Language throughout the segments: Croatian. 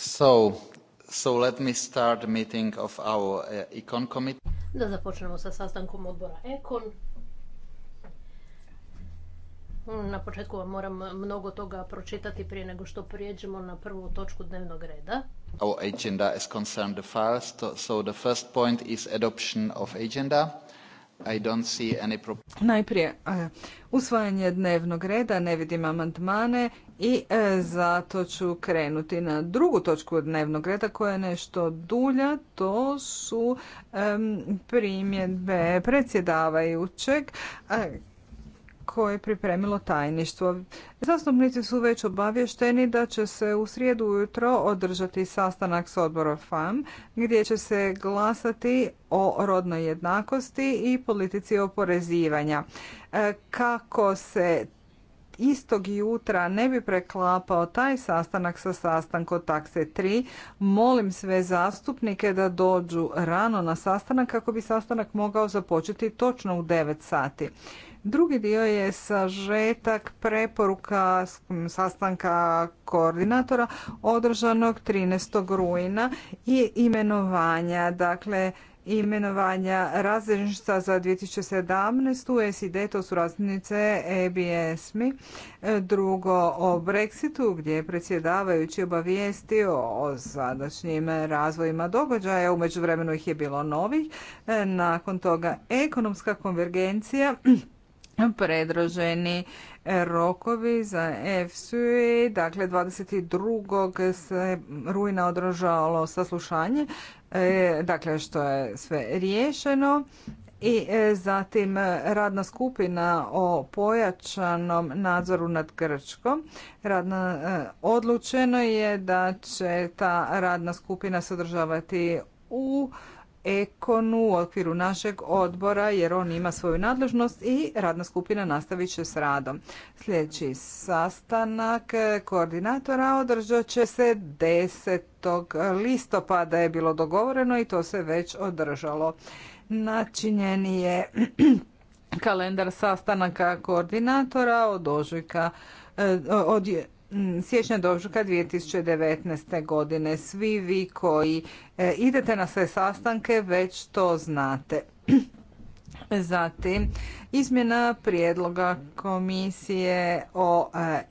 So, let me start meeting of our uh, Da započnemo sa sastankom odbora Econ. Mm, na početku vam moram mnogo toga pročitati prije nego što prijeđemo na prvu točku dnevnog reda. Our agenda is concerned first, so the first point is adoption of agenda. I don't Najprije, e, usvajanje dnevnog reda, ne vidim amandmane i e, zato ću krenuti na drugu točku dnevnog reda koja je nešto dulja. To su primjedbe predsjedavajućeg e, koje je pripremilo tajništvo. Zastupnici su već obavješteni da će se u srijedu ujutro održati sastanak s odborom FAM gdje će se glasati o rodnoj jednakosti i politici oporezivanja. E, kako se istog jutra ne bi preklapao taj sastanak sa sastankom takse 3, molim sve zastupnike da dođu rano na sastanak kako bi sastanak mogao započeti točno u 9 sati. Drugi dio je sažetak preporuka sastanka koordinatora održanog 13. rujna i imenovanja, dakle imenovanja razrednica za 2017. SID, to su razrednice e mi Drugo o Brexitu gdje je predsjedavajući obavijestio o sadašnjim razvojima događaja, umeđu vremenu ih je bilo novih. E, nakon toga ekonomska konvergencija predroženi e, rokovi za EFSU dakle 22. se rujna održalo saslušanje, e, dakle što je sve riješeno i e, zatim radna skupina o pojačanom nadzoru nad Grčkom. Radna, odlučeno je da će ta radna skupina sadržavati u Ekonu u okviru našeg odbora jer on ima svoju nadležnost i radna skupina nastavit će s radom. Sljedeći sastanak koordinatora održat će se 10. listopada je bilo dogovoreno i to se već održalo. Načinjen je kalendar sastanaka koordinatora od ožujka eh, od Mm, siječnja do 2019. godine. Svi vi koji e, idete na sve sastanke već to znate. Zatim, izmjena prijedloga komisije o e,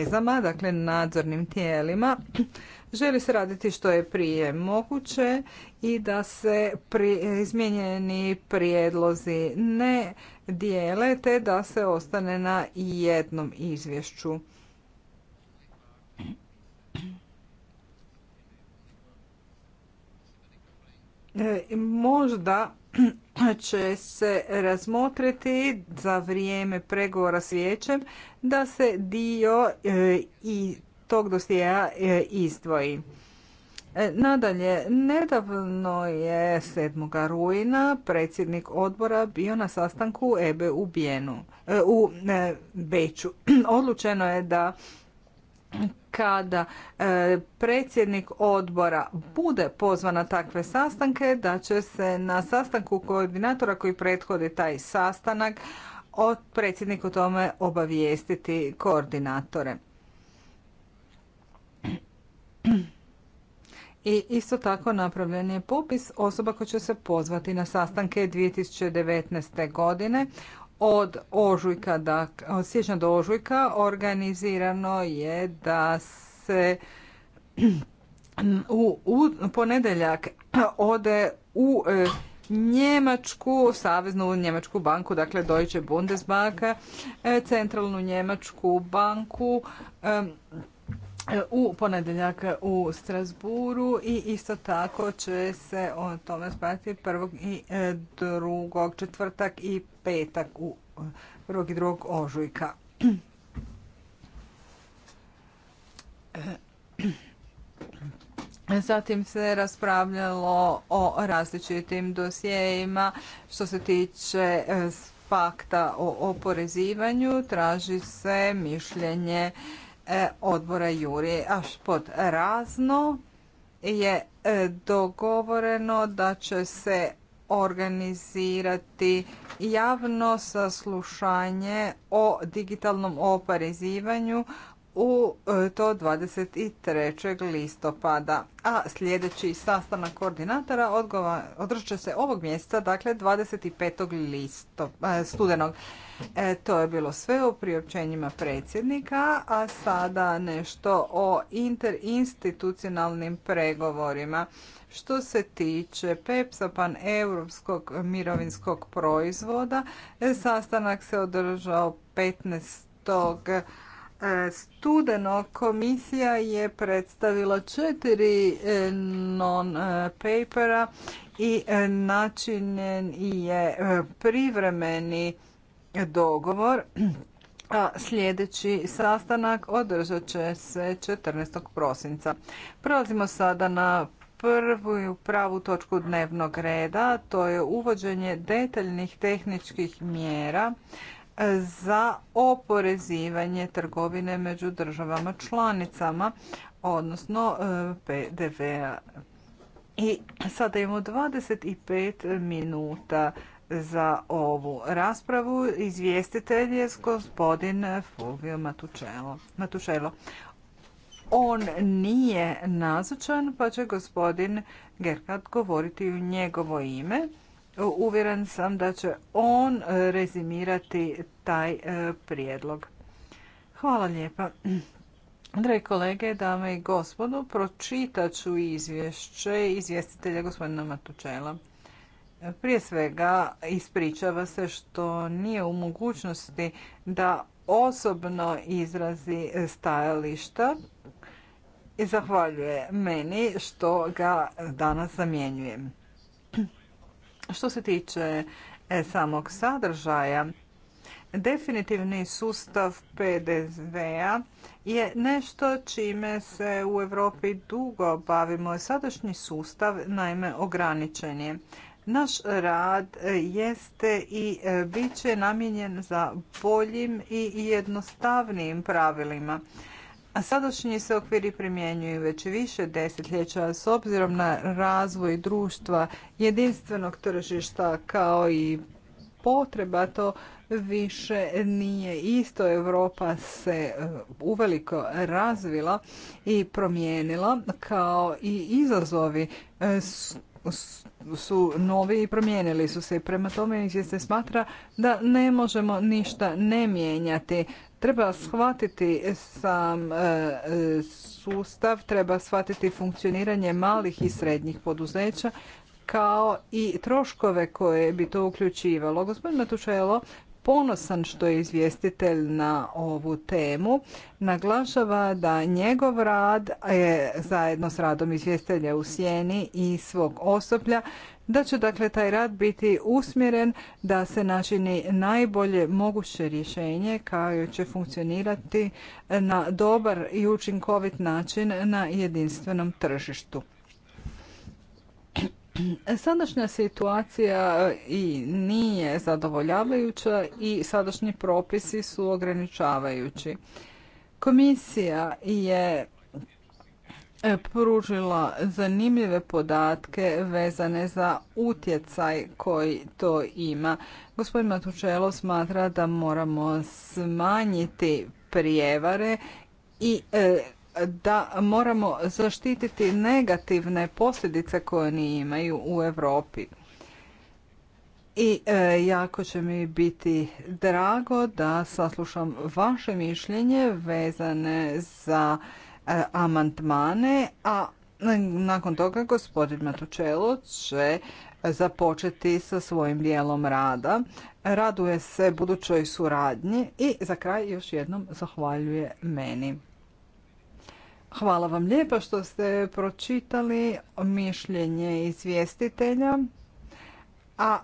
EZAMA, dakle nadzornim tijelima, želi se raditi što je prije moguće i da se izmjenjeni izmijenjeni prijedlozi ne dijele te da se ostane na jednom izvješću. E, možda će se razmotriti za vrijeme pregovora s vijećem da se dio e, i tog dosjeja e, izdvoji. Nadalje, nedavno je 7. rujna predsjednik odbora bio na sastanku EBE u Bijenu, u Beću. Odlučeno je da kada e, predsjednik odbora bude pozvan na takve sastanke da će se na sastanku koordinatora koji prethodi taj sastanak od predsjednik o tome obavijestiti koordinatore. I isto tako napravljen je popis osoba koja će se pozvati na sastanke 2019. godine od ožujka, da od siječnja do ožujka organizirano je da se u, u ponedeljak ode u e, Njemačku, Saveznu Njemačku banku, dakle Deutsche Bundesbank, e, Centralnu Njemačku banku, e, u ponedjeljak u Strasburu i isto tako će se o tome spati prvog i e, drugog četvrtak i petak u prvog i drugog ožujka. Zatim se raspravljalo o različitim dosijejima što se tiče e, pakta o oporezivanju. Traži se mišljenje E, odbora Jurije. A razno je e, dogovoreno da će se organizirati javno saslušanje o digitalnom oparezivanju u e, to 23. listopada. A sljedeći sastanak koordinatora održat će se ovog mjesta, dakle 25. listopada studenog. E, to je bilo sve o priopćenjima predsjednika, a sada nešto o interinstitucionalnim pregovorima. Što se tiče peps pan-europskog mirovinskog proizvoda, e, sastanak se održao 15. E, studenog. Komisija je predstavila četiri non-papera i načinjen je privremeni dogovor. A sljedeći sastanak održat će se 14. prosinca. Prelazimo sada na prvu pravu točku dnevnog reda, to je uvođenje detaljnih tehničkih mjera za oporezivanje trgovine među državama članicama, odnosno e, PDV-a. I sada imamo 25 minuta za ovu raspravu. Izvjestitelj je gospodin Fulvio Matušelo. On nije nazočan, pa će gospodin Gerhard govoriti u njegovo ime. Uvjeren sam da će on rezimirati taj e, prijedlog. Hvala lijepa. Drage kolege, dame i gospodo, pročitat ću izvješće izvjestitelja gospodina Matučela. Prije svega ispričava se što nije u mogućnosti da osobno izrazi stajališta i zahvaljuje meni što ga danas zamjenjujem. Što se tiče e, samog sadržaja, definitivni sustav PDV-a je nešto čime se u Europi dugo bavimo. Sadašnji sustav naime ograničen je. Naš rad e, jeste i e, bit će namijenjen za boljim i jednostavnijim pravilima. Sadašnji se okviri primjenjuju već više desetljeća s obzirom na razvoj društva jedinstvenog tržišta kao i potreba to više nije isto. Europa se e, uveliko razvila i promijenila kao i izazovi su novi i promijenili su se. Prema tome se smatra da ne možemo ništa ne mijenjati. Treba shvatiti sam e, sustav, treba shvatiti funkcioniranje malih i srednjih poduzeća kao i troškove koje bi to uključivalo. Gospodin Matučelo ponosan što je izvjestitelj na ovu temu. Naglašava da njegov rad je zajedno s radom izvjestitelja u sjeni i svog osoblja da će dakle taj rad biti usmjeren da se načini najbolje moguće rješenje kao će funkcionirati na dobar i učinkovit način na jedinstvenom tržištu. Sadašnja situacija e, i nije zadovoljavajuća i sadašnji propisi su ograničavajući. Komisija je e, pružila zanimljive podatke vezane za utjecaj koji to ima. Gospodin Matučelo smatra da moramo smanjiti prijevare i e, da moramo zaštititi negativne posljedice koje oni imaju u Europi. I e, jako će mi biti drago da saslušam vaše mišljenje vezane za e, amantmane, a nakon toga gospodin Matučelo će započeti sa svojim dijelom rada. Raduje se budućoj suradnji i za kraj još jednom zahvaljuje meni. Hvala vam lijepa što ste pročitali mišljenje izvjestitelja. A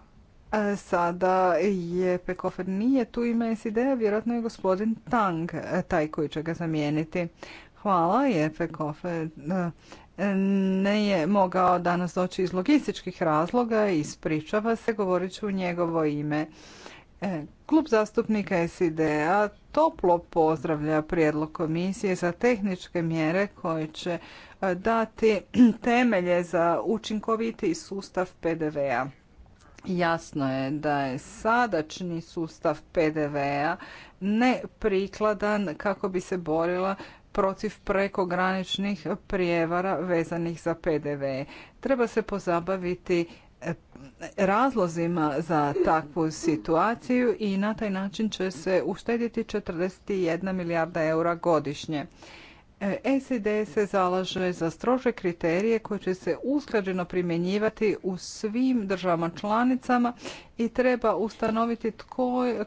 e, sada je Pekofer nije tu ime S ideja, vjerojatno je gospodin Tang e, taj koji će ga zamijeniti. Hvala je Pekofer e, ne je mogao danas doći iz logističkih razloga, ispričava se, govorit ću u njegovo ime. E, Klub zastupnika SID-a toplo pozdravlja prijedlog komisije za tehničke mjere koje će e, dati temelje za učinkovitiji sustav PDV-a. Jasno je da je sadašnji sustav PDV-a neprikladan kako bi se borila protiv prekograničnih prijevara vezanih za PDV. Treba se pozabaviti razlozima za takvu situaciju i na taj način će se uštedjeti 41 milijarda eura godišnje. E, SED se zalaže za strože kriterije koje će se usklađeno primjenjivati u svim državama članicama i treba ustanoviti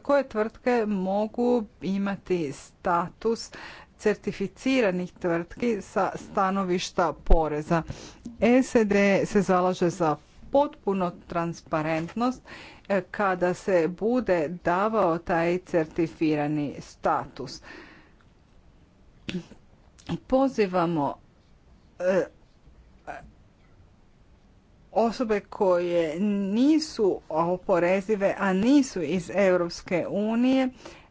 koje tvrtke mogu imati status certificiranih tvrtki sa stanovišta poreza. SED se zalaže za potpuno transparentnost e, kada se bude davao taj certifirani status. Pozivamo e, osobe koje nisu oporezive, a nisu iz Europske unije,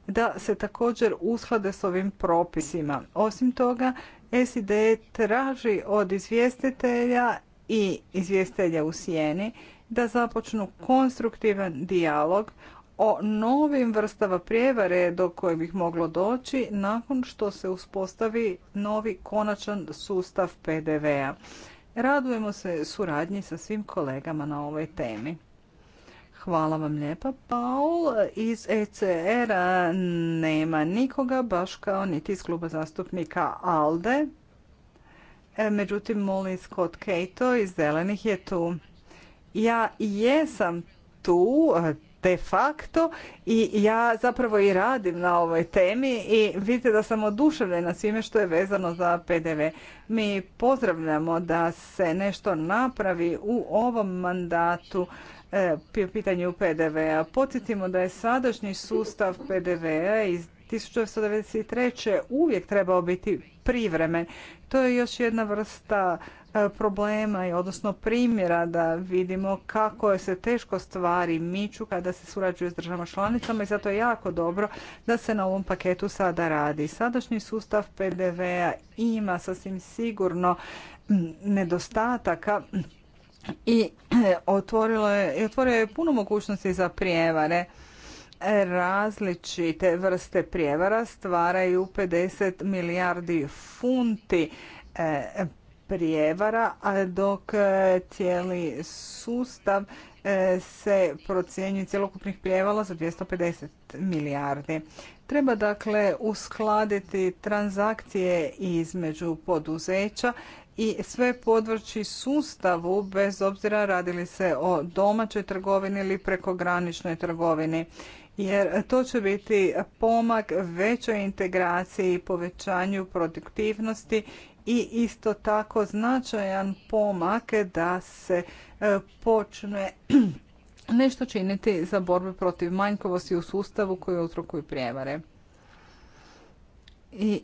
da se također usklade s ovim propisima. Osim toga, SID traži od izvjestitelja i izvjestelja u sjeni da započnu konstruktivan dijalog o novim vrstava prijevare do kojih bih moglo doći nakon što se uspostavi novi konačan sustav PDV-a. Radujemo se suradnji sa svim kolegama na ovoj temi. Hvala vam lijepa, Paul. Iz ECR-a nema nikoga, baš kao niti iz kluba zastupnika ALDE. E, međutim, Molly Scott Cato iz Zelenih je tu. Ja jesam tu e, de facto i ja zapravo i radim na ovoj temi i vidite da sam oduševljena svime što je vezano za PDV. Mi pozdravljamo da se nešto napravi u ovom mandatu e, po pitanju PDV-a. Podsjetimo da je sadašnji sustav PDV-a iz 1993. uvijek trebao biti privremen. To je još jedna vrsta e, problema i odnosno primjera da vidimo kako se teško stvari miču kada se surađuje s državama članicama i zato je jako dobro da se na ovom paketu sada radi. Sadašnji sustav PDV-a ima sasvim sigurno nedostataka i e, otvorilo otvorio je puno mogućnosti za prijevare različite vrste prijevara stvaraju 50 milijardi funti eh, prijevara, dok eh, cijeli sustav eh, se procjenjuje cjelokupnih prijevala za 250 milijardi. Treba dakle uskladiti transakcije između poduzeća i sve podvrći sustavu bez obzira radili se o domaćoj trgovini ili prekograničnoj trgovini jer to će biti pomak većoj integraciji i povećanju produktivnosti i isto tako značajan pomak da se e, počne nešto činiti za borbu protiv manjkovosti u sustavu koji uzrokuju prijevare. I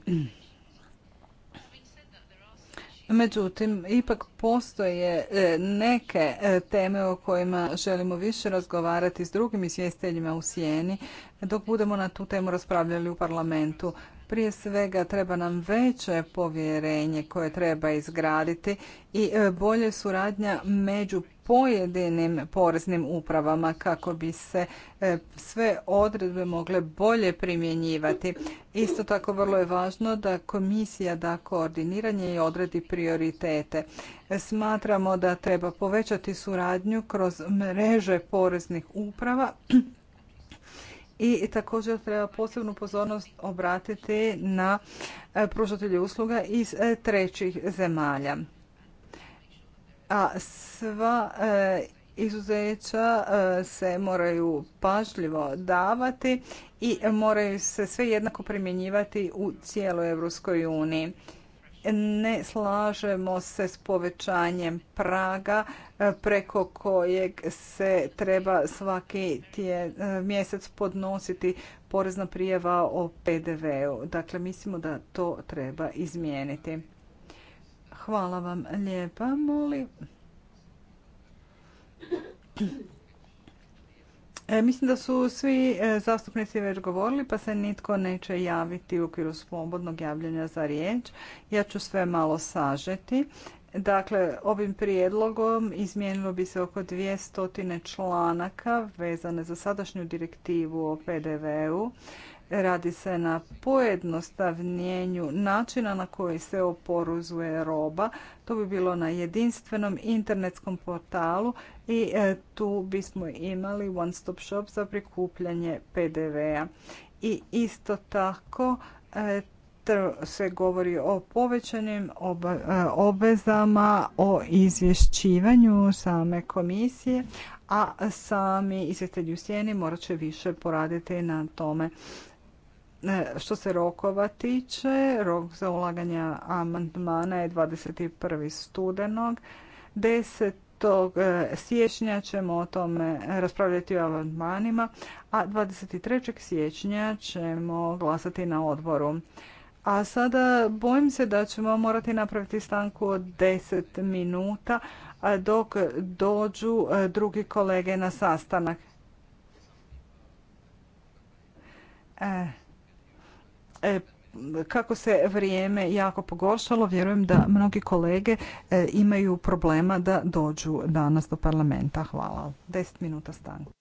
Međutim, ipak postoje e, neke e, teme o kojima želimo više razgovarati s drugim izvjestiteljima u sjeni dok budemo na tu temu raspravljali u parlamentu. Prije svega treba nam veće povjerenje koje treba izgraditi i e, bolje suradnja među pojedinim poreznim upravama kako bi se e, sve odredbe mogle bolje primjenjivati. Isto tako vrlo je važno da komisija da koordiniranje i odredi prioritete. Smatramo da treba povećati suradnju kroz mreže poreznih uprava i također treba posebnu pozornost obratiti na e, pružatelje usluga iz e, trećih zemalja. A sva e, izuzeća se moraju pažljivo davati i moraju se sve jednako primjenjivati u cijeloj Europskoj uniji ne slažemo se s povećanjem praga e, preko kojeg se treba svaki e, mjesec podnositi porezna prijava o PDV-u. Dakle, mislimo da to treba izmijeniti. Hvala vam lijepa, molim. E, mislim da su svi e, zastupnici već govorili, pa se nitko neće javiti u okviru slobodnog javljanja za riječ. Ja ću sve malo sažeti. Dakle, ovim prijedlogom izmijenilo bi se oko 200 članaka vezane za sadašnju direktivu o PDV-u. Radi se na pojednostavnjenju načina na koji se oporuzuje roba. To bi bilo na jedinstvenom internetskom portalu i e, tu bismo imali one stop shop za prikupljanje PDV-a. I isto tako e, se govori o povećanim e, obvezama, o izvješćivanju same komisije, a sami izvjetelji u sjeni morat će više poraditi na tome E, što se rokova tiče, rok za ulaganje amandmana je 21. studenog. 10. E, siječnja ćemo o tome raspravljati o amandmanima, a 23. siječnja ćemo glasati na odboru. A sada bojim se da ćemo morati napraviti stanku od 10 minuta dok dođu e, drugi kolege na sastanak. E. E, kako se vrijeme jako pogoršalo, vjerujem da mnogi kolege e, imaju problema da dođu danas do parlamenta. Hvala. 10 minuta stanku.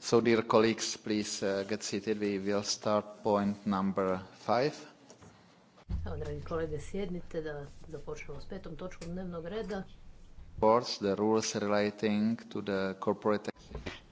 So, dear colleagues, please uh, get seated. We will start point number five. Evo, dragi kolege, sjednite da započnemo s petom točkom dnevnog reda. Reports, the rules relating to the corporate...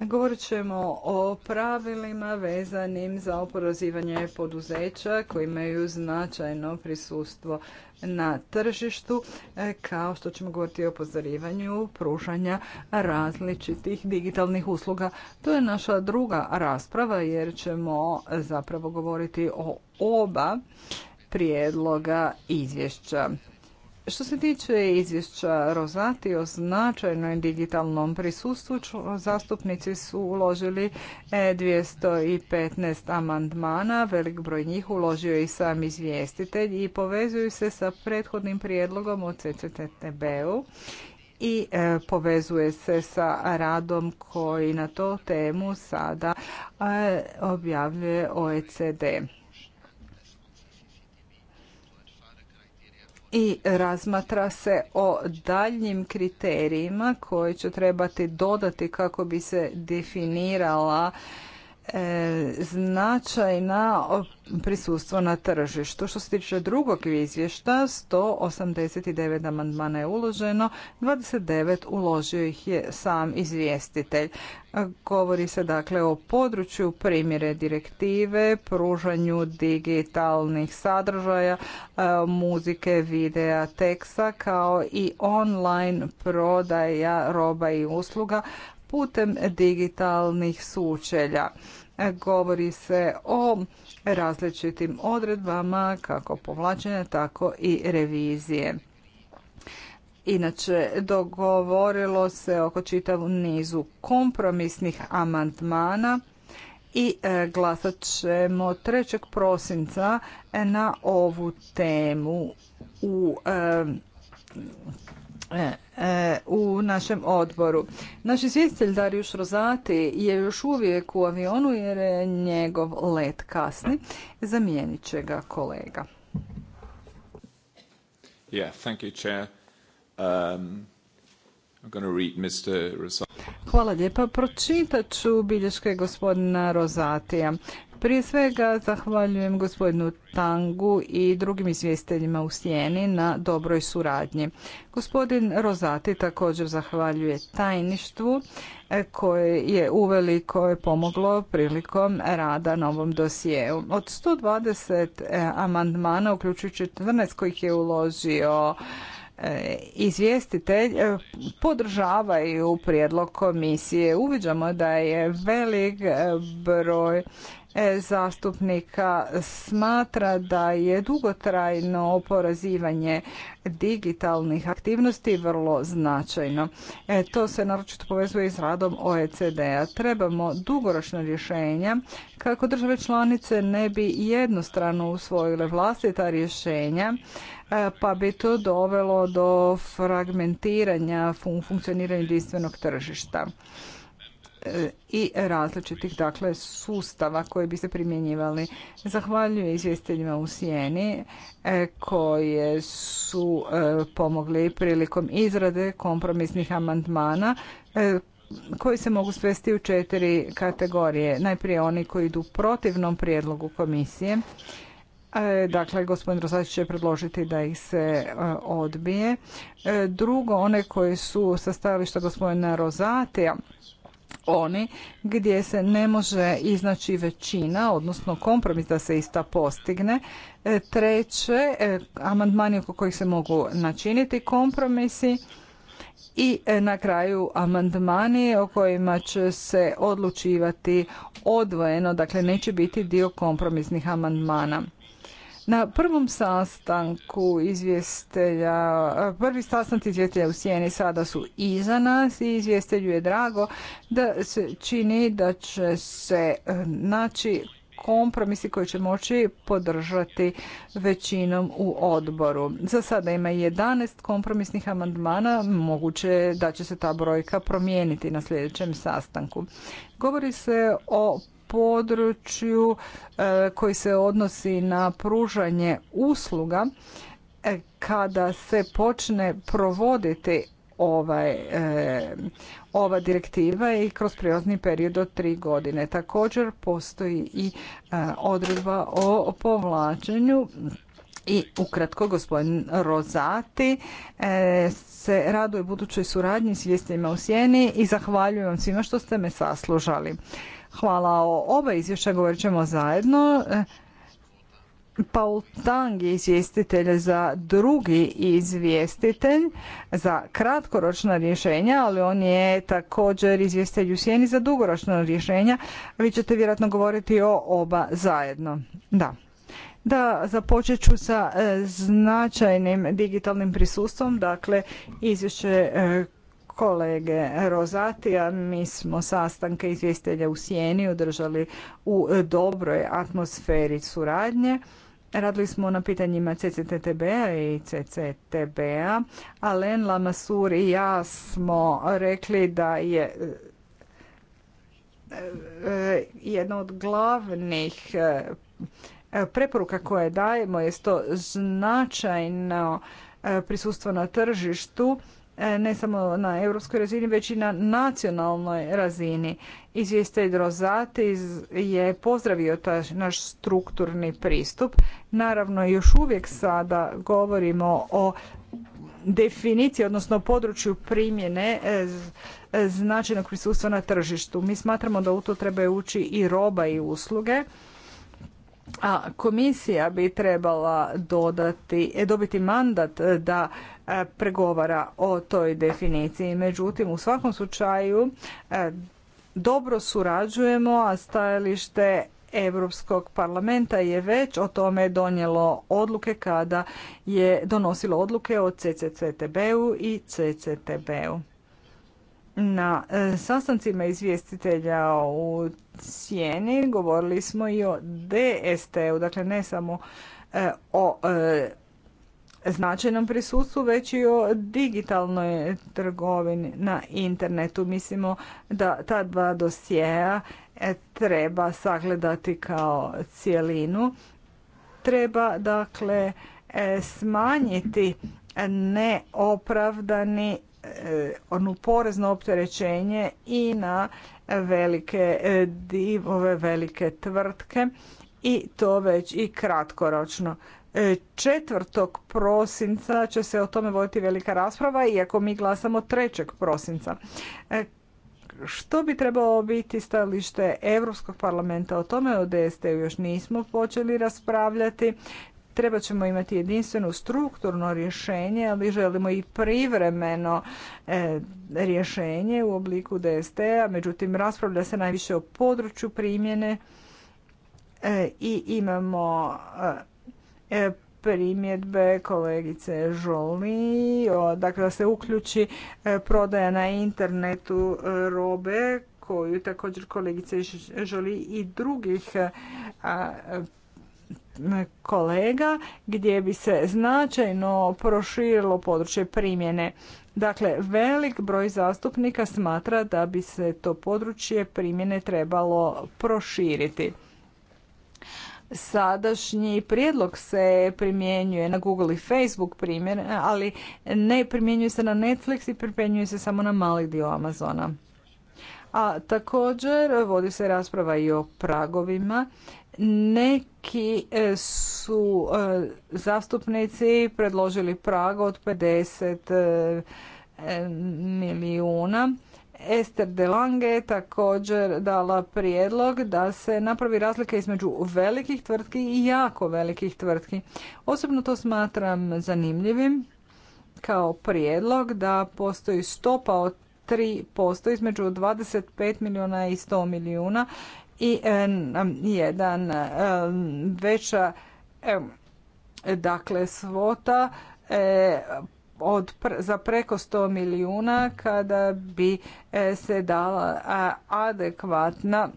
Govorit ćemo o pravilima vezanim za oporozivanje poduzeća koji imaju značajno prisustvo na tržištu, e, kao što ćemo govoriti o pozorivanju pružanja različitih digitalnih usluga. To je naša druga rasprava jer ćemo zapravo govoriti o oba prijedloga izvješća. Što se tiče izvješća Rozati o značajnoj digitalnom prisustvu, zastupnici su uložili 215 e, amandmana, velik broj njih uložio je i sam izvjestitelj i povezuju se sa prethodnim prijedlogom o CCTB-u i e, povezuje se sa radom koji na to temu sada e, objavljuje OECD. i razmatra se o daljnjim kriterijima koje će trebati dodati kako bi se definirala E, značajna prisustvo na tržištu. Što se tiče drugog izvješta, 189 amandmana je uloženo, 29 uložio ih je sam izvjestitelj. Govori se dakle o području primjere direktive, pružanju digitalnih sadržaja, e, muzike, videa, teksta kao i online prodaja roba i usluga, putem digitalnih sučelja. Govori se o različitim odredbama kako povlačenja, tako i revizije. Inače, dogovorilo se oko čitavu nizu kompromisnih amandmana i e, glasat ćemo 3. prosinca na ovu temu u e, E, e, u našem odboru. Naš izvjestitelj Darius Rozati je još uvijek u avionu jer je njegov let kasni. Zamijenit će ga kolega. thank um, Hvala lijepa. Pročitat ću bilješke gospodina Rozatija. Prije svega zahvaljujem gospodinu Tangu i drugim izvjestiteljima u Sjeni na dobroj suradnji. Gospodin Rozati također zahvaljuje tajništvu e, koje je uveliko pomoglo prilikom rada na ovom dosijeu. Od 120 e, amandmana, uključujući 14 kojih je uložio e, izvjestitelj podržavaju prijedlog komisije. Uviđamo da je velik broj E, zastupnika smatra da je dugotrajno oporazivanje digitalnih aktivnosti vrlo značajno. E, to se naročito povezuje i s radom OECD-a. Trebamo dugoročna rješenja kako države članice ne bi jednostrano usvojile vlastita rješenja e, pa bi to dovelo do fragmentiranja funkcioniranja jedinstvenog tržišta i različitih dakle sustava koji bi se primjenjivali. Zahvaljujem izvjestiteljima u Sijeni e, koje su e, pomogli prilikom izrade kompromisnih amandmana e, koji se mogu svesti u četiri kategorije. Najprije oni koji idu protivnom prijedlogu komisije. Dakle, gospodin Rosać će predložiti da ih se odbije. Drugo, one koji su sa stajališta gospodina Rozatija oni gdje se ne može iznaći većina, odnosno kompromis da se ista postigne. E, treće, e, amandmani oko kojih se mogu načiniti kompromisi i e, na kraju amandmani o kojima će se odlučivati odvojeno, dakle neće biti dio kompromisnih amandmana. Na prvom sastanku izvjestelja, prvi sastanak izvjestelja u Sjeni sada su iza nas i izvjestelju je drago da se čini da će se e, naći kompromisi koji će moći podržati većinom u odboru. Za sada ima 11 kompromisnih amandmana, moguće je da će se ta brojka promijeniti na sljedećem sastanku. Govori se o području e, koji se odnosi na pružanje usluga e, kada se počne provoditi ovaj, e, ova direktiva i kroz prijelazni period od tri godine. Također postoji i odredba o povlačenju i ukratko gospodin Rozati se raduje budućoj suradnji s vijestima u Sjeni i zahvaljujem svima što ste me saslužali. Hvala. O oba izvješća govorit ćemo zajedno. E, Paul Tang je izvjestitelj za drugi izvjestitelj za kratkoročna rješenja, ali on je također izvjestitelj u sjeni za dugoročna rješenja. Vi ćete vjerojatno govoriti o oba zajedno. Da. Da, započet ću sa e, značajnim digitalnim prisustvom, dakle izvješće e, kolege Rozatija. Mi smo sastanke izvjestelja u Sijeni održali u dobroj atmosferi suradnje. Radili smo na pitanjima CCTB-a i CCTB-a. Alen Lamasur i ja smo rekli da je e, jedna od glavnih e, preporuka koje dajemo je to značajno e, prisustvo na tržištu E, ne samo na europskoj razini, već i na nacionalnoj razini. Izvjestitelj Drozati je pozdravio taj naš strukturni pristup. Naravno, još uvijek sada govorimo o definiciji, odnosno području primjene e, e, značajnog prisustva na tržištu. Mi smatramo da u to treba ući i roba i usluge a komisija bi trebala dodati, e, dobiti mandat e, da e, pregovara o toj definiciji. Međutim, u svakom slučaju dobro surađujemo, a stajalište Europskog parlamenta je već o tome donijelo odluke kada je donosilo odluke o CCCTB-u i CCTB-u. Na e, sastancima izvjestitelja u Sjeni govorili smo i o DST-u, dakle ne samo e, o e, značajnom prisustvu, već i o digitalnoj trgovini na internetu. Mislimo da ta dva dosjeja treba sagledati kao cijelinu. Treba dakle smanjiti neopravdani ono porezno opterećenje i na velike e, divove, velike tvrtke i to već i kratkoročno. 4. E, prosinca će se o tome voditi velika rasprava, iako mi glasamo 3. prosinca. Što bi trebalo biti stajalište Europskog parlamenta o tome? O DST još nismo počeli raspravljati. Treba ćemo imati jedinstveno strukturno rješenje, ali želimo i privremeno e, rješenje u obliku DST-a. Međutim, raspravlja se najviše o području primjene e, i imamo e, primjedbe kolegice Žoli, dakle da se uključi prodaja na internetu robe koju također kolegice Žoli i drugih kolega gdje bi se značajno proširilo područje primjene. Dakle, velik broj zastupnika smatra da bi se to područje primjene trebalo proširiti. Sadašnji prijedlog se primjenjuje na Google i Facebook primjer, ali ne primjenjuje se na Netflix i primjenjuje se samo na mali dio Amazona. A također vodi se rasprava i o pragovima neki e, su e, zastupnici predložili prag od 50 e, milijuna. Ester de Lange je također dala prijedlog da se napravi razlika između velikih tvrtki i jako velikih tvrtki. Osobno to smatram zanimljivim kao prijedlog da postoji stopa od 3% između 25 milijuna i 100 milijuna i e, jedan e, veća e, dakle svota od, za preko 100 milijuna kada bi se dala adekvatna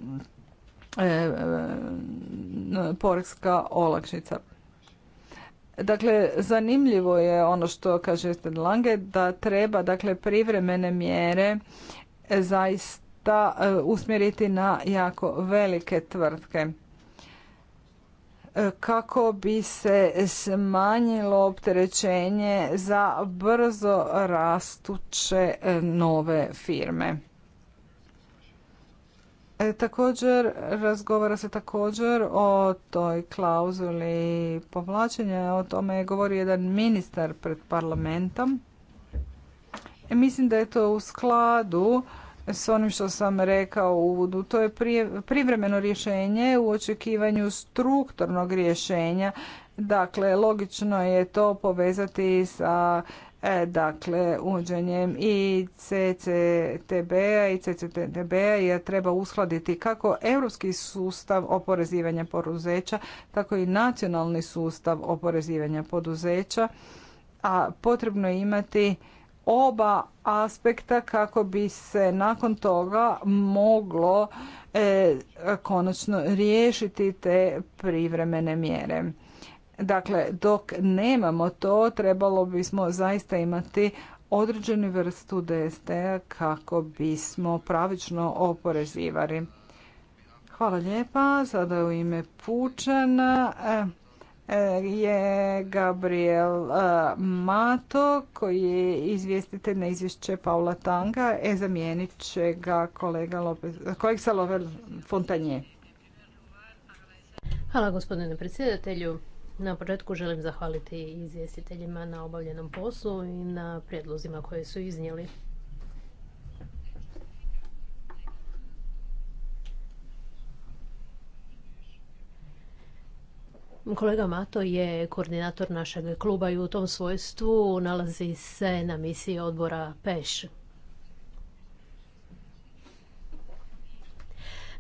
porska olakšica. Dakle, zanimljivo je ono što kaže Lange da treba dakle privremene mjere zaista E, usmjeriti na jako velike tvrtke e, kako bi se smanjilo opterećenje za brzo rastuće e, nove firme. Također, razgovara se također o toj klauzuli povlačenja, o tome je govori jedan ministar pred parlamentom. Mislim da je to u skladu s onim što sam rekao u uvodu. To je privremeno rješenje u očekivanju strukturnog rješenja. Dakle, logično je to povezati sa e, dakle, uđenjem i CCTB-a i CCTB-a jer treba uskladiti kako europski sustav oporezivanja poduzeća, tako i nacionalni sustav oporezivanja poduzeća, a potrebno je imati oba aspekta kako bi se nakon toga moglo e, konačno riješiti te privremene mjere. Dakle, dok nemamo to, trebalo bismo zaista imati određenu vrstu dst kako bismo pravično oporezivali. Hvala lijepa. Sada u ime Pučana. E, je Gabriel e, Mato koji je izvjestitelj na izvješće Paula Tanga, e zamijenit će ga kolega Lopez, kojeg sa Fontanje. Hvala gospodine predsjedatelju. Na početku želim zahvaliti izvjestiteljima na obavljenom poslu i na prijedlozima koje su iznijeli. Kolega Mato je koordinator našeg kluba i u tom svojstvu nalazi se na misiji odbora PEŠ.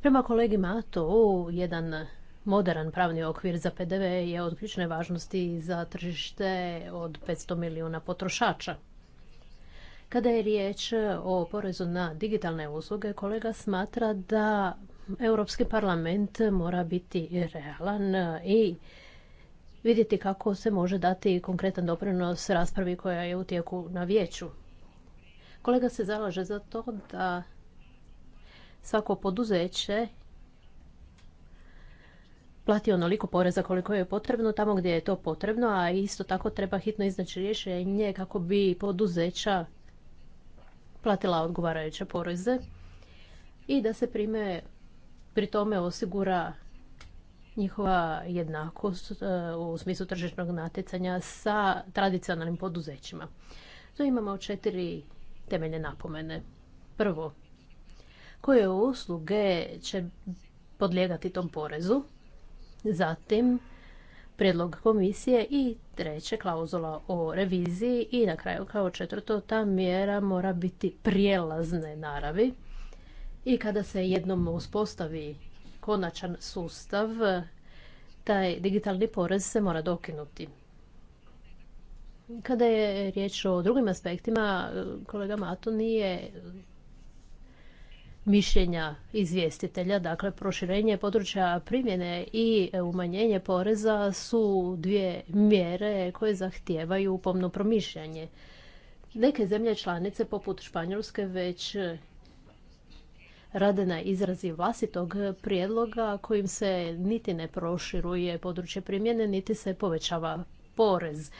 Prema kolegi Mato, jedan modern pravni okvir za PDV je od ključne važnosti za tržište od 500 milijuna potrošača. Kada je riječ o porezu na digitalne usluge, kolega smatra da Europski parlament mora biti realan i vidjeti kako se može dati konkretan doprinos raspravi koja je u tijeku na vijeću. Kolega se zalaže za to da svako poduzeće plati onoliko poreza koliko je potrebno tamo gdje je to potrebno, a isto tako treba hitno iznaći rješenje kako bi poduzeća platila odgovarajuće poreze i da se prime pri tome osigura njihova jednakost e, u smislu tržišnog natjecanja sa tradicionalnim poduzećima. To imamo četiri temeljne napomene. Prvo, koje usluge će podlijegati tom porezu, zatim prijedlog komisije i treće klauzula o reviziji i na kraju kao četvrto ta mjera mora biti prijelazne naravi i kada se jednom uspostavi konačan sustav, taj digitalni porez se mora dokinuti. Kada je riječ o drugim aspektima, kolega Mato nije mišljenja izvjestitelja, dakle proširenje područja primjene i umanjenje poreza su dvije mjere koje zahtijevaju pomno promišljanje. Neke zemlje članice poput Španjolske već rade na izrazi vlastitog prijedloga kojim se niti ne proširuje područje primjene, niti se povećava porez.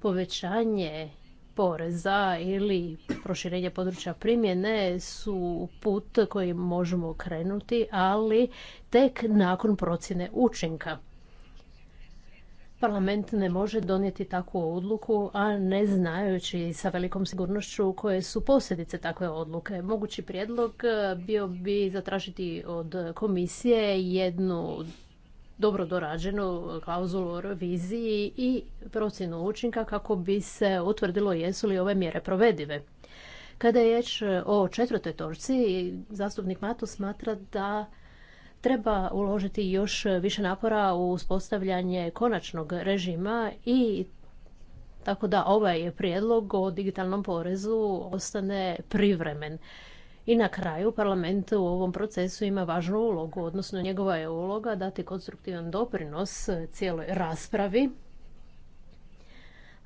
Povećanje poreza ili proširenje područja primjene su put kojim možemo krenuti, ali tek nakon procjene učinka. Parlament ne može donijeti takvu odluku, a ne znajući sa velikom sigurnošću koje su posljedice takve odluke. Mogući prijedlog e, bio bi zatražiti od komisije jednu dobro dorađenu klauzulu o reviziji i procjenu učinka kako bi se utvrdilo jesu li ove mjere provedive. Kada je riječ o četvrtoj točci, zastupnik Mato smatra da treba uložiti još više napora u uspostavljanje konačnog režima i tako da ovaj prijedlog o digitalnom porezu ostane privremen. I na kraju parlament u ovom procesu ima važnu ulogu, odnosno njegova je uloga dati konstruktivan doprinos cijeloj raspravi,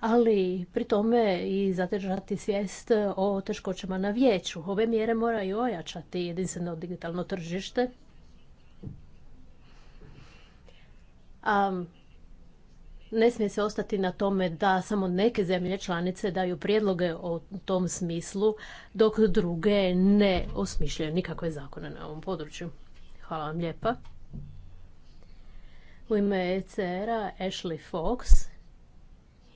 ali pri tome i zadržati svijest o teškoćama na vijeću. Ove mjere moraju ojačati jedinstveno digitalno tržište, A ne smije se ostati na tome da samo neke zemlje članice daju prijedloge o tom smislu, dok druge ne osmišljaju nikakve zakone na ovom području. Hvala vam lijepa. U ime ECR-a Ashley Fox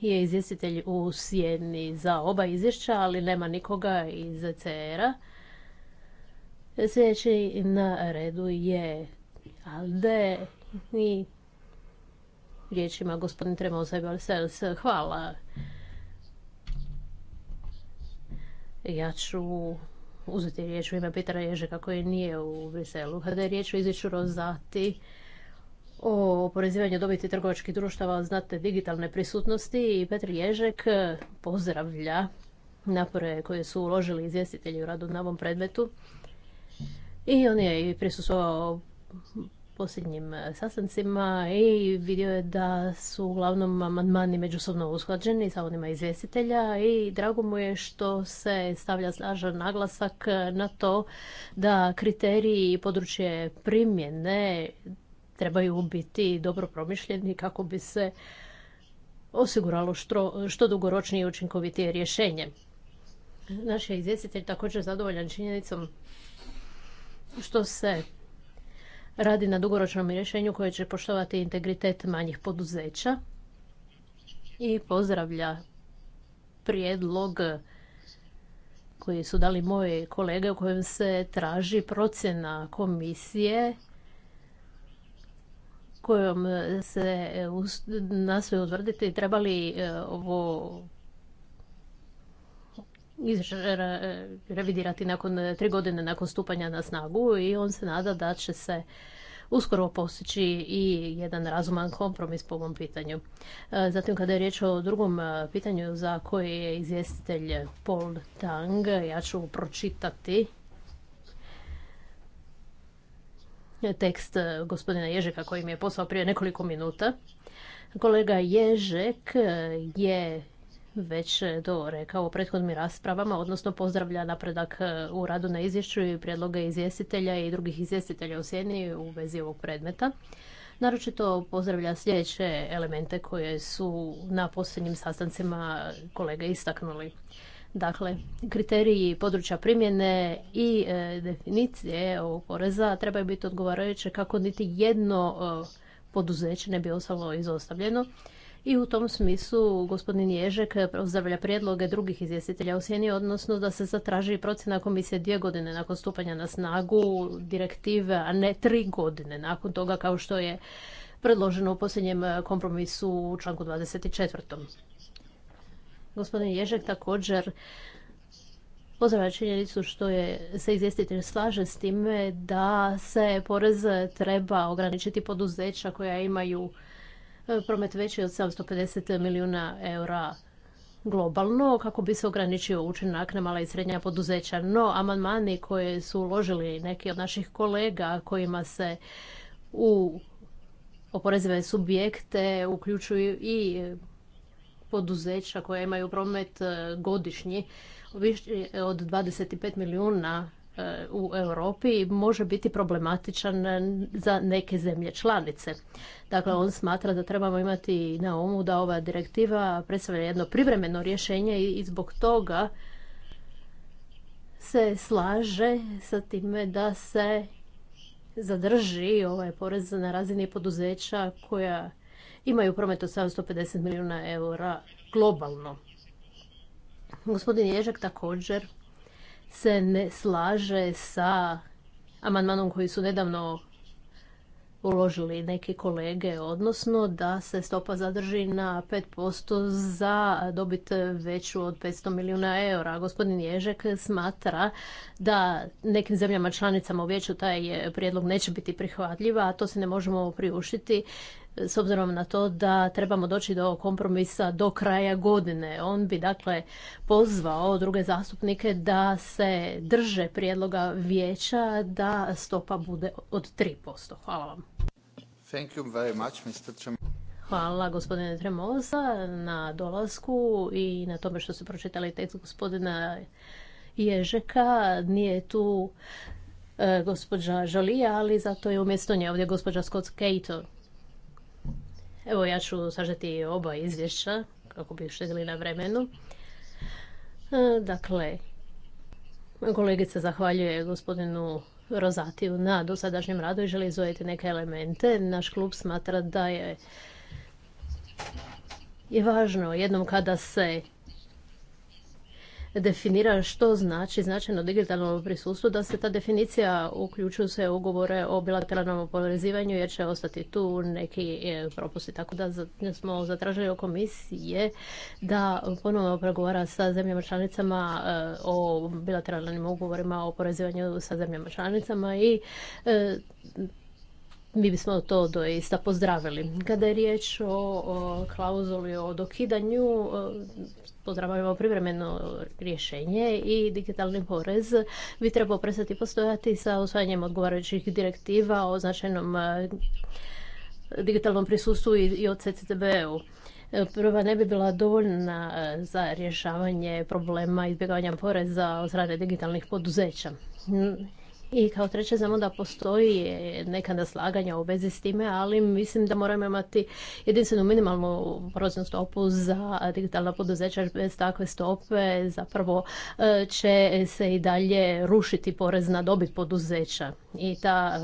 je izvjestitelj u sjedni za oba izvješća, ali nema nikoga iz ECR-a. Sljedeći na redu je Alde i riječima gospodin Tremosa Balsels. Hvala. Ja ću uzeti riječ u ime Petra Ježeka koji nije u Briselu. Kada je riječ o izvješću Rozati o oporezivanju dobiti trgovačkih društava znate digitalne prisutnosti i Petr Ježek pozdravlja napore koje su uložili izvjestitelji u radu na ovom predmetu. I on je i prisustvovao posljednjim e, sastancima i vidio je da su uglavnom amandmani međusobno usklađeni sa onima izvjestitelja i drago mu je što se stavlja snažan naglasak na to da kriteriji i područje primjene trebaju biti dobro promišljeni kako bi se osiguralo što, što dugoročnije i učinkovitije rješenje. Naš je izvjestitelj također zadovoljan činjenicom što se radi na dugoročnom rješenju koje će poštovati integritet manjih poduzeća i pozdravlja prijedlog koji su dali moje kolege u kojem se traži procjena komisije kojom se eh, nastoji utvrditi treba li eh, ovo revidirati nakon e, tri godine nakon stupanja na snagu i on se nada da će se uskoro postići i jedan razuman kompromis po ovom pitanju. E, zatim kada je riječ o drugom e, pitanju za koje je izvjestitelj Paul Tang, ja ću pročitati tekst gospodina Ježeka koji mi je poslao prije nekoliko minuta. Kolega Ježek je već e, to rekao u prethodnim raspravama, odnosno pozdravlja napredak e, u radu na izvješću i prijedloge izvjestitelja i drugih izvjestitelja u Sjeni u vezi ovog predmeta. Naročito pozdravlja sljedeće elemente koje su na posljednjim sastancima kolege istaknuli. Dakle, kriteriji područja primjene i e, definicije ovog poreza trebaju biti odgovarajuće kako niti jedno poduzeće ne bi ostalo izostavljeno i u tom smislu gospodin Ježek pozdravlja prijedloge drugih izvjestitelja u sjeni, odnosno da se zatraži procjena komisije dvije godine nakon stupanja na snagu direktive, a ne tri godine nakon toga kao što je predloženo u posljednjem kompromisu u članku 24. Gospodin Ježek također pozdravlja činjenicu što je se izvjestitelj slaže s time da se porez treba ograničiti poduzeća koja imaju promet veći od 750 milijuna eura globalno kako bi se ograničio učinak na mala i srednja poduzeća. No, amandmani koje su uložili neki od naših kolega kojima se u oporezive subjekte uključuju i poduzeća koja imaju promet e, godišnji od 25 milijuna u Europi može biti problematičan za neke zemlje članice. Dakle, on smatra da trebamo imati na umu da ova direktiva predstavlja jedno privremeno rješenje i zbog toga se slaže sa time da se zadrži ovaj porez na razini poduzeća koja imaju promet od 750 milijuna eura globalno. Gospodin Ježek također se ne slaže sa amandmanom koji su nedavno uložili neki kolege, odnosno da se stopa zadrži na 5% za dobit veću od 500 milijuna eura. Gospodin Ježek smatra da nekim zemljama članicama u vijeću taj prijedlog neće biti prihvatljiva a to se ne možemo priuštiti s obzirom na to da trebamo doći do kompromisa do kraja godine. On bi dakle pozvao druge zastupnike da se drže prijedloga vijeća da stopa bude od 3%. Hvala vam. Thank you very much, Hvala gospodine Tremosa na dolasku i na tome što ste pročitali tekst gospodina Ježeka. Nije tu e, gospođa Žalija, ali zato je umjesto nje ovdje gospođa Scott Cato. Evo ja ću sažeti oba izvješća kako bi uštedili na vremenu. E, dakle, kolegica zahvaljuje gospodinu Rozatiju na dosadašnjem radu i želi izvojiti neke elemente. Naš klub smatra da je važno jednom kada se definira što znači značajno digitalno prisustvo, da se ta definicija uključuje se ugovore o bilateralnom oporezivanju jer će ostati tu neki e, propusti. Tako da smo zatražili od komisije da ponovno pregovara sa zemljama članicama e, o bilateralnim ugovorima o oporezivanju sa zemljama članicama i e, mi bismo to doista pozdravili. Kada je riječ o, klauzuli o dokidanju, pozdravljamo privremeno rješenje i digitalni porez bi trebao prestati postojati sa usvajanjem odgovarajućih direktiva o značajnom e, digitalnom prisustvu i od CCTB-u. Prva ne bi bila dovoljna e, za rješavanje problema izbjegavanja poreza od strane digitalnih poduzeća i kao treće znamo da postoji neka naslaganja u vezi s time, ali mislim da moramo imati jedinstvenu minimalnu poreznu stopu za digitalna poduzeća bez takve stope zapravo e, će se i dalje rušiti porez na dobit poduzeća. I ta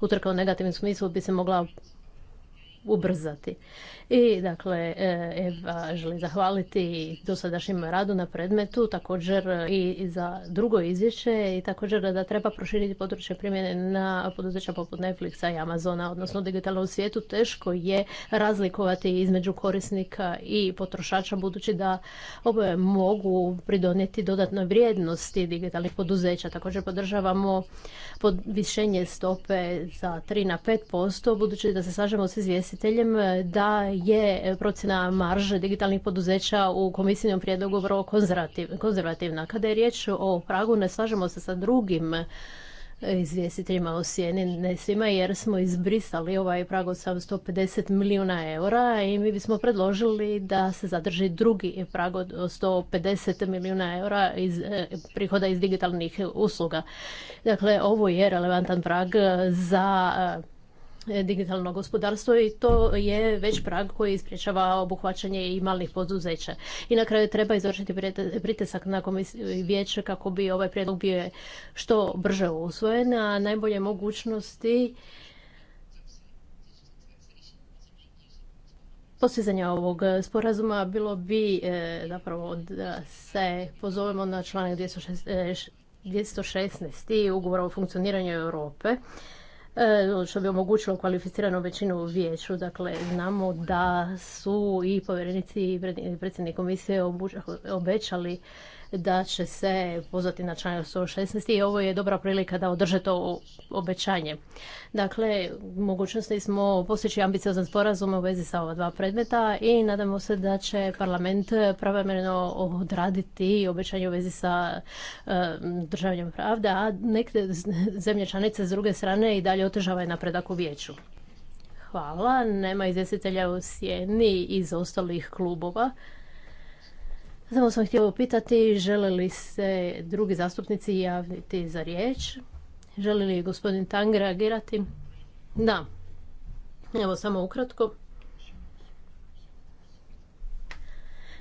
utrka u negativnom smislu bi se mogla ubrzati. I dakle, e, Eva želi zahvaliti dosadašnjem radu na predmetu, također i za drugo izvješće i također da treba proširiti područje primjene na poduzeća poput Netflixa i Amazona, odnosno digitalnom svijetu. Teško je razlikovati između korisnika i potrošača budući da oboje mogu pridonijeti dodatnoj vrijednosti digitalnih poduzeća. Također podržavamo podvišenje stope za 3 na 5% budući da se slažemo s izvjestiteljem da je e, procjena marže digitalnih poduzeća u komisijnom prijedlogu vrlo konzervativna. Kada je riječ o pragu, ne slažemo se sa drugim e, izvjestiteljima o sjeni, ne svima, jer smo izbrisali ovaj prag od 150 milijuna eura i mi bismo predložili da se zadrži drugi prag od 150 milijuna eura iz, e, prihoda iz digitalnih usluga. Dakle, ovo je relevantan prag za E, digitalno gospodarstvo i to je već prag koji sprječava obuhvaćanje i malih poduzeća. I na kraju treba izvršiti pritisak na vijeće kako bi ovaj prijedlog bio što brže usvojen, a najbolje mogućnosti postizanja ovog sporazuma bilo bi e, zapravo da se pozovemo na članak 216. E, ugovora o funkcioniranju Europe E, ono što bi omogućilo kvalificiranu većinu u vijeću. Dakle, znamo da su i povjerenici i predsjednik komisije obećali da će se pozvati na članak 116 i ovo je dobra prilika da održe to obećanje. Dakle, mogućnosti smo postići ambiciozan sporazum u vezi sa ova dva predmeta i nadamo se da će parlament pravomjerno odraditi obećanje u vezi sa e, državljanjem pravda, a neke zemlje članice s druge strane i dalje otežavaju napredak u vijeću. Hvala. Nema izvjestitelja u sjeni iz ostalih klubova. Samo sam htio pitati žele li se drugi zastupnici javiti za riječ? Želi li gospodin Tang reagirati? Da. Evo samo ukratko.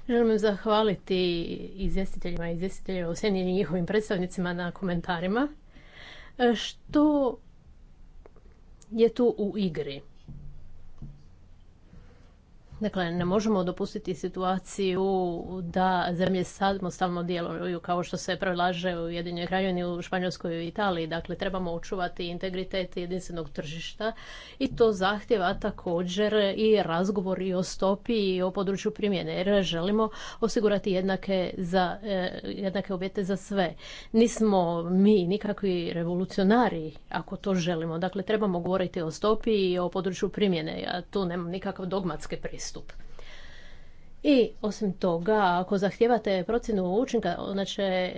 Želim zahvaliti izvjestiteljima i izvjestiteljima u i njihovim predstavnicima na komentarima. E, što je tu u igri? Dakle, ne možemo dopustiti situaciju da zemlje samostalno djeluju kao što se predlaže u Jedinjoj krajini u Španjolskoj i Italiji. Dakle, trebamo očuvati integritet jedinstvenog tržišta i to zahtjeva također i razgovor i o stopi i o području primjene jer želimo osigurati jednake, za, e, jednake objete za sve. Nismo mi nikakvi revolucionari ako to želimo. Dakle, trebamo govoriti o stopi i o području primjene. Ja tu nemam nikakav dogmatske pristup pristup. I osim toga, ako zahtijevate procjenu učinka, ona će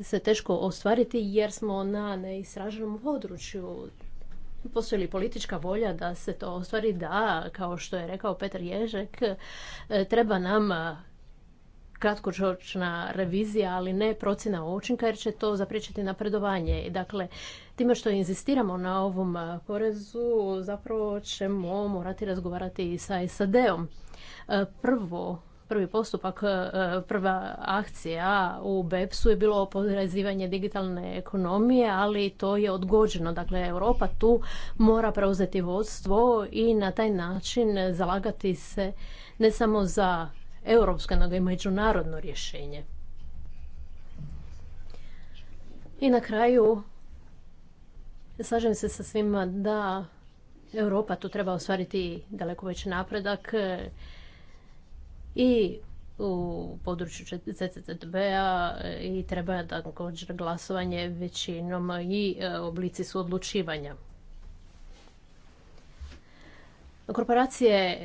se teško ostvariti jer smo na neistraženom području. Postoji li politička volja da se to ostvari? Da, kao što je rekao Petar Ježek, e, treba nam kratkočočna revizija, ali ne procjena učinka jer će to zapriječiti napredovanje. Dakle, time što inzistiramo na ovom porezu, zapravo ćemo morati razgovarati i sa SAD-om. E, prvo, prvi postupak, e, prva akcija u BEPS-u je bilo oporezivanje digitalne ekonomije, ali to je odgođeno. Dakle, Europa tu mora preuzeti vodstvo i na taj način zalagati se ne samo za europsko, nego i međunarodno rješenje. I na kraju Slažem se sa svima da Europa tu treba ostvariti daleko veći napredak e, i u području cctb a e, i treba također glasovanje većinom i e, oblici suodlučivanja. Korporacije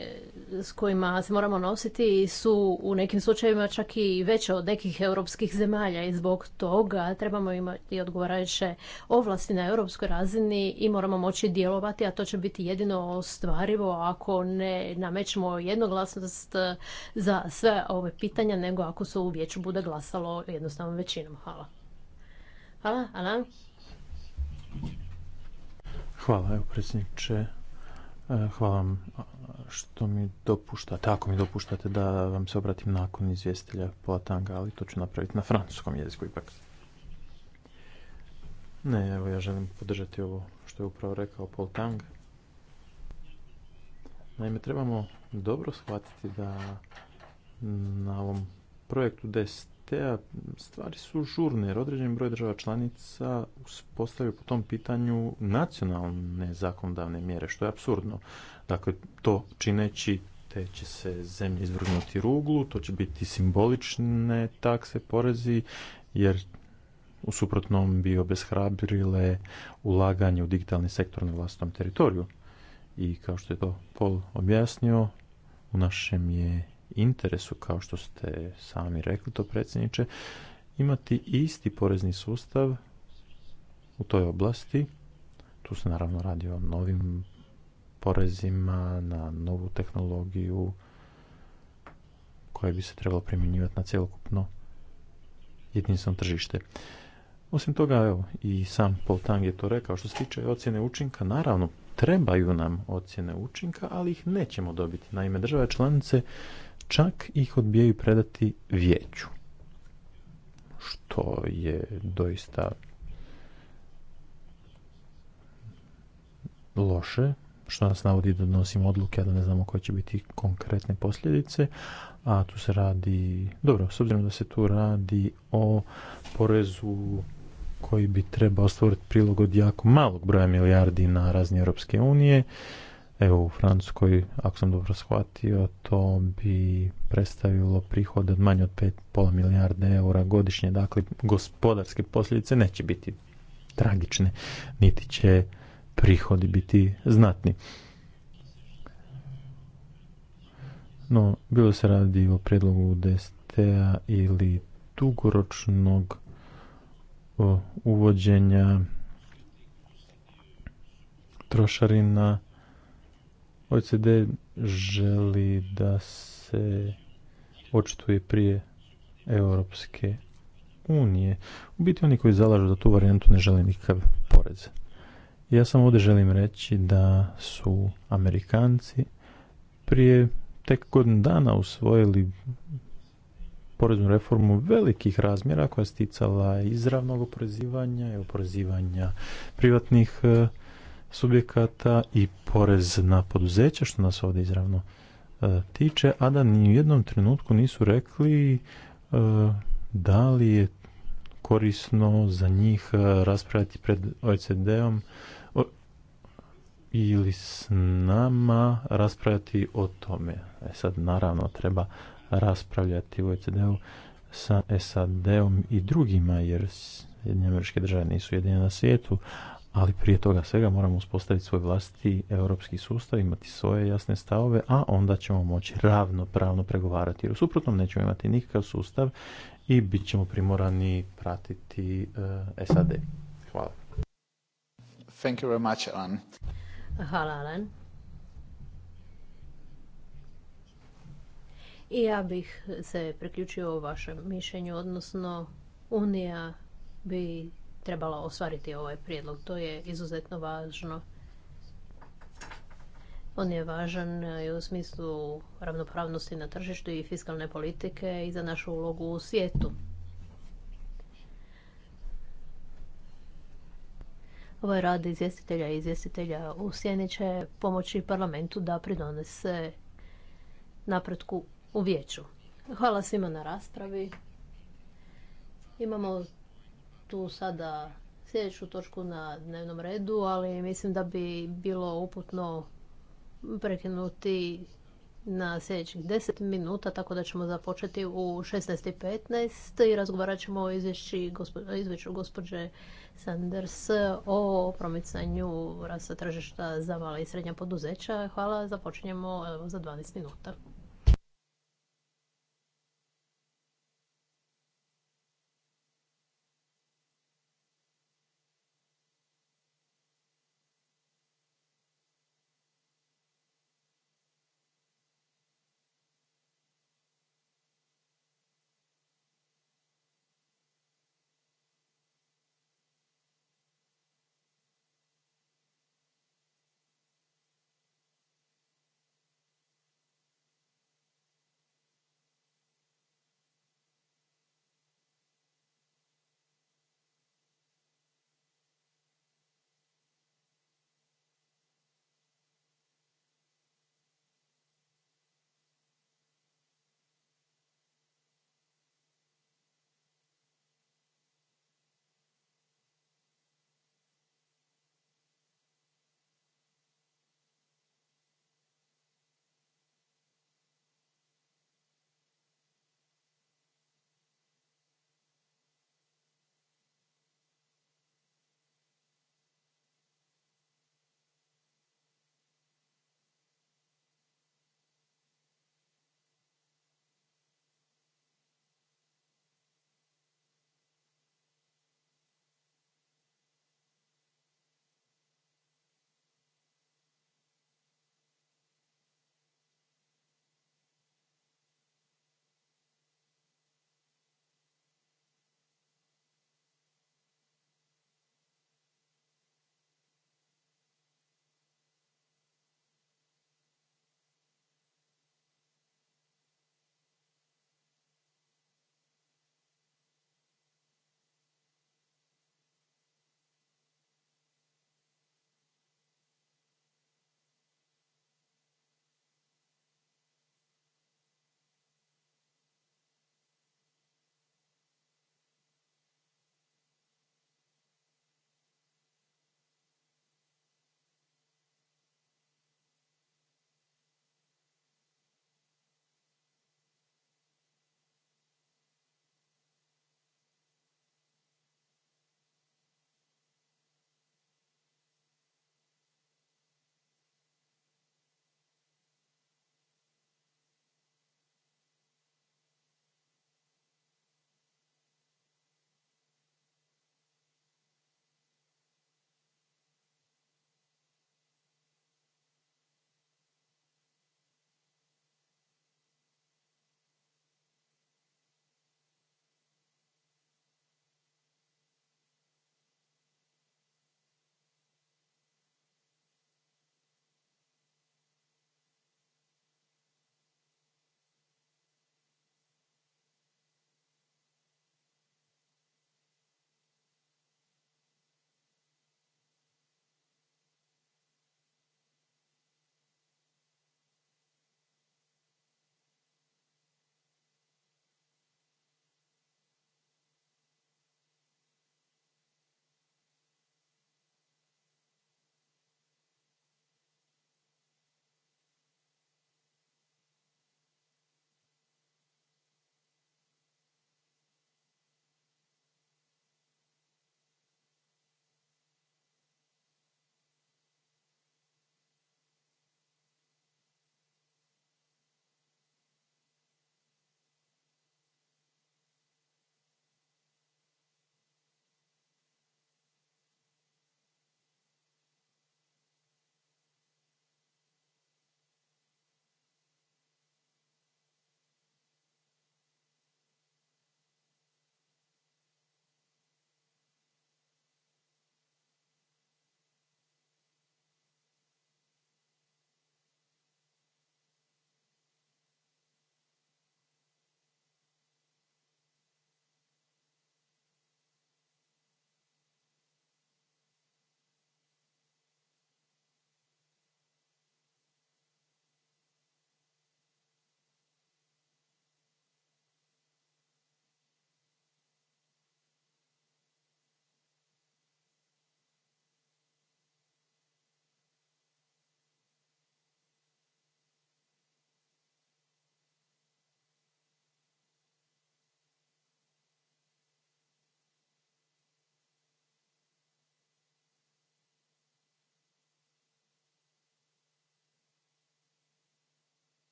s kojima se moramo nositi su u nekim slučajevima čak i veće od nekih europskih zemalja i zbog toga trebamo imati odgovarajuće ovlasti na europskoj razini i moramo moći djelovati, a to će biti jedino ostvarivo ako ne namećemo jednoglasnost za sve ove pitanja, nego ako se u vijeću bude glasalo jednostavnom većinom. Hvala. Hvala, Hvala, evo predsjedniče. E, hvala vam što mi dopuštate, ako mi dopuštate da vam se obratim nakon izvjestelja Polatanga, ali to ću napraviti na francuskom jeziku ipak. Ne, evo ja želim podržati ovo što je upravo rekao Paul Tang. Naime, trebamo dobro shvatiti da na ovom projektu DEST te stvari su žurne jer određen broj država članica postavio po tom pitanju nacionalne zakonodavne mjere, što je absurdno. Dakle, to čineći te će se zemlje izvrgnuti ruglu, to će biti simbolične takse, porezi, jer u suprotnom bi obeshrabrile ulaganje u digitalni sektor na vlastnom teritoriju. I kao što je to Pol objasnio, u našem je interesu, kao što ste sami rekli to predsjedniče, imati isti porezni sustav u toj oblasti. Tu se naravno radi o novim porezima, na novu tehnologiju koja bi se trebala primjenjivati na cjelokupno jedinstveno tržište. Osim toga, evo, i sam Paul Tang je to rekao, što se tiče ocjene učinka, naravno, trebaju nam ocjene učinka, ali ih nećemo dobiti. Naime, države članice čak ih odbijaju predati vijeću. Što je doista loše, što nas navodi da donosimo odluke, a da ne znamo koje će biti konkretne posljedice, a tu se radi, dobro, s obzirom da se tu radi o porezu koji bi trebao stvoriti prilog od jako malog broja milijardi na razne Europske unije, Evo u Francuskoj, ako sam dobro shvatio, to bi predstavilo prihod od manje od 5,5 milijarde eura godišnje. Dakle, gospodarske posljedice neće biti tragične, niti će prihodi biti znatni. No, bilo se radi o predlogu DST-a ili dugoročnog uvođenja trošarina OECD želi da se očituje prije Europske unije. U biti oni koji zalažu za tu varijantu ne žele nikakav porez. Ja samo ovdje želim reći da su Amerikanci prije tek godin dana usvojili poreznu reformu velikih razmjera koja je sticala izravnog oporezivanja i oporezivanja privatnih eh, subjekata i porez na poduzeća, što nas ovdje izravno e, tiče, a da ni u jednom trenutku nisu rekli e, da li je korisno za njih e, raspravljati pred OECD-om ili s nama raspravljati o tome. E sad, naravno, treba raspravljati u OECD-u sa SAD-om i drugima, jer države nisu jedine na svijetu, ali prije toga svega moramo uspostaviti svoj vlastiti europski sustav, imati svoje jasne stavove, a onda ćemo moći ravnopravno pregovarati. Jer u suprotnom nećemo imati nikakav sustav i bit ćemo primorani pratiti eh, SAD. Hvala. Thank you very much, Alan. Hvala, Alan. I ja bih se priključio o vašem mišljenju, odnosno Unija bi trebala ostvariti ovaj prijedlog. To je izuzetno važno. On je važan eh, i u smislu ravnopravnosti na tržištu i fiskalne politike i za našu ulogu u svijetu. Ovaj rad izvjestitelja i izvjestitelja u Sjeni će pomoći parlamentu da pridonese napretku u vijeću. Hvala svima na raspravi. Imamo tu sada sljedeću točku na dnevnom redu, ali mislim da bi bilo uputno prekinuti na sljedećih 10 minuta, tako da ćemo započeti u 16.15 i razgovarat ćemo o izvješću gospođe Sanders o promicanju rasta tržišta za mala i srednja poduzeća. Hvala, započinjemo za 12 minuta.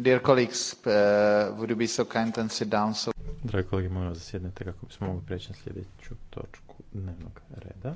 Dear colleagues, uh, would you be so kind and sit down so... Dragi kolege, molim vas da sjednete kako bismo mogli preći na sljedeću točku dnevnog reda.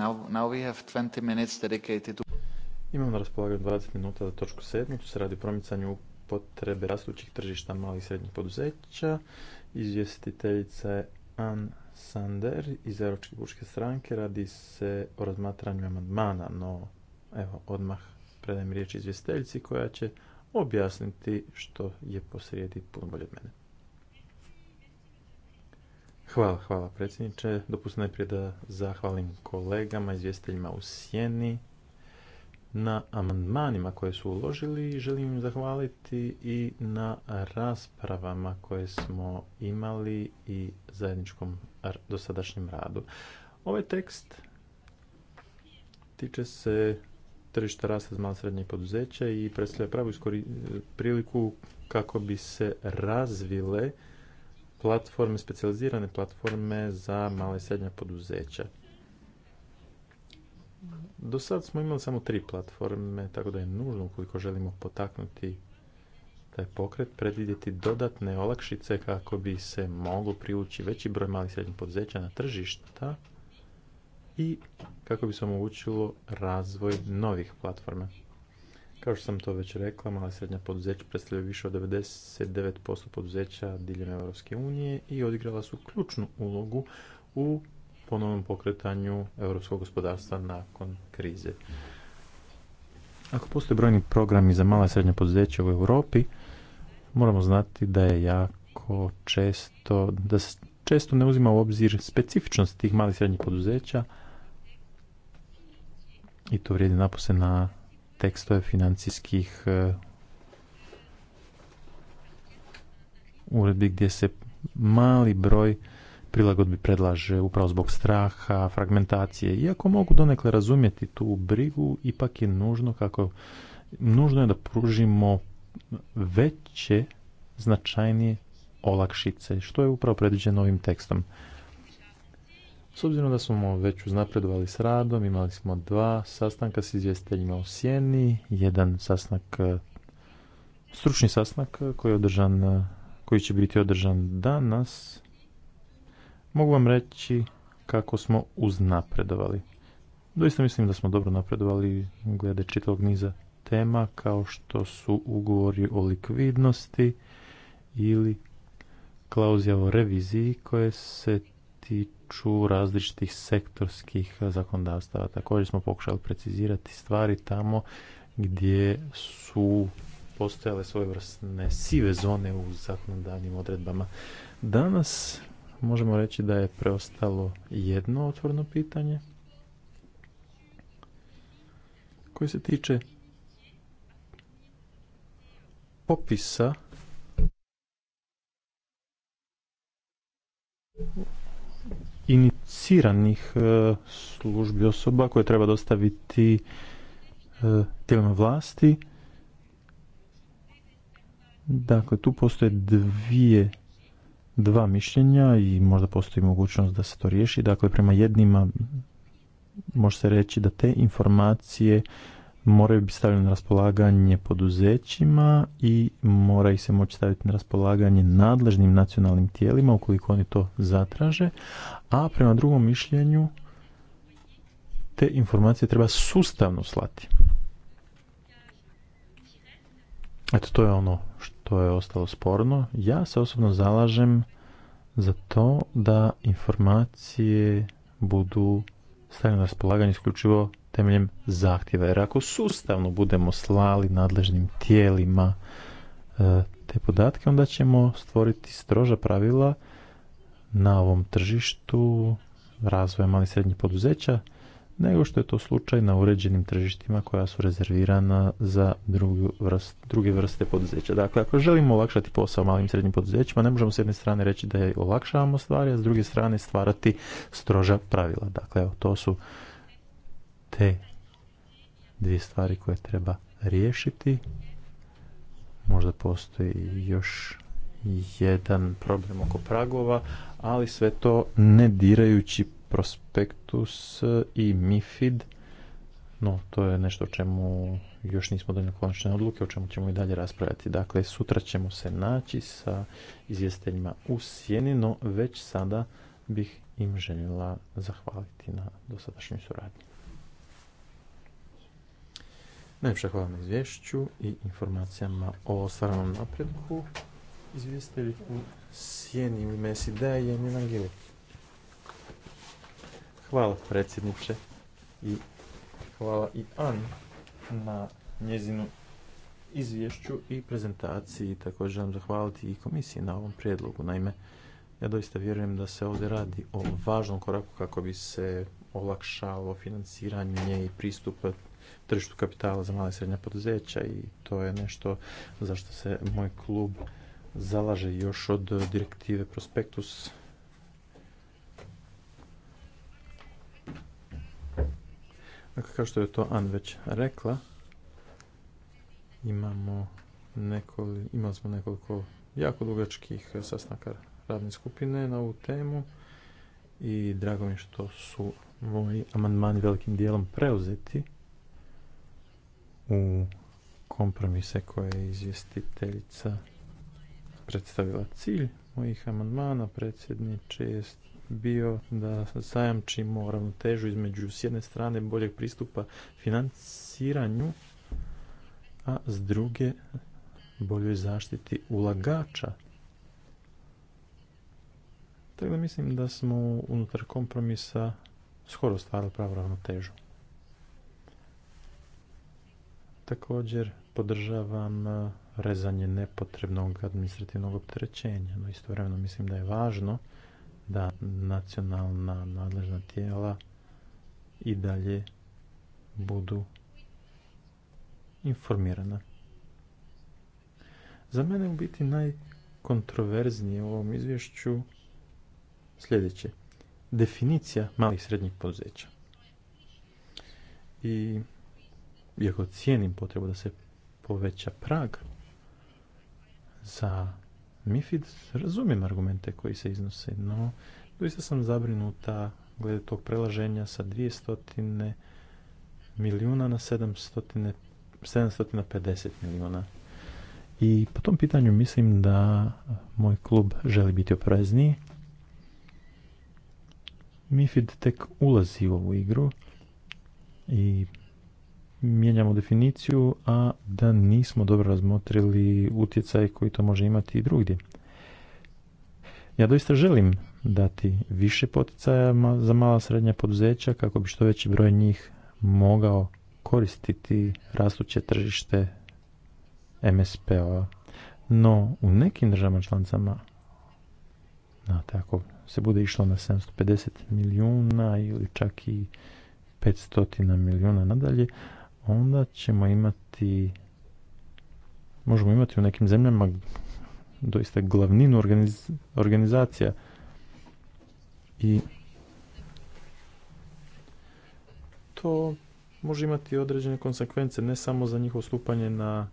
Now, now 20 Imamo na raspolaganju 20 minuta za točku sedmicu. Se radi o promicanju potrebe rastućih tržišta malih i srednjih poduzeća. Izvjestiteljica je Ann Sander iz Europske pučke stranke. Radi se o razmatranju amandmana, no evo, odmah predajem riječ izvjestiteljici koja će objasniti što je posrijedi puno bolje od mene. Hvala, hvala predsjedniče. Dopustite najprije da zahvalim kolegama, izvjestiteljima u Sjeni na amandmanima koje su uložili i želim im zahvaliti i na raspravama koje smo imali i zajedničkom dosadašnjem radu. Ovaj tekst tiče se tržišta rasta za malo srednje poduzeća i predstavlja pravu priliku kako bi se razvile platforme, specijalizirane platforme za male i srednja poduzeća. Do sad smo imali samo tri platforme, tako da je nužno ukoliko želimo potaknuti taj pokret, predvidjeti dodatne olakšice kako bi se moglo privući veći broj malih i srednjih poduzeća na tržišta i kako bi se omogućilo razvoj novih platforma. Kao što sam to već rekla, mala i srednja poduzeća predstavljaju više od 99% poduzeća diljem Europske unije i odigrala su ključnu ulogu u ponovnom pokretanju europskog gospodarstva nakon krize. Ako postoje brojni programi za mala i srednja poduzeća u Europi, moramo znati da je jako često, da se često ne uzima u obzir specifičnost tih malih srednjih poduzeća i to vrijedi napose na tekstove financijskih e, uredbi gdje se mali broj prilagodbi predlaže upravo zbog straha, fragmentacije. Iako mogu donekle razumjeti tu brigu, ipak je nužno kako nužno je da pružimo veće značajnije olakšice, što je upravo predviđeno ovim tekstom. S obzirom da smo već uznapredovali s radom, imali smo dva sastanka s izvjestiteljima u Sjeni, jedan sastanak, e, stručni sastanak e, koji, je održan, e, koji će biti održan danas. Mogu vam reći kako smo uznapredovali. Doista mislim da smo dobro napredovali glede čitavog niza tema kao što su ugovori o likvidnosti ili klauzija o reviziji koje se tiču različitih sektorskih zakonodavstava. Također smo pokušali precizirati stvari tamo gdje su postojale svojevrsne sive zone u zakonodavnim odredbama. Danas možemo reći da je preostalo jedno otvorno pitanje koje se tiče popisa iniciranih e, službi osoba koje treba dostaviti e, tijelima vlasti. Dakle, tu postoje dvije dva mišljenja i možda postoji mogućnost da se to riješi. Dakle, prema jednima može se reći da te informacije moraju biti stavljene na raspolaganje poduzećima i mora ih se moći staviti na raspolaganje nadležnim nacionalnim tijelima ukoliko oni to zatraže, a prema drugom mišljenju te informacije treba sustavno slati. Eto, to je ono što je ostalo sporno. Ja se osobno zalažem za to da informacije budu stavljene na raspolaganje isključivo temeljem zahtjeva. Jer ako sustavno budemo slali nadležnim tijelima e, te podatke, onda ćemo stvoriti stroža pravila na ovom tržištu razvoja malih i srednjih poduzeća, nego što je to slučaj na uređenim tržištima koja su rezervirana za druge vrste poduzeća. Dakle, ako želimo olakšati posao malim i srednjim poduzećima, ne možemo s jedne strane reći da je olakšavamo stvari, a s druge strane stvarati stroža pravila. Dakle, evo, to su te dvije stvari koje treba riješiti. Možda postoji još jedan problem oko pragova, ali sve to ne dirajući prospektus i MIFID, no to je nešto o čemu još nismo donijeli konačne odluke, o čemu ćemo i dalje raspravljati. Dakle, sutra ćemo se naći sa izvjesteljima u Sjeni, no već sada bih im željela zahvaliti na dosadašnjoj suradnji. Najpša hvala na izvješću i informacijama o stvarnom napredku. izvijestili u Sjeni je Hvala predsjedniče i hvala i An na njezinu izvješću i prezentaciji. Također želim zahvaliti i komisiji na ovom prijedlogu. Naime, ja doista vjerujem da se ovdje radi o važnom koraku kako bi se olakšalo financiranje i pristup tržištu kapitala za mala i srednja poduzeća i to je nešto zašto se moj klub zalaže još od direktive Prospektus. Dakle, kao što je to An već rekla, imamo nekoliko, imali smo nekoliko jako dugačkih sastanaka radne skupine na ovu temu i drago mi što su moji amandmani velikim dijelom preuzeti u kompromise koje je izvjestiteljica predstavila. Cilj mojih amandmana predsjedniče je bio da zajamčimo ravnotežu između s jedne strane boljeg pristupa financiranju, a s druge boljoj zaštiti ulagača. Tako da mislim da smo unutar kompromisa skoro stvarali pravu ravnotežu. Također podržavam e, rezanje nepotrebnog administrativnog opterećenja, no istovremeno mislim da je važno da nacionalna nadležna tijela i dalje budu informirana. Za mene u biti najkontroverznije u ovom izvješću sljedeće. Definicija malih i srednjih poduzeća. I iako cijenim potrebu da se poveća prag za MIFID, razumijem argumente koji se iznose, no doista sam zabrinuta glede tog prelaženja sa 200 milijuna na 700, 750 milijuna. I po tom pitanju mislim da moj klub želi biti oprezniji. MIFID tek ulazi u ovu igru i mijenjamo definiciju, a da nismo dobro razmotrili utjecaj koji to može imati i drugdje. Ja doista želim dati više poticaja za mala srednja poduzeća kako bi što veći broj njih mogao koristiti rastuće tržište MSP-ova. No, u nekim državama članicama, znate, ako se bude išlo na 750 milijuna ili čak i 500 milijuna nadalje, onda ćemo imati, možemo imati u nekim zemljama doista glavninu organiz, organizacija i to može imati određene konsekvence ne samo za njihovo stupanje na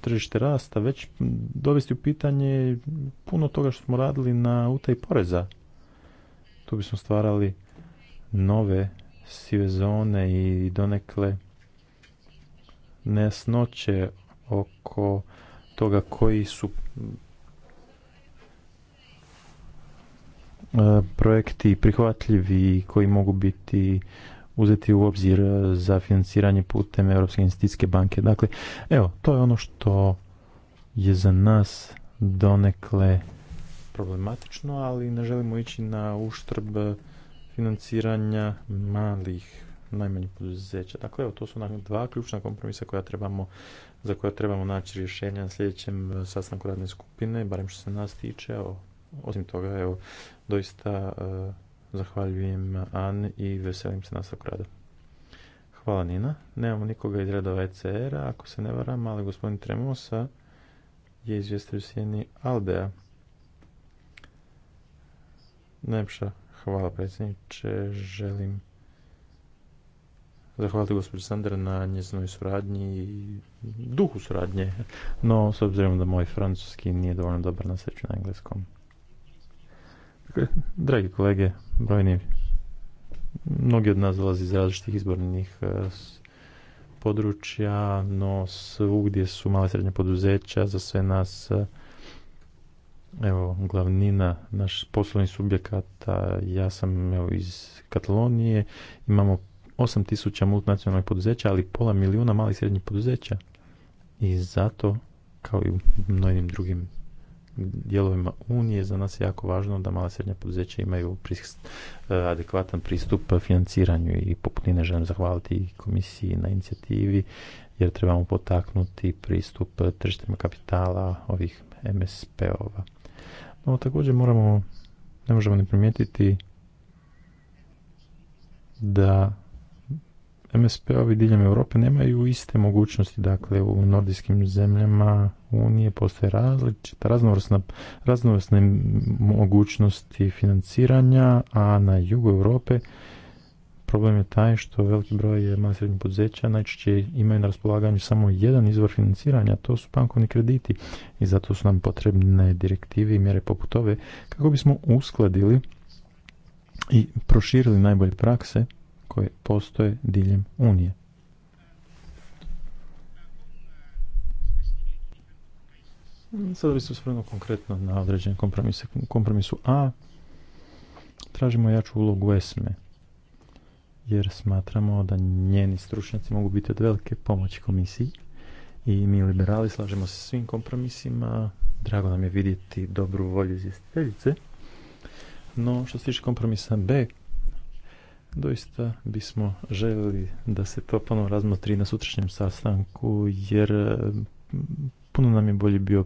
tržište rasta, već dovesti u pitanje puno toga što smo radili na utaj poreza. Tu bismo stvarali nove sive zone i donekle nesnoće oko toga koji su e, projekti prihvatljivi koji mogu biti uzeti u obzir za financiranje putem Europske investicijske banke. Dakle, evo, to je ono što je za nas donekle problematično, ali ne želimo ići na uštrb financiranja malih najmanjih poduzeća. Dakle, evo, to su nam dakle dva ključna kompromisa koja trebamo, za koja trebamo naći rješenja na sljedećem e, sastanku radne skupine, barem što se nas tiče. Evo, osim toga, evo, doista e, zahvaljujem An i veselim se nastavku rada. Hvala Nina. Nemamo nikoga iz redova ECR-a, ako se ne varam, ali gospodin Tremosa je u sjeni Aldea. Najpša Hvala predsjedniče. Želim zahvaliti gospođu Sandra na njezinoj suradnji i duhu suradnje, no s obzirom da moj francuski nije dovoljno dobar na sreću na engleskom. dragi kolege, brojni, mnogi od nas dolaze iz različitih izbornih e, područja, no svugdje su male srednje poduzeća za sve nas e, Evo, glavnina naš poslovni subjekata, ja sam evo, iz Katalonije, imamo 8000 multinacionalnih poduzeća, ali pola milijuna malih srednjih poduzeća. I zato, kao i u mnojim drugim dijelovima Unije, za nas je jako važno da mala srednja poduzeća imaju eh, adekvatan pristup financiranju i poputine želim zahvaliti komisiji na inicijativi jer trebamo potaknuti pristup tržištima kapitala ovih MSP-ova. No također moramo, ne možemo ni primijetiti da MSP-ovi diljem Europe nemaju iste mogućnosti, dakle u nordijskim zemljama Unije postoje različita raznovrsne mogućnosti financiranja, a na jugu Europe problem je taj što veliki broj malo srednjih poduzeća najčešće imaju na raspolaganju samo jedan izvor financiranja, to su bankovni krediti i zato su nam potrebne direktive i mjere poput ove kako bismo uskladili i proširili najbolje prakse koje postoje diljem Unije. Sada bi se osvrnuo konkretno na određene kompromise. kompromisu A tražimo jaču ulogu ESME jer smatramo da njeni stručnjaci mogu biti od velike pomoći komisiji i mi liberali slažemo se svim kompromisima. Drago nam je vidjeti dobru volju izvjestiteljice. No, što se tiče kompromisa B, doista bismo željeli da se to ponovno razmotri na sutrašnjem sastanku, jer mm, puno nam je bolje bio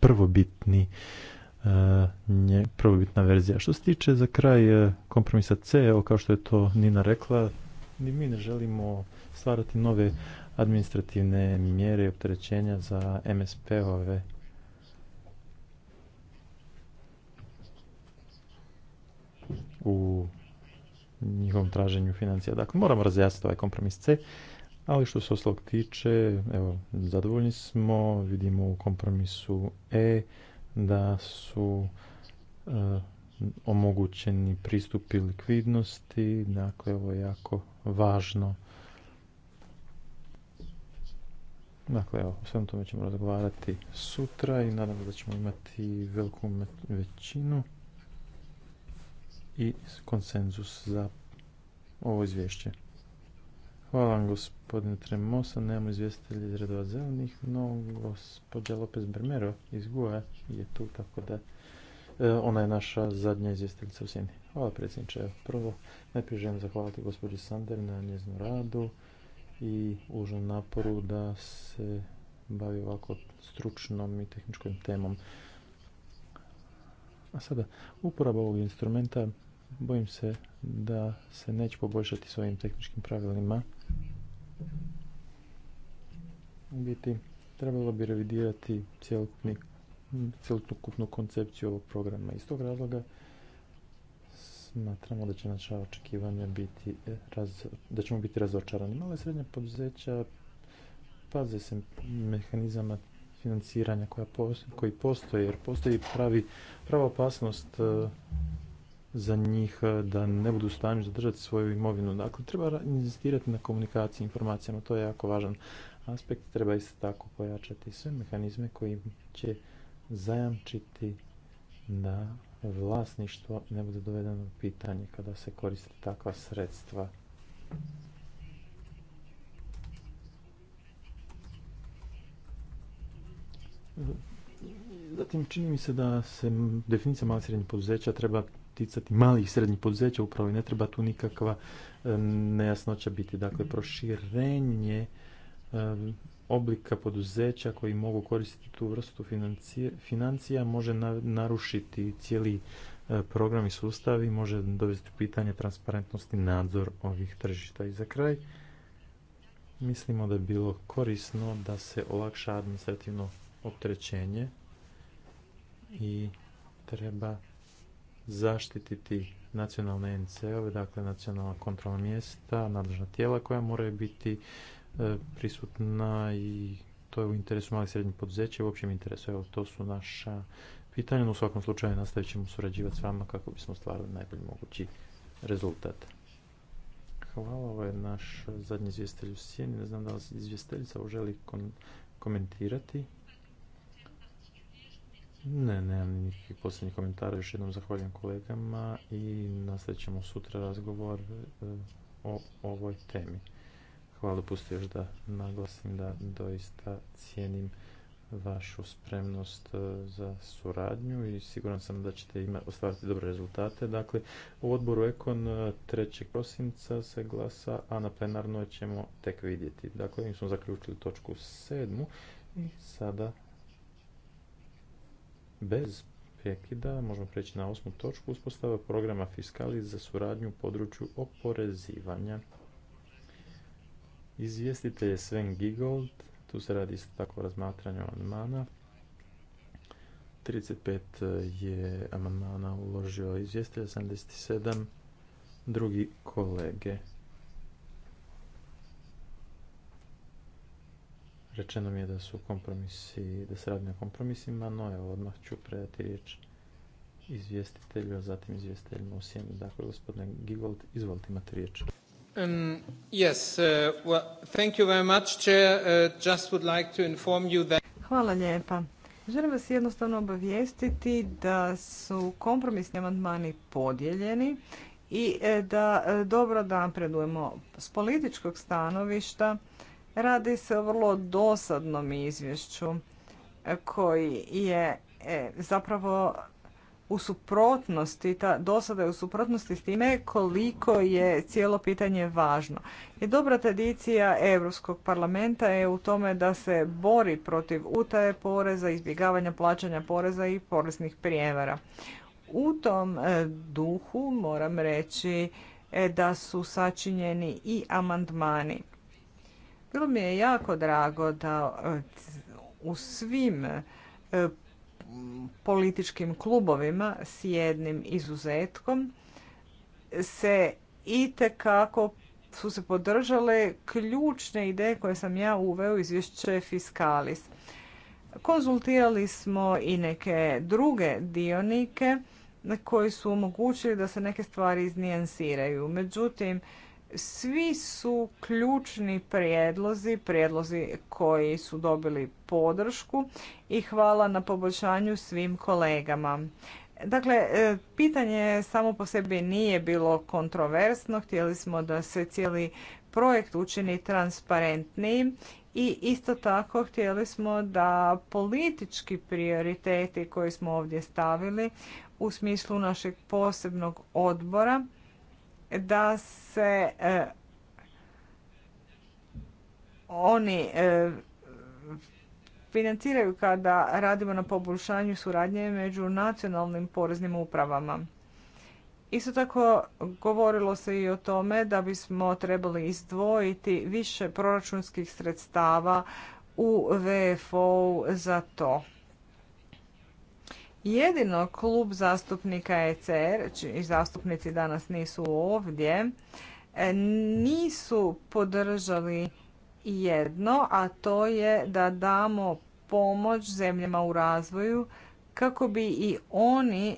prvobitni E, prvobitna verzija. Što se tiče za kraj e, kompromisa C, evo kao što je to Nina rekla, ni mi ne želimo stvarati nove administrativne mjere i opterećenja za MSP-ove. u njihovom traženju financija. Dakle, moramo razjasniti ovaj kompromis C, ali što se oslog tiče, evo, zadovoljni smo, vidimo u kompromisu E, da su e, omogućeni pristupi likvidnosti, dakle ovo je jako važno. Dakle, evo, o tome ćemo razgovarati sutra i nadam se da ćemo imati veliku većinu i konsenzus za ovo izvješće. Hvala vam, gospodine gospodinu Tremosa, nemamo izvjestitelja iz redova zelenih, no gospođa Lopez Bermero iz GUA je tu, tako da e, ona je naša zadnja izvjestiteljica u sjeni. Hvala predsjedniče. Prvo, najprije želim zahvaliti gospođi Sander na njeznu radu i užnom naporu da se bavi ovako stručnom i tehničkom temom. A sada, uporaba ovog instrumenta bojim se da se neće poboljšati svojim tehničkim pravilima u biti, trebalo bi revidirati cjelokupni kupnu koncepciju ovog programa. Iz tog razloga smatramo da će naša očekivanja biti, e, da ćemo biti razočarani. Mala srednje srednja poduzeća paze se mehanizama financiranja koja koji postoje, jer postoji pravi, prava opasnost e, za njih eh, da ne budu u stanju zadržati svoju imovinu. Dakle, treba inzistirati na komunikaciji, informacijama, to je jako važan aspekt. Treba isto tako pojačati sve mehanizme koji će zajamčiti da vlasništvo ne bude dovedeno u pitanje kada se koriste takva sredstva. Zatim čini mi se da se definicija malih srednjih poduzeća treba ticati malih i srednjih poduzeća, upravo i ne treba tu nikakva e, nejasnoća biti. Dakle, proširenje e, oblika poduzeća koji mogu koristiti tu vrstu financija, može narušiti cijeli e, program i sustav i može dovesti u pitanje transparentnosti nadzor ovih tržišta. I za kraj, mislimo da je bilo korisno da se olakša administrativno opterećenje i treba zaštititi nacionalne NC-ove, dakle nacionalna kontrolna mjesta, nadležna tijela koja moraju biti e, prisutna i to je u interesu malih srednjih poduzeća u općem interesu. Evo, to su naša pitanja. No, u svakom slučaju nastavit ćemo surađivati s vama kako bismo stvarali najbolji mogući rezultat. Hvala, ovo je naš zadnji izvjestelj u sjeni. Ne znam da li izvjesteljica ovo želi komentirati. Ne, nemam nikakvih posljednjih komentara. Još jednom zahvaljujem kolegama i nastavit ćemo sutra razgovor e, o ovoj temi. Hvala, pusti još da naglasim da doista cijenim vašu spremnost e, za suradnju i siguran sam da ćete ima, ostvariti dobre rezultate. Dakle, u odboru Ekon 3. E, prosinca se glasa, a na plenarnoj ćemo tek vidjeti. Dakle, mi smo zaključili točku 7. i sada Bez prekida možemo preći na osmu točku uspostava programa fiskali za suradnju u području oporezivanja. Izvjestitelj je Sven Gigold, tu se radi isto tako o razmatranju amandmana. 35 je amandmana uložio izvjestitelj, 77 drugi kolege. Rečeno mi je da su kompromisi, da se radi na kompromisima, no evo odmah ću predati riječ izvjestitelju, a zatim izvjestiteljima u sjeni. Dakle, gospodine Gigold, izvolite imate riječ. Hvala lijepa. Želim vas jednostavno obavijestiti da su kompromisni amandmani podijeljeni i e, da e, dobro napredujemo s političkog stanovišta. Radi se o vrlo dosadnom izvješću e, koji je e, zapravo u suprotnosti, ta dosada je u suprotnosti s time koliko je cijelo pitanje važno. I dobra tradicija Europskog parlamenta je u tome da se bori protiv utaje poreza, izbjegavanja plaćanja poreza i poreznih prijevara. U tom e, duhu moram reći da su sačinjeni i amandmani. Bilo mi je jako drago da e, u svim e, političkim klubovima s jednim izuzetkom se itekako su se podržale ključne ideje koje sam ja uveo u izvješće Fiskalis. Konzultirali smo i neke druge dionike koji su omogućili da se neke stvari iznijansiraju. Međutim, svi su ključni prijedlozi, prijedlozi koji su dobili podršku i hvala na poboljšanju svim kolegama. Dakle, e, pitanje samo po sebi nije bilo kontroversno. Htjeli smo da se cijeli projekt učini transparentnijim i isto tako htjeli smo da politički prioriteti koje smo ovdje stavili u smislu našeg posebnog odbora da se e, oni e, financiraju kada radimo na poboljšanju suradnje među nacionalnim poreznim upravama. Isto tako govorilo se i o tome da bismo trebali izdvojiti više proračunskih sredstava u VFO za to. Jedino klub zastupnika ECR, čiji zastupnici danas nisu ovdje, e, nisu podržali jedno, a to je da damo pomoć zemljama u razvoju kako bi i oni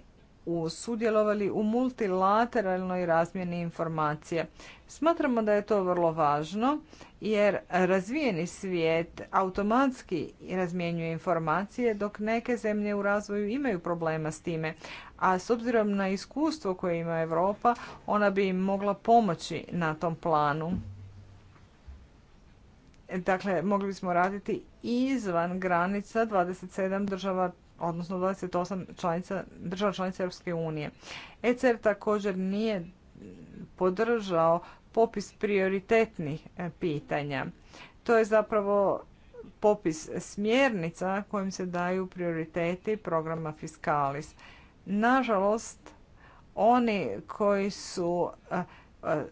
sudjelovali u multilateralnoj razmjeni informacije. Smatramo da je to vrlo važno jer razvijeni svijet automatski razmjenjuje informacije dok neke zemlje u razvoju imaju problema s time. A s obzirom na iskustvo koje ima Europa, ona bi im mogla pomoći na tom planu. Dakle, mogli bismo raditi izvan granica 27 država odnosno 28 članica, država članica Europske unije. ECR također nije podržao popis prioritetnih e, pitanja. To je zapravo popis smjernica kojim se daju prioriteti programa Fiskalis. Nažalost, oni koji su e, e,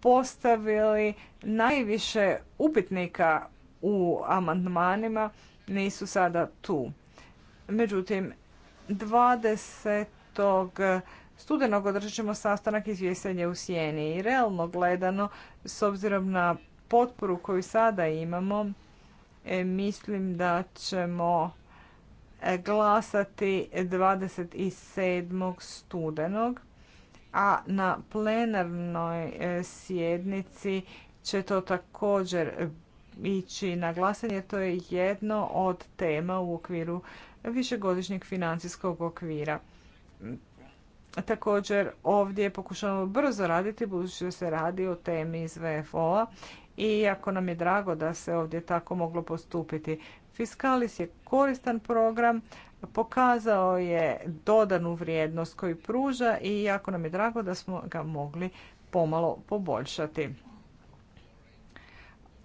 postavili najviše upitnika u amandmanima nisu sada tu. Međutim, 20 studenog održat ćemo sastanak izvjesenja u sjeni i realno gledano s obzirom na potporu koju sada imamo e, mislim da ćemo e, glasati 27. studenog a na plenarnoj e, sjednici će to također ići na glasanje to je jedno od tema u okviru višegodišnjeg financijskog okvira. Također ovdje pokušavamo brzo raditi budući da se radi o temi iz VFO-a i jako nam je drago da se ovdje tako moglo postupiti. Fiskalis je koristan program, pokazao je dodanu vrijednost koju pruža i jako nam je drago da smo ga mogli pomalo poboljšati.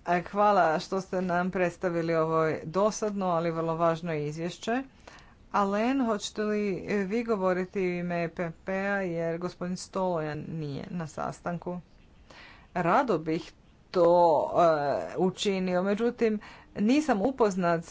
E, hvala što ste nam predstavili ovo dosadno, ali vrlo važno izvješće. Alen, hoćete li e, vi govoriti u ime EPP-a jer gospodin Stolojan nije na sastanku? Rado bih to e, učinio, međutim nisam upoznat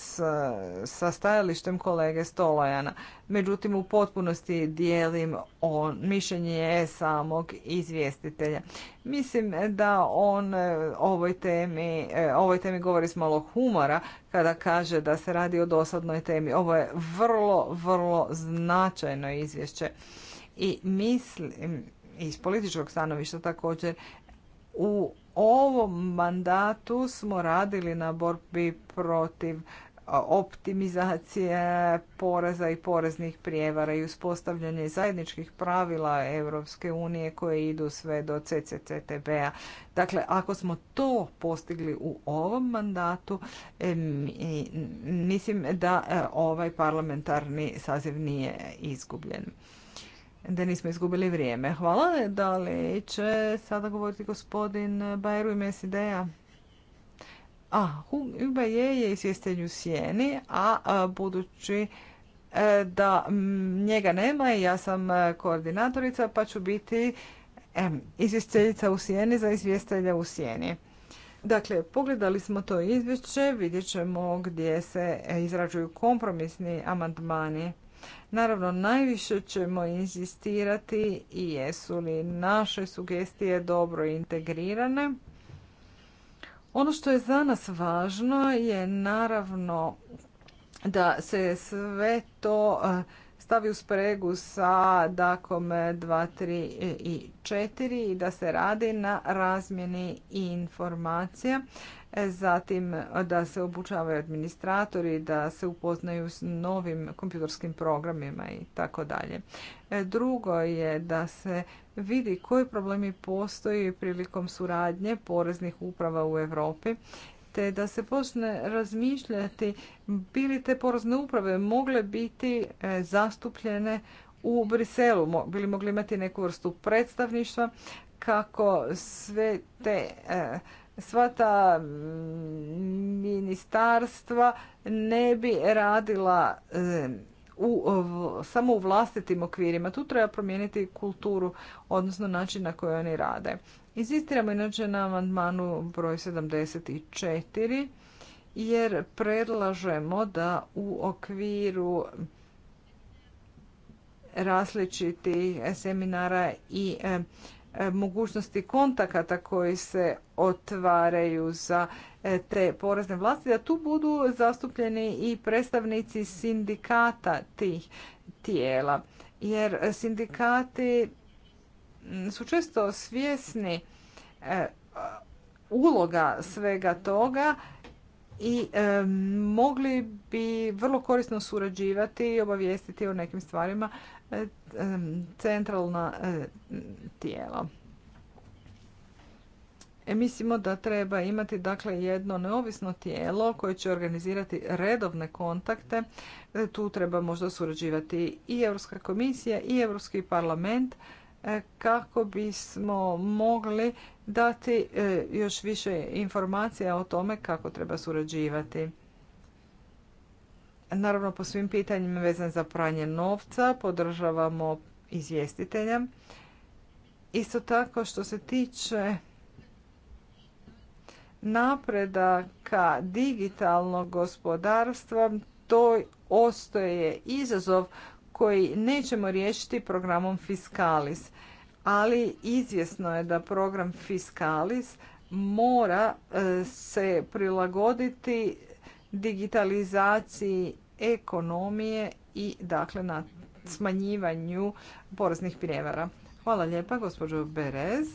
sa stajalištem kolege Stolojana, međutim u potpunosti dijelim o mišljenje samog izvjestitelja. Mislim da on e, ovoj temi, e, ovoj temi govori s malo humora kada kaže da se radi o dosadnoj temi. Ovo je vrlo, vrlo značajno izvješće i mislim iz političkog stanovišta također u ovom mandatu smo radili na borbi protiv optimizacije poreza i poreznih prijevara i uspostavljanje zajedničkih pravila Europske unije koje idu sve do CCCTB-a. Dakle, ako smo to postigli u ovom mandatu, mislim da e, ovaj parlamentarni saziv nije izgubljen da nismo izgubili vrijeme. Hvala. Da li će sada govoriti gospodin Bajeru i Mesideja? ideja? A, je, je izvjestelj u sjeni, a, budući e, da njega nema, i ja sam koordinatorica pa ću biti izvjestiteljica u sjeni za izvjestelja u sjeni. Dakle, pogledali smo to izvješće, vidjet ćemo gdje se izrađuju kompromisni amandmani. Naravno, najviše ćemo inzistirati i jesu li naše sugestije dobro integrirane. Ono što je za nas važno je naravno da se sve to e, stavi u spregu sa DAKom 2, 3 i 4 i da se radi na razmjeni informacija zatim da se obučavaju administratori, da se upoznaju s novim kompjutorskim programima i tako dalje. E, drugo je da se vidi koji problemi postoji prilikom suradnje poreznih uprava u Europi te da se počne razmišljati bili te porezne uprave mogle biti e, zastupljene u Briselu, bili mogli imati neku vrstu predstavništva kako sve te e, sva ta mm, ministarstva ne bi radila u, samo u vlastitim okvirima. Tu treba promijeniti kulturu, odnosno način na koji oni rade. Inzistiramo inače na amandmanu broj 74 jer predlažemo da u okviru različitih seminara i E, mogućnosti kontakata koji se otvaraju za e, te porezne vlasti, da tu budu zastupljeni i predstavnici sindikata tih tijela. Jer sindikati su često svjesni e, uloga svega toga i mogli bi vrlo korisno surađivati i obavijestiti o nekim stvarima E, e, centralna e, tijela. E, mislimo da treba imati dakle jedno neovisno tijelo koje će organizirati redovne kontakte. tu treba možda surađivati i Europska komisija i Europski parlament kako bismo mogli dati još više informacija o tome kako treba surađivati. Naravno, po svim pitanjima vezan za pranje novca podržavamo izvjestitelja. Isto tako što se tiče napredaka digitalnog gospodarstva, to ostaje izazov koji nećemo riješiti programom Fiskalis. Ali izvjesno je da program Fiskalis mora e, se prilagoditi digitalizaciji ekonomije i dakle na smanjivanju poreznih prijevara. Hvala lijepa gospođo Berez.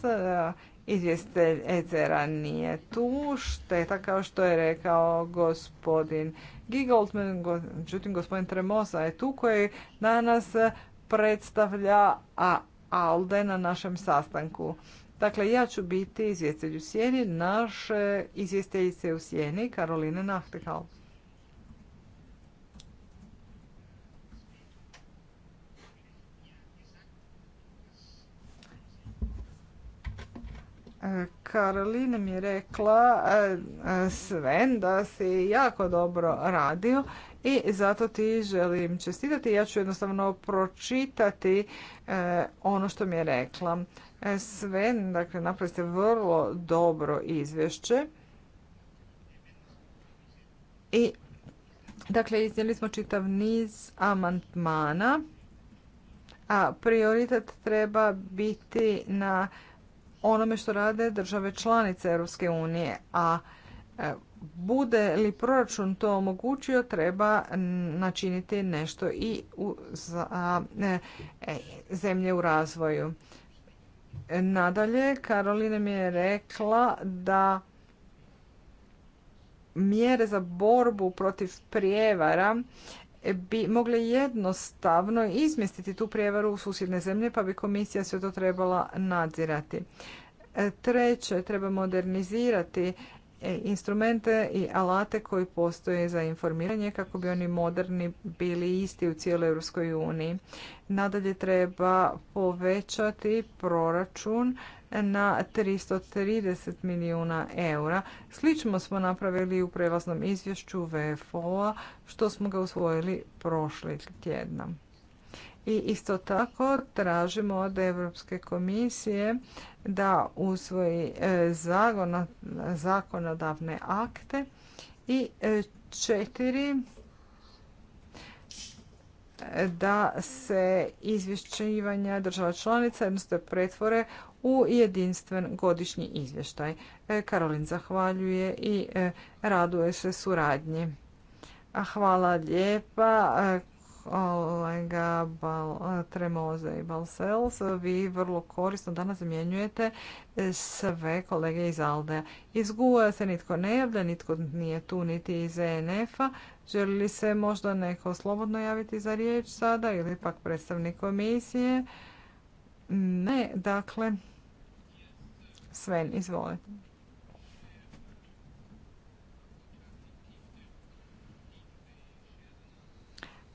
izvjestitelj ecr nije tu. Šteta kao što je rekao gospodin Gigoldman, međutim gospodin Tremosa je tu koji danas predstavlja ALDE na našem sastanku. Dakle, ja ću biti izvjestitelj u sjeni, naše izvjestiteljice u sjeni, Karoline Karolina mi je rekla e, sve da si jako dobro radio i zato ti želim čestitati. Ja ću jednostavno pročitati e, ono što mi je rekla. E, Sven, dakle, napravite vrlo dobro izvješće. I, dakle, iznijeli smo čitav niz amantmana, a prioritet treba biti na onome što rade države članice Europske unije, a e, bude li proračun to omogućio, treba načiniti nešto i za e, e, zemlje u razvoju. Nadalje, Karolina mi je rekla da mjere za borbu protiv prijevara bi mogli jednostavno izmjestiti tu prijevaru u susjedne zemlje pa bi komisija sve to trebala nadzirati. E, treće, treba modernizirati E, instrumente i alate koji postoje za informiranje kako bi oni moderni bili isti u cijeloj Europskoj uniji. Nadalje treba povećati proračun na 330 milijuna eura. Slično smo napravili u prelaznom izvješću VFO-a što smo ga usvojili prošli tjedna. I isto tako tražimo od Europske komisije da usvoji e, zakonodavne akte i e, četiri e, da se izvješćivanja država članica jednostavno pretvore u jedinstven godišnji izvještaj. Karolin zahvaljuje i raduje se suradnji. Hvala lijepa tremoze i Balsels, vi vrlo korisno danas zamjenjujete sve kolege iz Aldeja. Iz GUA e se nitko ne javlja, nitko nije tu niti iz ENF-a. Želi li se možda neko slobodno javiti za riječ sada ili pak predstavnik komisije? Ne, dakle, Sven, izvolite.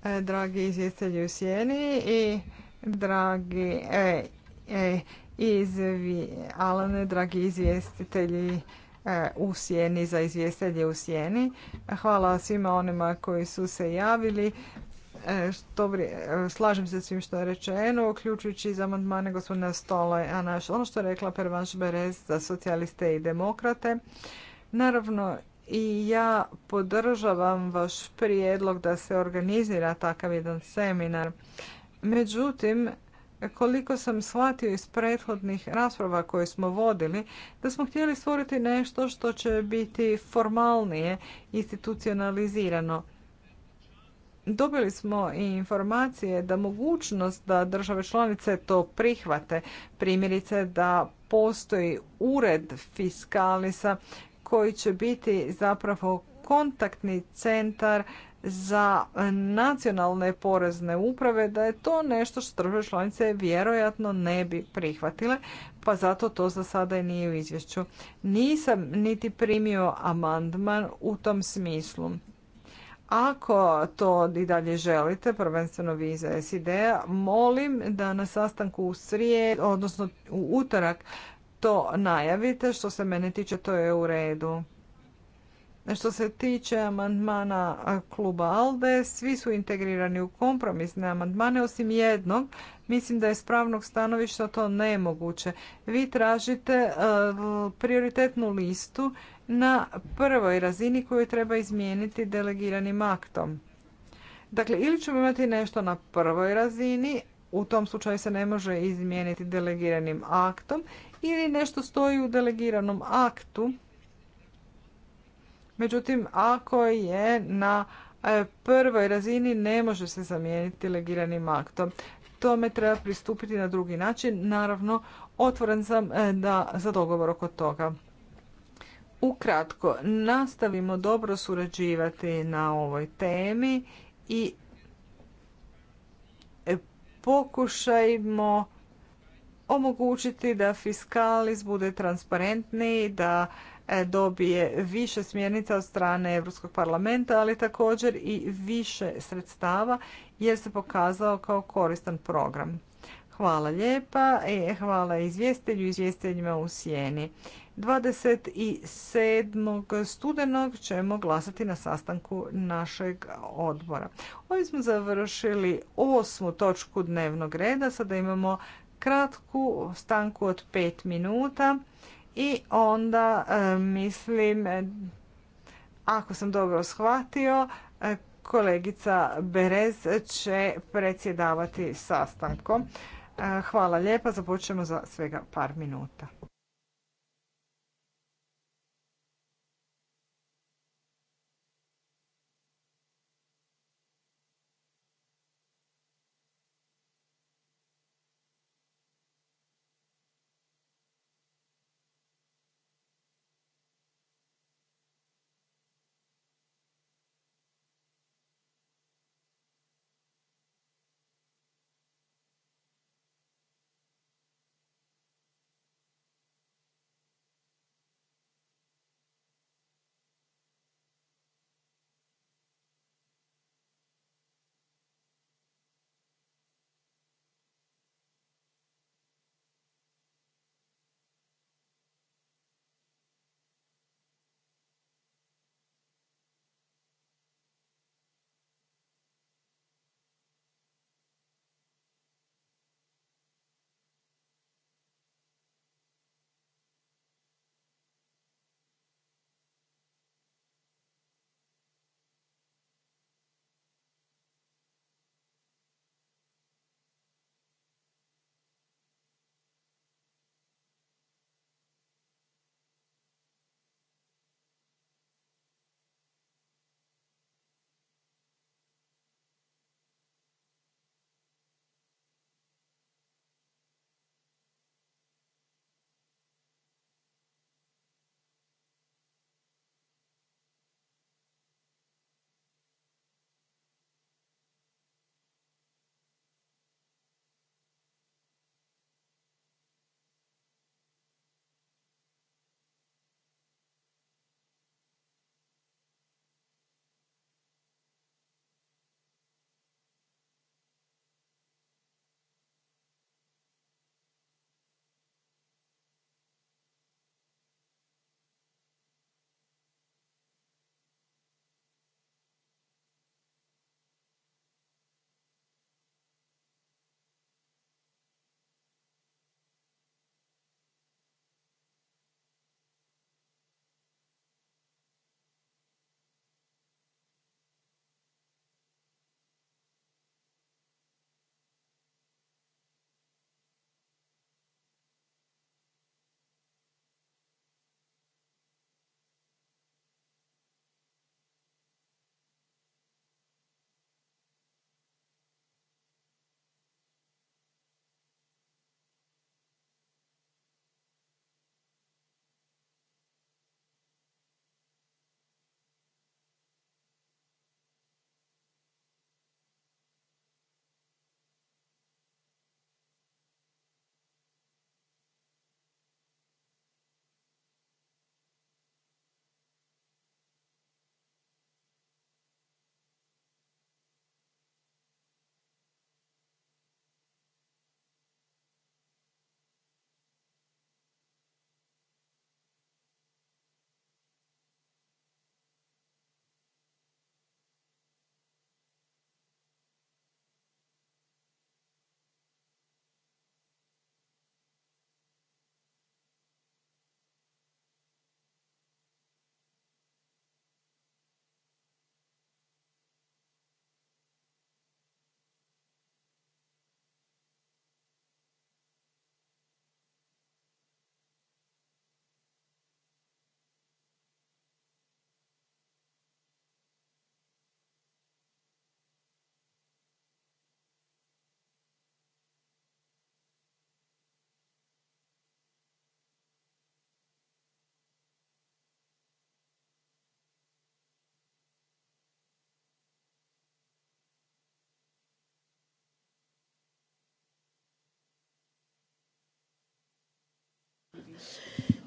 E, dragi izvjestitelji u sjeni i dragi e, e izvi, Alane, dragi izvjestitelji e, u sjeni za izvjestelje u sjeni. Hvala svima onima koji su se javili. slažem se svim što je rečeno, uključujući iz amandmane gospodina Stola, a naš, ono što je rekla Pervanš Berez za socijaliste i demokrate. Naravno, i ja podržavam vaš prijedlog da se organizira takav jedan seminar. Međutim, koliko sam shvatio iz prethodnih rasprava koje smo vodili, da smo htjeli stvoriti nešto što će biti formalnije institucionalizirano. Dobili smo i informacije da mogućnost da države članice to prihvate, primjerice da postoji ured fiskalisa koji će biti zapravo kontaktni centar za nacionalne porezne uprave da je to nešto što države članice vjerojatno ne bi prihvatile, pa zato to za sada i nije u izvješću. Nisam niti primio amandman u tom smislu. Ako to i dalje želite, prvenstveno vi za SID-a, molim da na sastanku u srijed, odnosno u utorak to najavite. Što se mene tiče, to je u redu. Što se tiče amandmana kluba ALDE, svi su integrirani u kompromisne amandmane, osim jednog. Mislim da je s pravnog stanovišta to nemoguće. Vi tražite e, prioritetnu listu na prvoj razini koju treba izmijeniti delegiranim aktom. Dakle, ili ćemo imati nešto na prvoj razini, u tom slučaju se ne može izmijeniti delegiranim aktom, ili nešto stoji u delegiranom aktu. Međutim, ako je na e, prvoj razini ne može se zamijeniti delegiranim aktom. Tome treba pristupiti na drugi način. Naravno, otvoren sam e, da, za dogovor oko toga. Ukratko, nastavimo dobro surađivati na ovoj temi i e, pokušajmo omogućiti da fiskalis bude transparentniji, da e, dobije više smjernica od strane Europskog parlamenta, ali također i više sredstava jer se pokazao kao koristan program. Hvala lijepa i e, hvala izvjestelju i izvjestiteljima u Sijeni. 27. studenog ćemo glasati na sastanku našeg odbora. Ovim smo završili osmu točku dnevnog reda. Sada imamo kratku stanku od pet minuta i onda e, mislim, ako sam dobro shvatio, e, kolegica Berez će predsjedavati sastankom. E, hvala lijepa, započnemo za svega par minuta.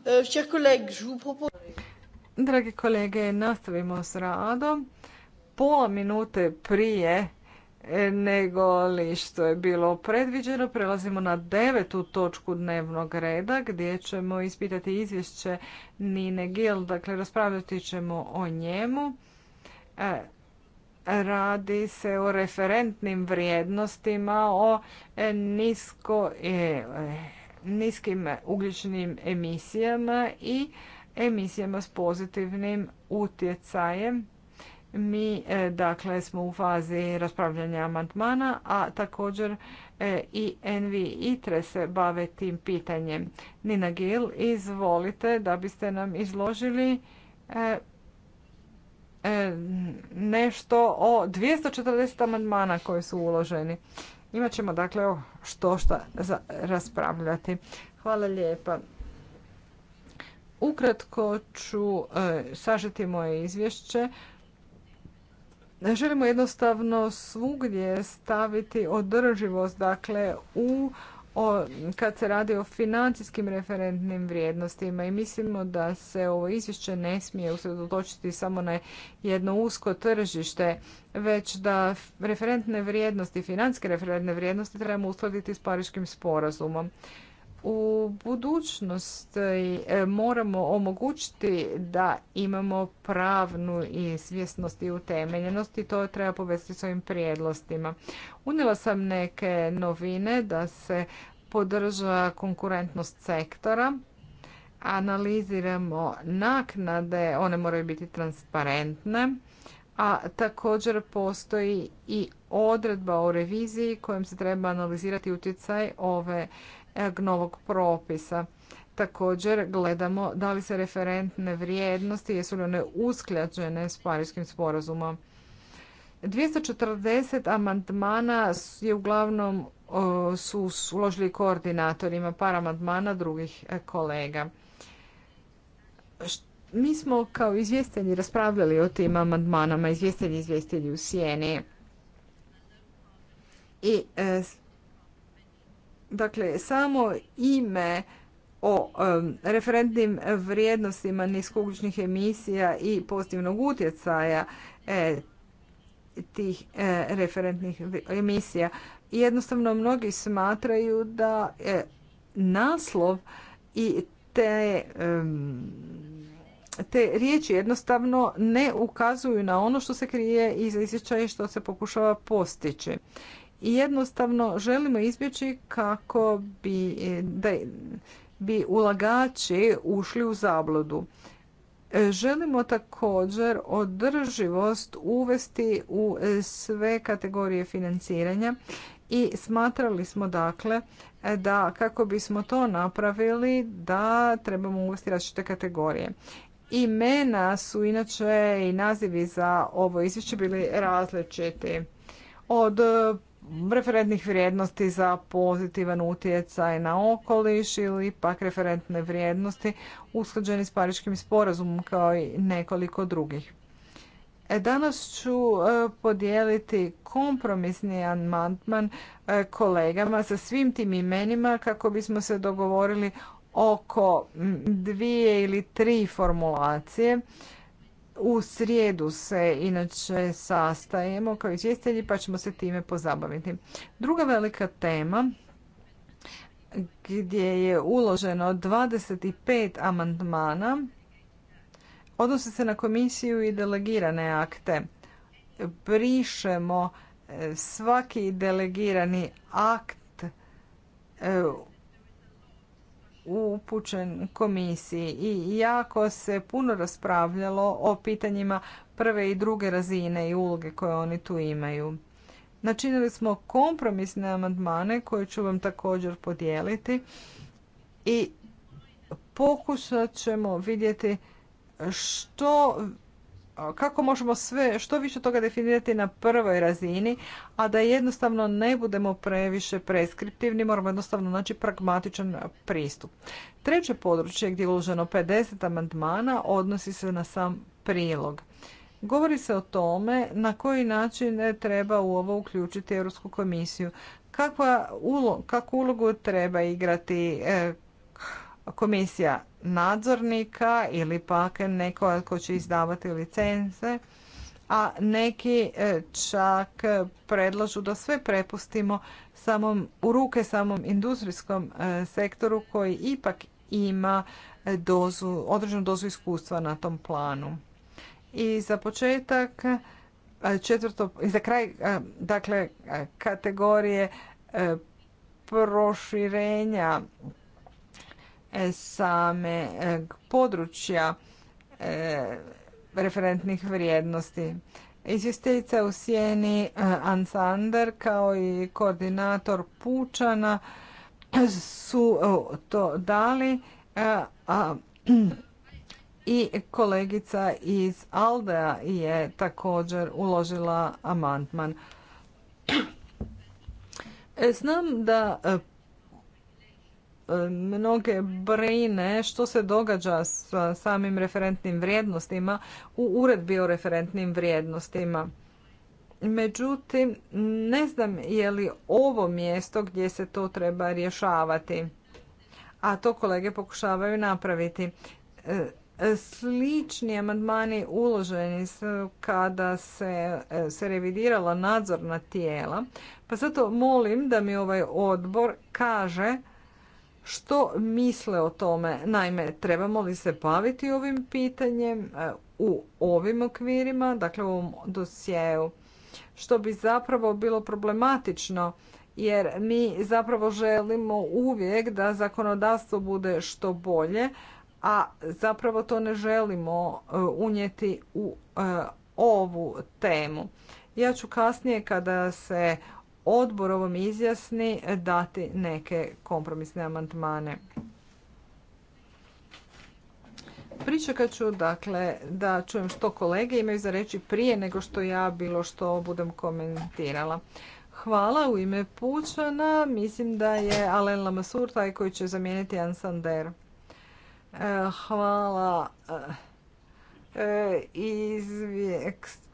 Euh, Dragi kolege, nastavimo s radom. Pola minute prije e, nego li što je bilo predviđeno, prelazimo na devetu točku dnevnog reda gdje ćemo ispitati izvješće Nine Gil, dakle raspravljati ćemo o njemu. E, radi se o referentnim vrijednostima, o e, nisko niskim ugljičnim emisijama i emisijama s pozitivnim utjecajem. Mi e, dakle smo u fazi raspravljanja amandmana, a također e, i Envi Itre se bave tim pitanjem. Nina Gil, izvolite da biste nam izložili e, nešto o 240 amandmana koji su uloženi. Imat ćemo dakle o što šta za raspravljati. Hvala lijepa. Ukratko ću e, sažeti moje izvješće. Želimo jednostavno svugdje staviti održivost, dakle u o, kad se radi o financijskim referentnim vrijednostima i mislimo da se ovo izvješće ne smije usredotočiti samo na jedno usko tržište, već da referentne vrijednosti, financijske referentne vrijednosti trebamo uskladiti s Pariškim sporazumom. U budućnosti e, moramo omogućiti da imamo pravnu i svjesnost i utemeljenost i to treba povesti s ovim prijedlostima. Unijela sam neke novine da se podrža konkurentnost sektora, analiziramo naknade, one moraju biti transparentne, a također postoji i odredba o reviziji kojom se treba analizirati utjecaj ove novog propisa. Također gledamo da li se referentne vrijednosti, jesu li one usklađene s Parijskim sporazumom. 240 amandmana je uglavnom su uložili koordinatorima par amandmana drugih e, kolega. Mi smo kao izvjestitelji raspravljali o tim amandmanama, izvjestelji izvjestitelji u sjeni. I e, Dakle, samo ime o referentnim vrijednostima niskougljičnih emisija i pozitivnog utjecaja e, tih e, referentnih emisija. Jednostavno, mnogi smatraju da e, naslov i te, te riječi jednostavno ne ukazuju na ono što se krije iz izvječaja i što se pokušava postići i jednostavno želimo izbjeći kako bi, e, da, bi ulagači ušli u zabludu. E, želimo također održivost uvesti u e, sve kategorije financiranja i smatrali smo dakle da kako bismo to napravili da trebamo uvesti različite kategorije. Imena su inače i nazivi za ovo izvješće bili različiti od referentnih vrijednosti za pozitivan utjecaj na okoliš ili pak referentne vrijednosti usklađene s Pariškim sporazumom kao i nekoliko drugih. E, danas ću e, podijeliti kompromisni amandman e, kolegama sa svim tim imenima kako bismo se dogovorili oko dvije ili tri formulacije u srijedu se inače sastajemo kao izvjestitelji pa ćemo se time pozabaviti. Druga velika tema gdje je uloženo 25 amandmana odnose se na komisiju i delegirane akte. Brišemo e, svaki delegirani akt e, upućen komisiji i jako se puno raspravljalo o pitanjima prve i druge razine i uloge koje oni tu imaju. Načinili smo kompromisne amandmane koje ću vam također podijeliti i pokušat ćemo vidjeti što kako možemo sve što više toga definirati na prvoj razini, a da jednostavno ne budemo previše preskriptivni, moramo jednostavno naći pragmatičan pristup. Treće područje gdje je uloženo 50 amandmana odnosi se na sam prilog. Govori se o tome na koji način treba u ovo uključiti Europsku komisiju. kakvu ulogu treba igrati e, komisija nadzornika ili pak neko ko će izdavati licence, a neki e, čak predlažu da sve prepustimo samom, u ruke samom industrijskom e, sektoru koji ipak ima dozu, određenu dozu iskustva na tom planu. I za početak, e, četvrto, i za kraj, dakle, kategorije proširenja E, same e, područja e, referentnih vrijednosti. Izvjestiteljica u sjeni Ansander kao i koordinator Pučana su to dali a, i kolegica iz Aldea je također uložila amandman. Znam da mnoge brine što se događa sa samim referentnim vrijednostima u uredbi o referentnim vrijednostima. Međutim, ne znam je li ovo mjesto gdje se to treba rješavati. A to kolege pokušavaju napraviti. E, slični amandmani uloženi su kada se, e, se revidirala nadzorna tijela. Pa zato molim da mi ovaj odbor kaže što misle o tome. Naime, trebamo li se baviti ovim pitanjem e, u ovim okvirima, dakle u ovom dosjeu, što bi zapravo bilo problematično jer mi zapravo želimo uvijek da zakonodavstvo bude što bolje, a zapravo to ne želimo e, unijeti u e, ovu temu. Ja ću kasnije kada se odbor ovom izjasni dati neke kompromisne amantmane. Pričekat ću dakle da čujem što kolege imaju za reći prije nego što ja bilo što budem komentirala. Hvala u ime Pučana. Mislim da je Alen Lamasur taj koji će zamijeniti Ansander. E, hvala e, iz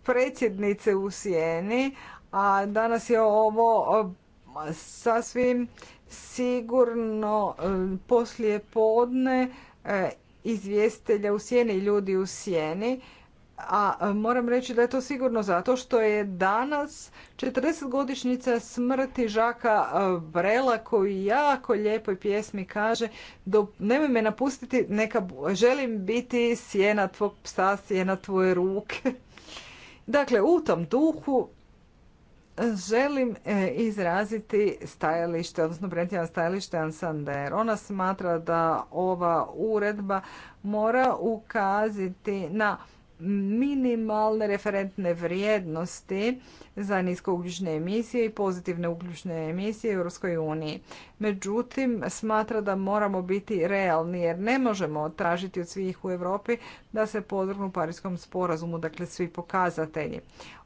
predsjednice u Sijeni, a danas je ovo sasvim sigurno e, poslije podne e, izvjestitelja u sjeni ljudi u sjeni. A e, moram reći da je to sigurno zato što je danas 40-godišnjica smrti Žaka Brela koji jako lijepoj pjesmi kaže nemoj me napustiti, neka želim biti sjena tvog psa, sjena tvoje ruke. Dakle, u tom duhu želim e, izraziti stajalište, odnosno predstavljam stajalište Ansander. Ona smatra da ova uredba mora ukaziti na minimalne referentne vrijednosti za niskougljične emisije i pozitivne ugljične emisije u EU. Međutim, smatra da moramo biti realni jer ne možemo tražiti od svih u Europi da se podvrgnu Parijskom sporazumu, dakle svi pokazatelji.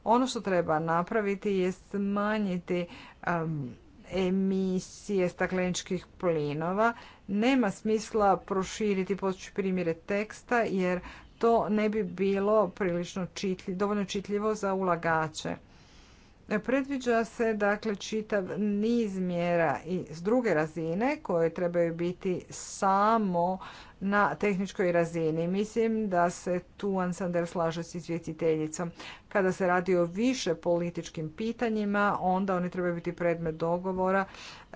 Ono što treba napraviti je smanjiti um, emisije stakleničkih plinova. Nema smisla proširiti postojeći primjere teksta jer to ne bi bilo prilično čitljivo, dovoljno čitljivo za ulagače. Predviđa se dakle čitav niz mjera i s druge razine koje trebaju biti samo na tehničkoj razini. Mislim da se tu Ansander slaže s izvjestiteljicom. Kada se radi o više političkim pitanjima, onda oni trebaju biti predmet dogovora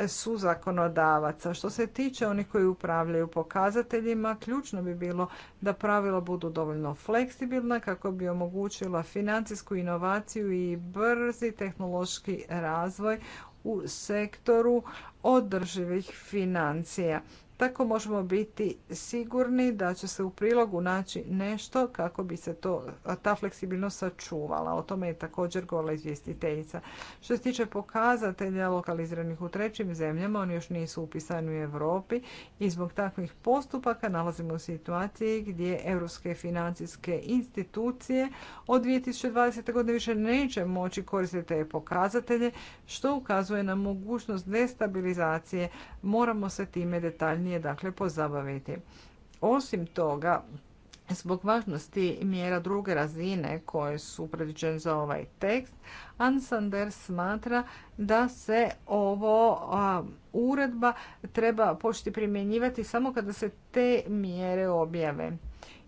su zakonodavaca. Što se tiče onih koji upravljaju pokazateljima, ključno bi bilo da pravila budu dovoljno fleksibilna kako bi omogućila financijsku inovaciju i brzi tehnološki razvoj u sektoru održivih financija tako možemo biti sigurni da će se u prilogu naći nešto kako bi se to, ta fleksibilnost sačuvala. O tome je također govorila izvjestiteljica. Što se tiče pokazatelja lokaliziranih u trećim zemljama, oni još nisu upisani u Europi i zbog takvih postupaka nalazimo u situaciji gdje europske financijske institucije od 2020. godine više neće moći koristiti te pokazatelje, što ukazuje na mogućnost destabilizacije. Moramo se time detaljnije najvažnije dakle pozabaviti. Osim toga, Zbog važnosti mjera druge razine koje su predviđene za ovaj tekst, Ansander smatra da se ovo uredba treba početi primjenjivati samo kada se te mjere objave.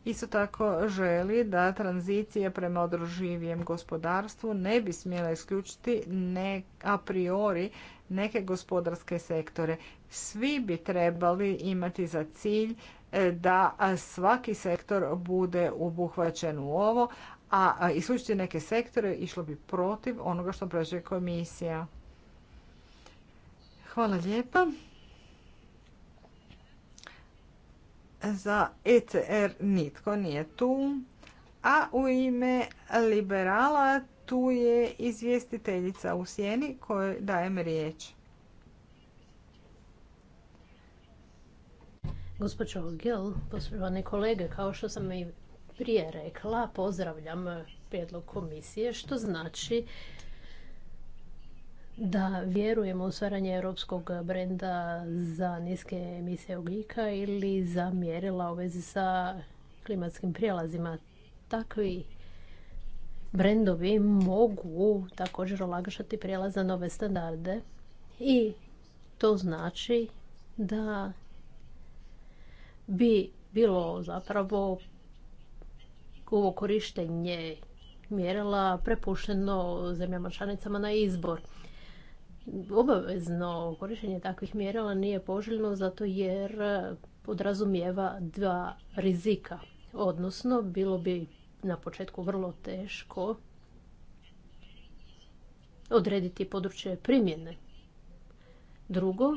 Isto tako želi da tranzicija prema održivijem gospodarstvu ne bi smjela isključiti ne a priori neke gospodarske sektore. Svi bi trebali imati za cilj e, da svaki sektor bude obuhvaćen u ovo, a isključiti neke sektore išlo bi protiv onoga što predlaže komisija. Hvala lijepa. Za ECR nitko nije tu. A u ime liberala tu je izvjestiteljica u sjeni kojoj dajem riječ. Gospođo Gil, poštovane kolege, kao što sam i prije rekla, pozdravljam prijedlog komisije, što znači da vjerujemo u stvaranje europskog brenda za niske emisije ugljika ili za mjerila u vezi sa klimatskim prijelazima. Takvi brendovi mogu također olakšati prijelaz na nove standarde i to znači da bi bilo zapravo ovo korištenje mjerila prepušteno zemljama članicama na izbor. Obavezno korištenje takvih mjerila nije poželjno zato jer podrazumijeva dva rizika. Odnosno, bilo bi na početku vrlo teško odrediti područje primjene. Drugo,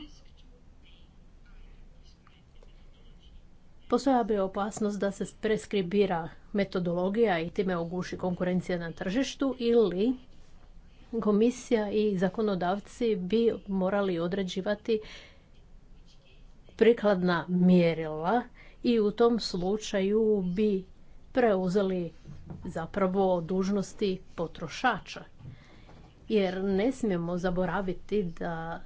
postoja bi opasnost da se preskribira metodologija i time oguši konkurencija na tržištu ili komisija i zakonodavci bi morali određivati prikladna mjerila i u tom slučaju bi preuzeli zapravo dužnosti potrošača. Jer ne smijemo zaboraviti da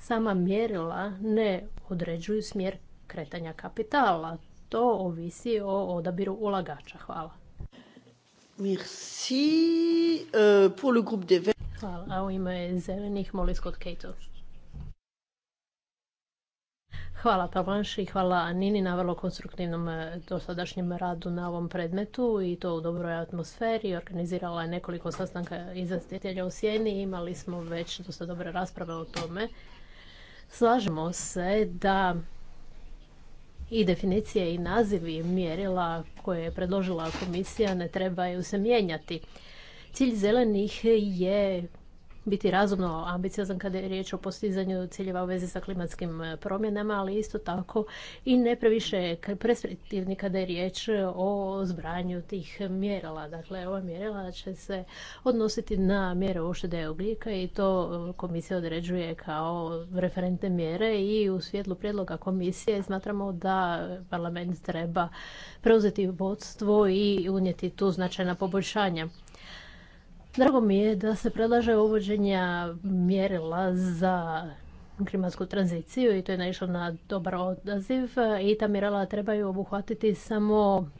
sama mjerila ne određuju smjer kretanja kapitala. To ovisi o odabiru ulagača. Hvala. Merci euh, pour le groupe des Hvala. A u ime zelenih moliskot Scott Cato. Hvala i hvala Nini na vrlo konstruktivnom e, dosadašnjem radu na ovom predmetu i to u dobroj atmosferi. Organizirala je nekoliko sastanka izvjestitelja u Sjeni imali smo već dosta dobre rasprave o tome. Slažemo se da i definicije i nazivi mjerila koje je predložila komisija ne trebaju se mijenjati. Cilj zelenih je biti razumno ambiciozan kada je riječ o postizanju ciljeva u vezi sa klimatskim e, promjenama, ali isto tako i ne previše prespektivni kada je riječ o zbranju tih mjerila. Dakle, ova mjerila će se odnositi na mjere uštede ugljika i to e, komisija određuje kao referentne mjere i u svjetlu prijedloga komisije smatramo da parlament treba preuzeti vodstvo i unijeti tu značajna poboljšanja. Drago mi je da se predlaže uvođenja mjerila za klimatsku tranziciju i to je naišlo na dobar odaziv i ta mjerila trebaju obuhvatiti samo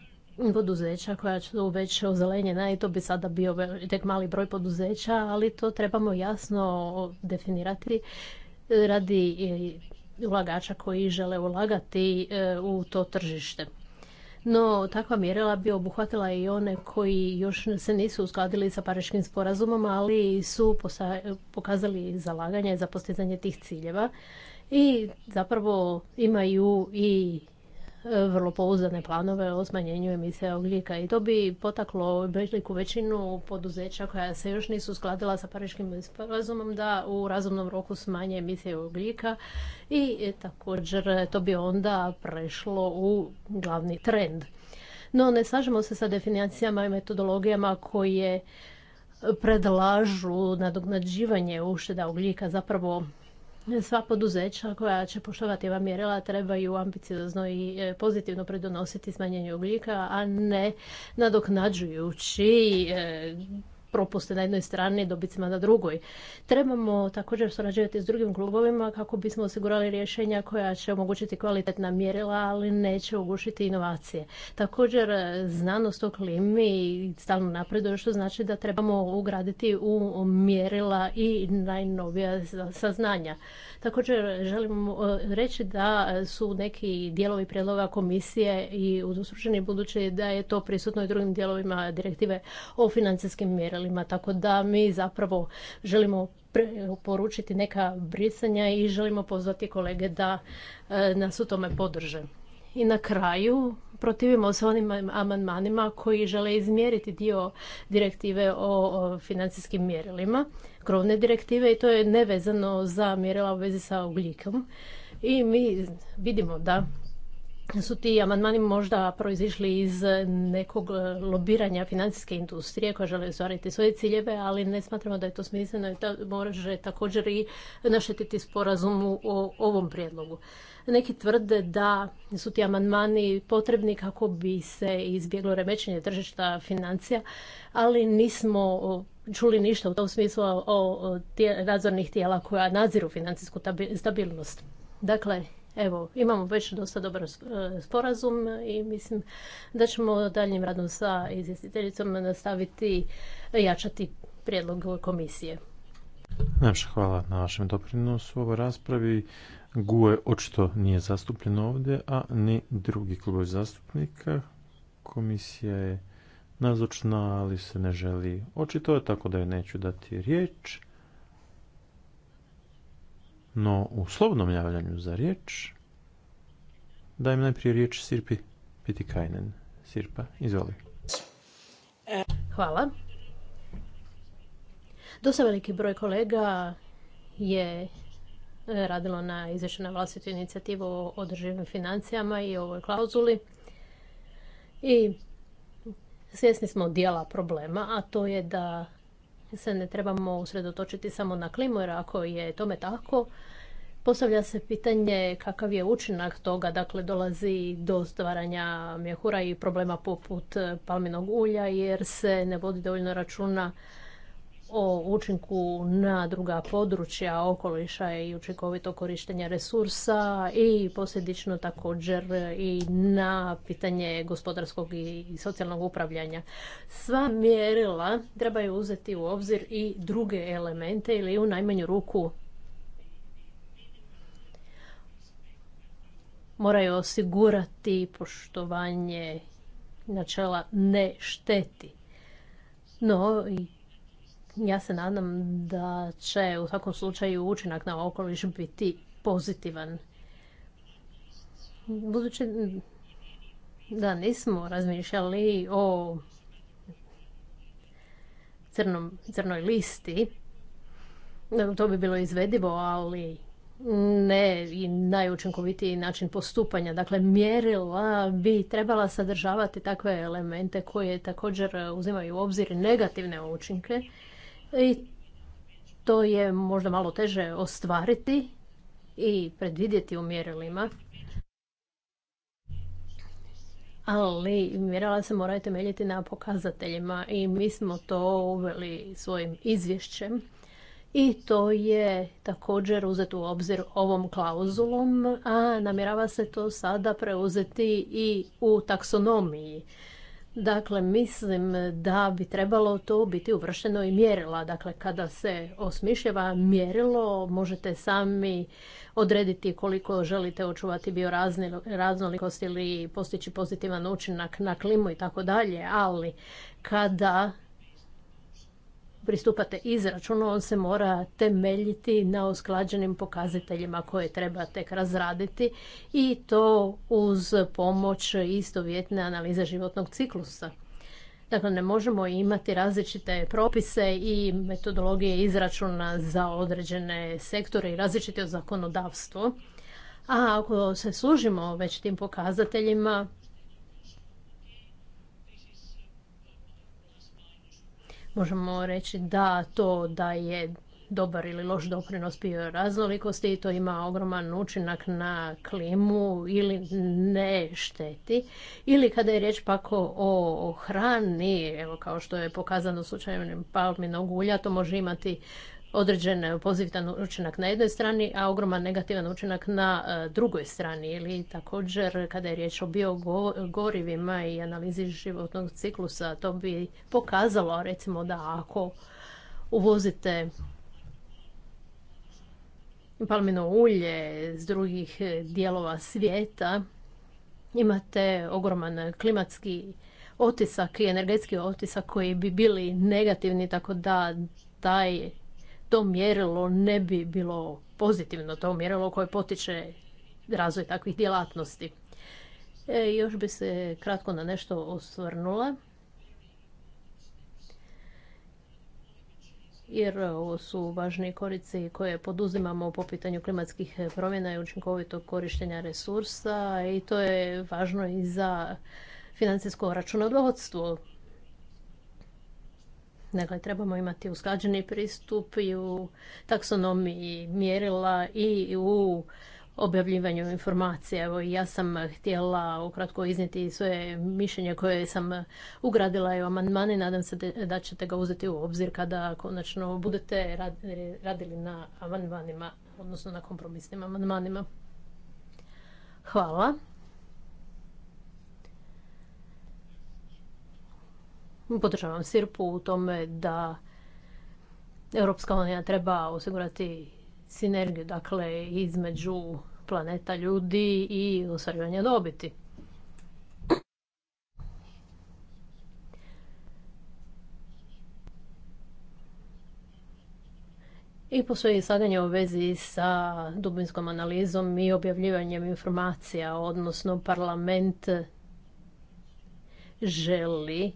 poduzeća koja su već ozelenjena i to bi sada bio tek mali broj poduzeća, ali to trebamo jasno definirati radi ulagača koji žele ulagati e, u to tržište. No, takva mjerila bi obuhvatila i one koji još se nisu uskladili sa Pariškim sporazumom, ali su pokazali zalaganje za postizanje tih ciljeva i zapravo imaju i vrlo pouzdane planove o smanjenju emisija ugljika i to bi potaklo veliku većinu poduzeća koja se još nisu skladila sa Pariškim sporazumom da u razumnom roku smanje emisije ugljika i e, također to bi onda prešlo u glavni trend. No ne slažemo se sa definicijama i metodologijama koje predlažu nadoknađivanje ušteda ugljika zapravo Sva poduzeća koja će poštovati ova mjerila trebaju ambiciozno i e, pozitivno pridonositi smanjenju ugljika, a ne nadoknađujući e, propuste na jednoj strani, dobicima na drugoj. Trebamo također surađivati s drugim klubovima kako bismo osigurali rješenja koja će omogućiti kvalitetna mjerila, ali neće ugušiti inovacije. Također, e, znanost o klimi stalno napreduje, što znači da trebamo ugraditi u mjerila i najnovija saznanja. Također, želim e, reći da su neki dijelovi prijedloga komisije i udostručeni budući da je to prisutno i drugim dijelovima direktive o financijskim mjerilima tako da mi zapravo želimo poručiti neka brisanja i želimo pozvati kolege da e, nas u tome podrže. I na kraju protivimo se onim amandmanima koji žele izmjeriti dio direktive o financijskim mjerilima, krovne direktive i to je nevezano za mjerila u vezi sa ugljikom. I mi vidimo da su ti amandmani možda proizišli iz nekog e, lobiranja financijske industrije koja žele ostvariti svoje ciljeve, ali ne smatramo da je to smisleno i da može također i naštetiti sporazumu o ovom prijedlogu. Neki tvrde da su ti amandmani potrebni kako bi se izbjeglo remećenje tržišta financija, ali nismo čuli ništa u tom smislu o nadzornih tijela koja nadziru financijsku stabilnost. Dakle, Evo, imamo već dosta dobar e, sporazum i mislim da ćemo daljnjim radom sa izvjestiteljicom nastaviti jačati prijedlog komisije. Najpša hvala na vašem doprinosu u ovoj raspravi. Guje očito nije zastupljeno ovdje, a ni drugi klub zastupnika. Komisija je nazočna, ali se ne želi očito, tako da joj neću dati riječ. No, u slobodnom javljanju za riječ dajem najprije riječ Sirpi Pitikajnen. Sirpa, izvoli. Hvala. Dosta veliki broj kolega je e, radilo na izvješću na vlastitu inicijativu o održivim financijama i ovoj klauzuli. I svjesni smo dijela problema, a to je da se ne trebamo usredotočiti samo na klimu, jer ako je tome tako, Postavlja se pitanje kakav je učinak toga, dakle dolazi do stvaranja mjehura i problema poput palminog ulja jer se ne vodi dovoljno računa o učinku na druga područja okoliša i učinkovito korištenje resursa i posljedično također i na pitanje gospodarskog i socijalnog upravljanja. Sva mjerila trebaju uzeti u obzir i druge elemente ili u najmanju ruku moraju osigurati poštovanje načela ne šteti. No, i ja se nadam da će u svakom slučaju učinak na okoliš biti pozitivan. Budući da nismo razmišljali o crnom, crnoj listi, to bi bilo izvedivo, ali ne i najučinkovitiji način postupanja. Dakle, mjerila bi trebala sadržavati takve elemente koje također uzimaju u obzir negativne učinke i to je možda malo teže ostvariti i predvidjeti u mjerilima. Ali mjerila se moraju temeljiti na pokazateljima i mi smo to uveli svojim izvješćem. I to je također uzeto u obzir ovom klauzulom, a namjerava se to sada preuzeti i u taksonomiji. Dakle, mislim da bi trebalo to biti uvršteno i mjerila. Dakle, kada se osmišljava mjerilo, možete sami odrediti koliko želite očuvati bioraznolikost ili postići pozitivan učinak na klimu i tako dalje, ali kada pristupate izračunu, on se mora temeljiti na usklađenim pokazateljima koje treba tek razraditi i to uz pomoć istovjetne analize životnog ciklusa. Dakle, ne možemo imati različite propise i metodologije izračuna za određene sektore i različito zakonodavstvo. A ako se služimo već tim pokazateljima, možemo reći da to da je dobar ili loš doprinos bio raznolikosti i to ima ogroman učinak na klimu ili ne šteti. Ili kada je riječ pak o, hrani, evo kao što je pokazano slučajem palminog ulja, to može imati određen eh, pozitivan učinak na jednoj strani, a ogroman negativan učinak na eh, drugoj strani. Ili također kada je riječ o biogorivima i analizi životnog ciklusa, to bi pokazalo recimo da ako uvozite palmino ulje iz drugih eh, dijelova svijeta, imate ogroman klimatski otisak i energetski otisak koji bi bili negativni, tako da taj to mjerilo ne bi bilo pozitivno, to mjerilo koje potiče razvoj takvih djelatnosti. E, još bi se kratko na nešto osvrnula. jer ovo su važni korici koje poduzimamo po pitanju klimatskih promjena i učinkovitog korištenja resursa i to je važno i za financijsko računovodstvo. Dakle, trebamo imati usklađeni pristup i u taksonomiji mjerila i u objavljivanju informacija. Evo, ja sam htjela ukratko iznijeti svoje mišljenje koje sam ugradila i u amandmane. Nadam se da ćete ga uzeti u obzir kada konačno budete radili na amandmanima, odnosno na kompromisnim amandmanima. Hvala. podržavam Sirpu u tome da Europska unija treba osigurati sinergiju dakle, između planeta ljudi i osvarivanja dobiti. I postoji sadanje u vezi sa dubinskom analizom i objavljivanjem informacija, odnosno parlament želi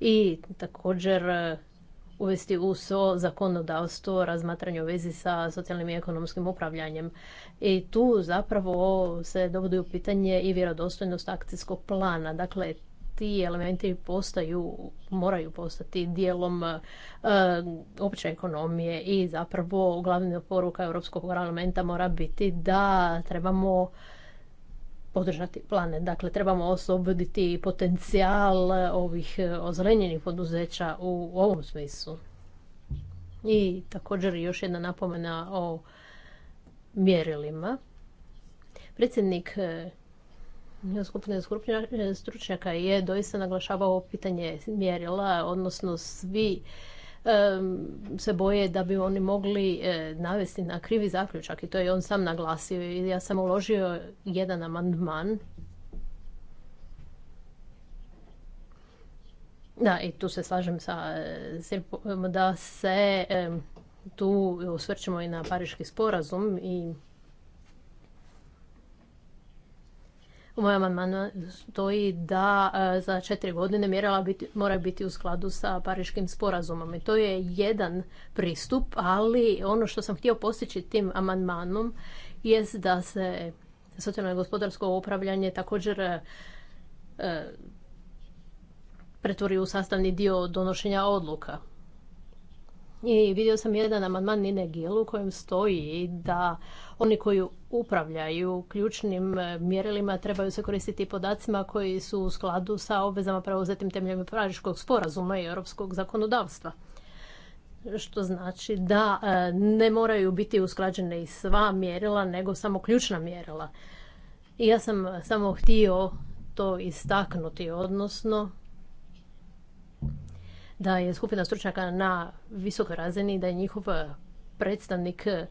i također e, uvesti u so zakonodavstvo razmatranje u vezi sa socijalnim i ekonomskim upravljanjem. I tu zapravo se dovodi u pitanje i vjerodostojnost akcijskog plana. Dakle, ti elementi postaju, moraju postati dijelom e, opće ekonomije i zapravo glavna poruka Europskog parlamenta mora biti da trebamo podržati plane. Dakle, trebamo osobiti potencijal eh, ovih eh, ozelenjenih poduzeća u ovom smislu. I također još jedna napomena o mjerilima. Predsjednik eh, skupine stručnjaka je doista naglašavao pitanje mjerila, odnosno svi se boje da bi oni mogli e, navesti na krivi zaključak i to je on sam naglasio i ja sam uložio jedan amandman Da, i tu se slažem sa e, da se tu osvrćemo i na Pariški sporazum i U mojem stoji da e, za četiri godine mjerala biti, mora biti u skladu sa pariškim sporazumom. I to je jedan pristup, ali ono što sam htio postići tim amandmanom jest da se socijalno gospodarsko upravljanje također e, e, pretvori u sastavni dio donošenja odluka. I vidio sam jedan amandman Nine Gil u kojem stoji da oni koji upravljaju ključnim e, mjerilima trebaju se koristiti podacima koji su u skladu sa obvezama preuzetim temeljem pražiškog sporazuma i europskog zakonodavstva. Što znači da e, ne moraju biti usklađene i sva mjerila, nego samo ključna mjerila. I ja sam samo htio to istaknuti, odnosno da je skupina stručnjaka na visokoj razini, da je njihov eh, predstavnik eh,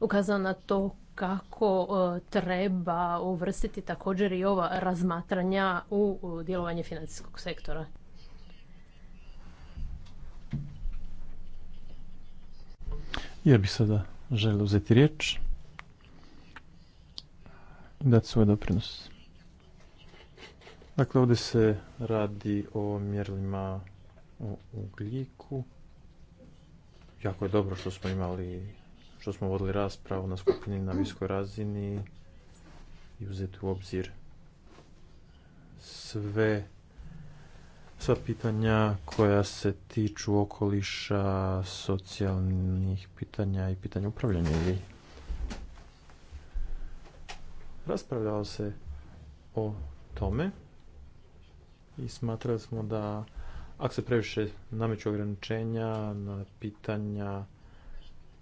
ukazao na to kako eh, treba uvrstiti također i ova razmatranja u djelovanje financijskog sektora. Ja bih sada želio uzeti riječ i dati svoj doprinos. Dakle, ovdje se radi o mjerilima u ugljiku. Jako je dobro što smo imali, što smo vodili raspravu na skupini na viskoj razini i uzeti u obzir sve sva pitanja koja se tiču okoliša, socijalnih pitanja i pitanja upravljanja raspravljalo se o tome i smatrali smo da ako se previše nameću ograničenja na pitanja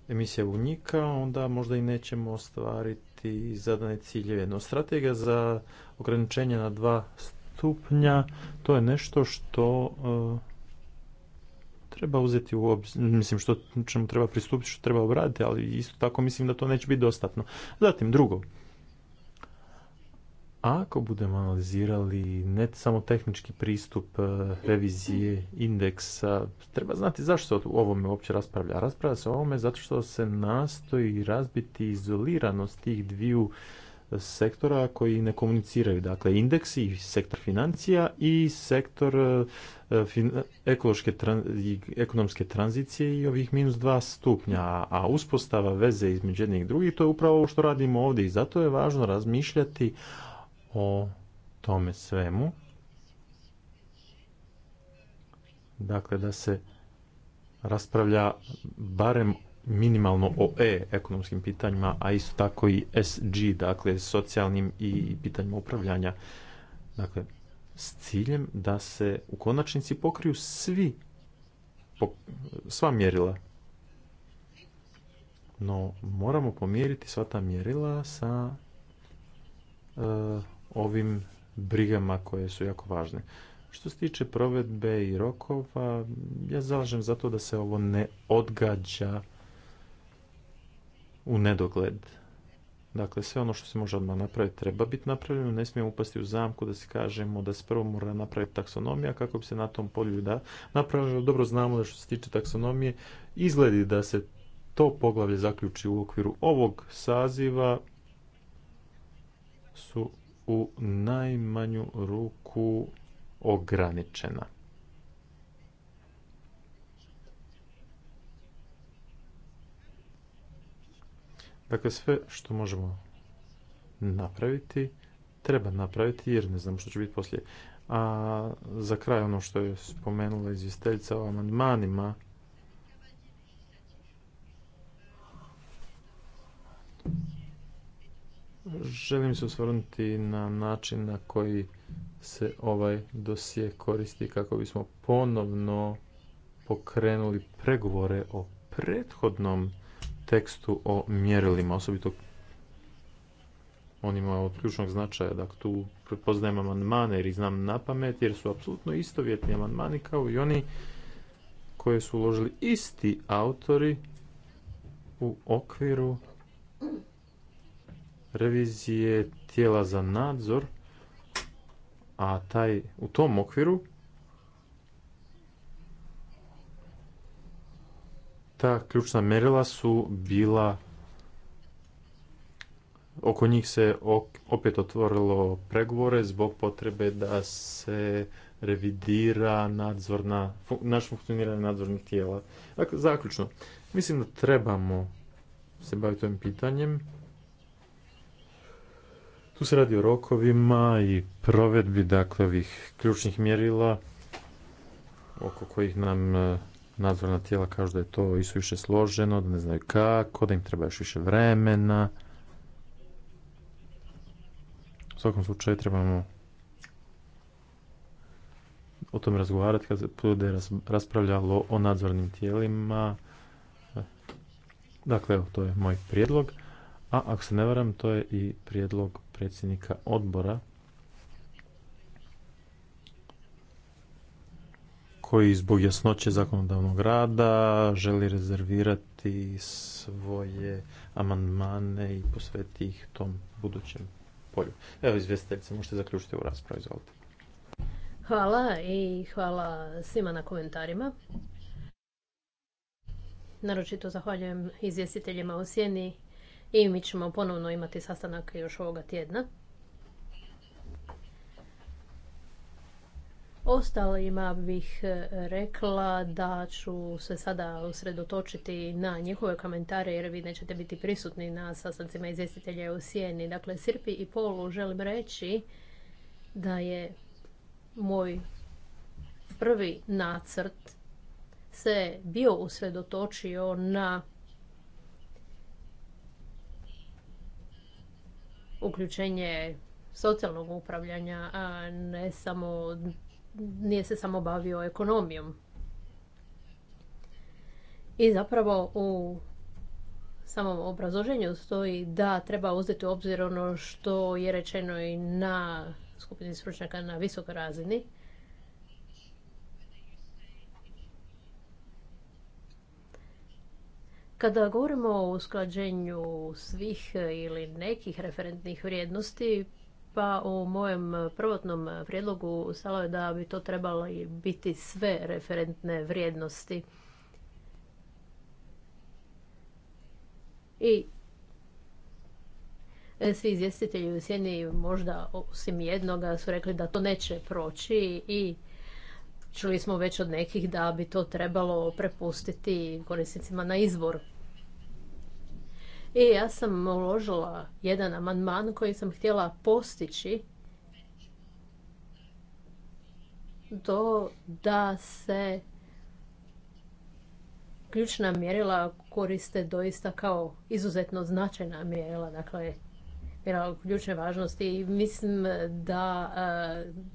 emisije unika, onda možda i nećemo ostvariti zadane ciljeve. No, strategija za ograničenje na dva stupnja, to je nešto što e, treba uzeti u obzir, mislim što čemu treba pristupiti, što treba obraditi, ali isto tako mislim da to neće biti dostatno. Zatim, drugo, ako budemo analizirali ne samo tehnički pristup eh, revizije indeksa, treba znati zašto se o ovome uopće raspravlja. Raspravlja se o ovome zato što se nastoji razbiti izoliranost tih dviju eh, sektora koji ne komuniciraju. Dakle, indeks i sektor financija i sektor eh, ekonomske tranzicije i ovih minus dva stupnja. A uspostava veze između jednih i drugih, to je upravo ovo što radimo ovdje i zato je važno razmišljati o tome svemu. Dakle, da se raspravlja barem minimalno o E ekonomskim pitanjima, a isto tako i SG, dakle socijalnim i pitanjima upravljanja. Dakle, s ciljem da se u konačnici pokriju svi sva mjerila. No, moramo pomjeriti sva ta mjerila sa e, ovim brigama koje su jako važne. Što se tiče provedbe i rokova, ja zalažem za to da se ovo ne odgađa u nedogled. Dakle, sve ono što se može odmah napraviti treba biti napravljeno, ne smijemo upasti u zamku da se kažemo da se prvo mora napraviti taksonomija kako bi se na tom polju da napravljeno. Dobro znamo da što se tiče taksonomije, izgledi da se to poglavlje zaključi u okviru ovog saziva su u najmanju ruku ograničena. Dakle, sve što možemo napraviti, treba napraviti jer ne znamo što će biti poslije. A za kraj ono što je spomenula izvjestiteljica o amandmanima, Želim se osvrnuti na način na koji se ovaj dosje koristi kako bismo ponovno pokrenuli pregovore o prethodnom tekstu o mjerilima, osobito onima od ključnog značaja. Dakle, tu prepoznajem amandmane jer ih znam na pamet, jer su apsolutno istovjetni amandmani kao i oni koje su uložili isti autori u okviru revizije tijela za nadzor, a taj, u tom okviru ta ključna merila su bila oko njih se opet otvorilo pregovore zbog potrebe da se revidira nadzorna, naš funkcioniranje nadzornih tijela. Dakle, zaključno, mislim da trebamo se baviti ovim pitanjem tu se radi o rokovima i provedbi dakle ovih ključnih mjerila oko kojih nam e, nadzorna tijela kažu da je to više složeno, da ne znaju kako, da im treba još više vremena. U svakom slučaju trebamo o tom razgovarati kad se bude raspravljalo o nadzornim tijelima. E, dakle, evo, to je moj prijedlog a ako se ne varam, to je i prijedlog predsjednika odbora koji zbog jasnoće zakonodavnog rada želi rezervirati svoje amandmane i posveti ih tom budućem polju. Evo, izvjestiteljice, možete zaključiti u raspravu, izvolite. Hvala i hvala svima na komentarima. Naročito zahvaljujem izvjestiteljima u Sjeni i mi ćemo ponovno imati sastanak još ovoga tjedna. Ostalima bih e, rekla da ću se sada usredotočiti na njihove komentare jer vi nećete biti prisutni na sastancima izvjestitelja u Sijeni. Dakle, Sirpi i Polu želim reći da je moj prvi nacrt se bio usredotočio na uključenje socijalnog upravljanja, a ne samo, nije se samo bavio ekonomijom. I zapravo u samom obrazloženju stoji da treba uzeti u obzir ono što je rečeno i na skupini stručnjaka na visokoj razini. Kada govorimo o usklađenju svih e, ili nekih referentnih vrijednosti, pa u mojem prvotnom prijedlogu stalo je da bi to trebalo biti sve referentne vrijednosti. I e, svi izvjestitelji u sjeni možda osim jednoga su rekli da to neće proći i Čuli smo već od nekih da bi to trebalo prepustiti korisnicima na izbor. I ja sam uložila jedan amandman koji sam htjela postići to da se ključna mjerila koriste doista kao izuzetno značajna mjerila, dakle mjera od ključne važnosti i mislim da,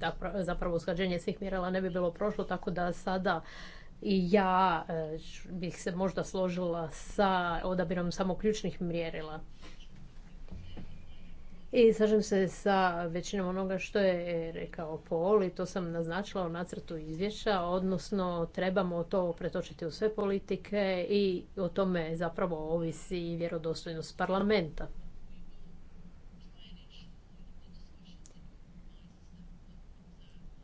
e, zapravo usklađenje svih mjerila ne bi bilo prošlo, tako da sada i ja e, bih se možda složila sa odabirom samo ključnih mjerila. I slažem se sa većinom onoga što je rekao Paul i to sam naznačila u nacrtu izvješća, odnosno trebamo to pretočiti u sve politike i o tome zapravo ovisi vjerodostojnost parlamenta.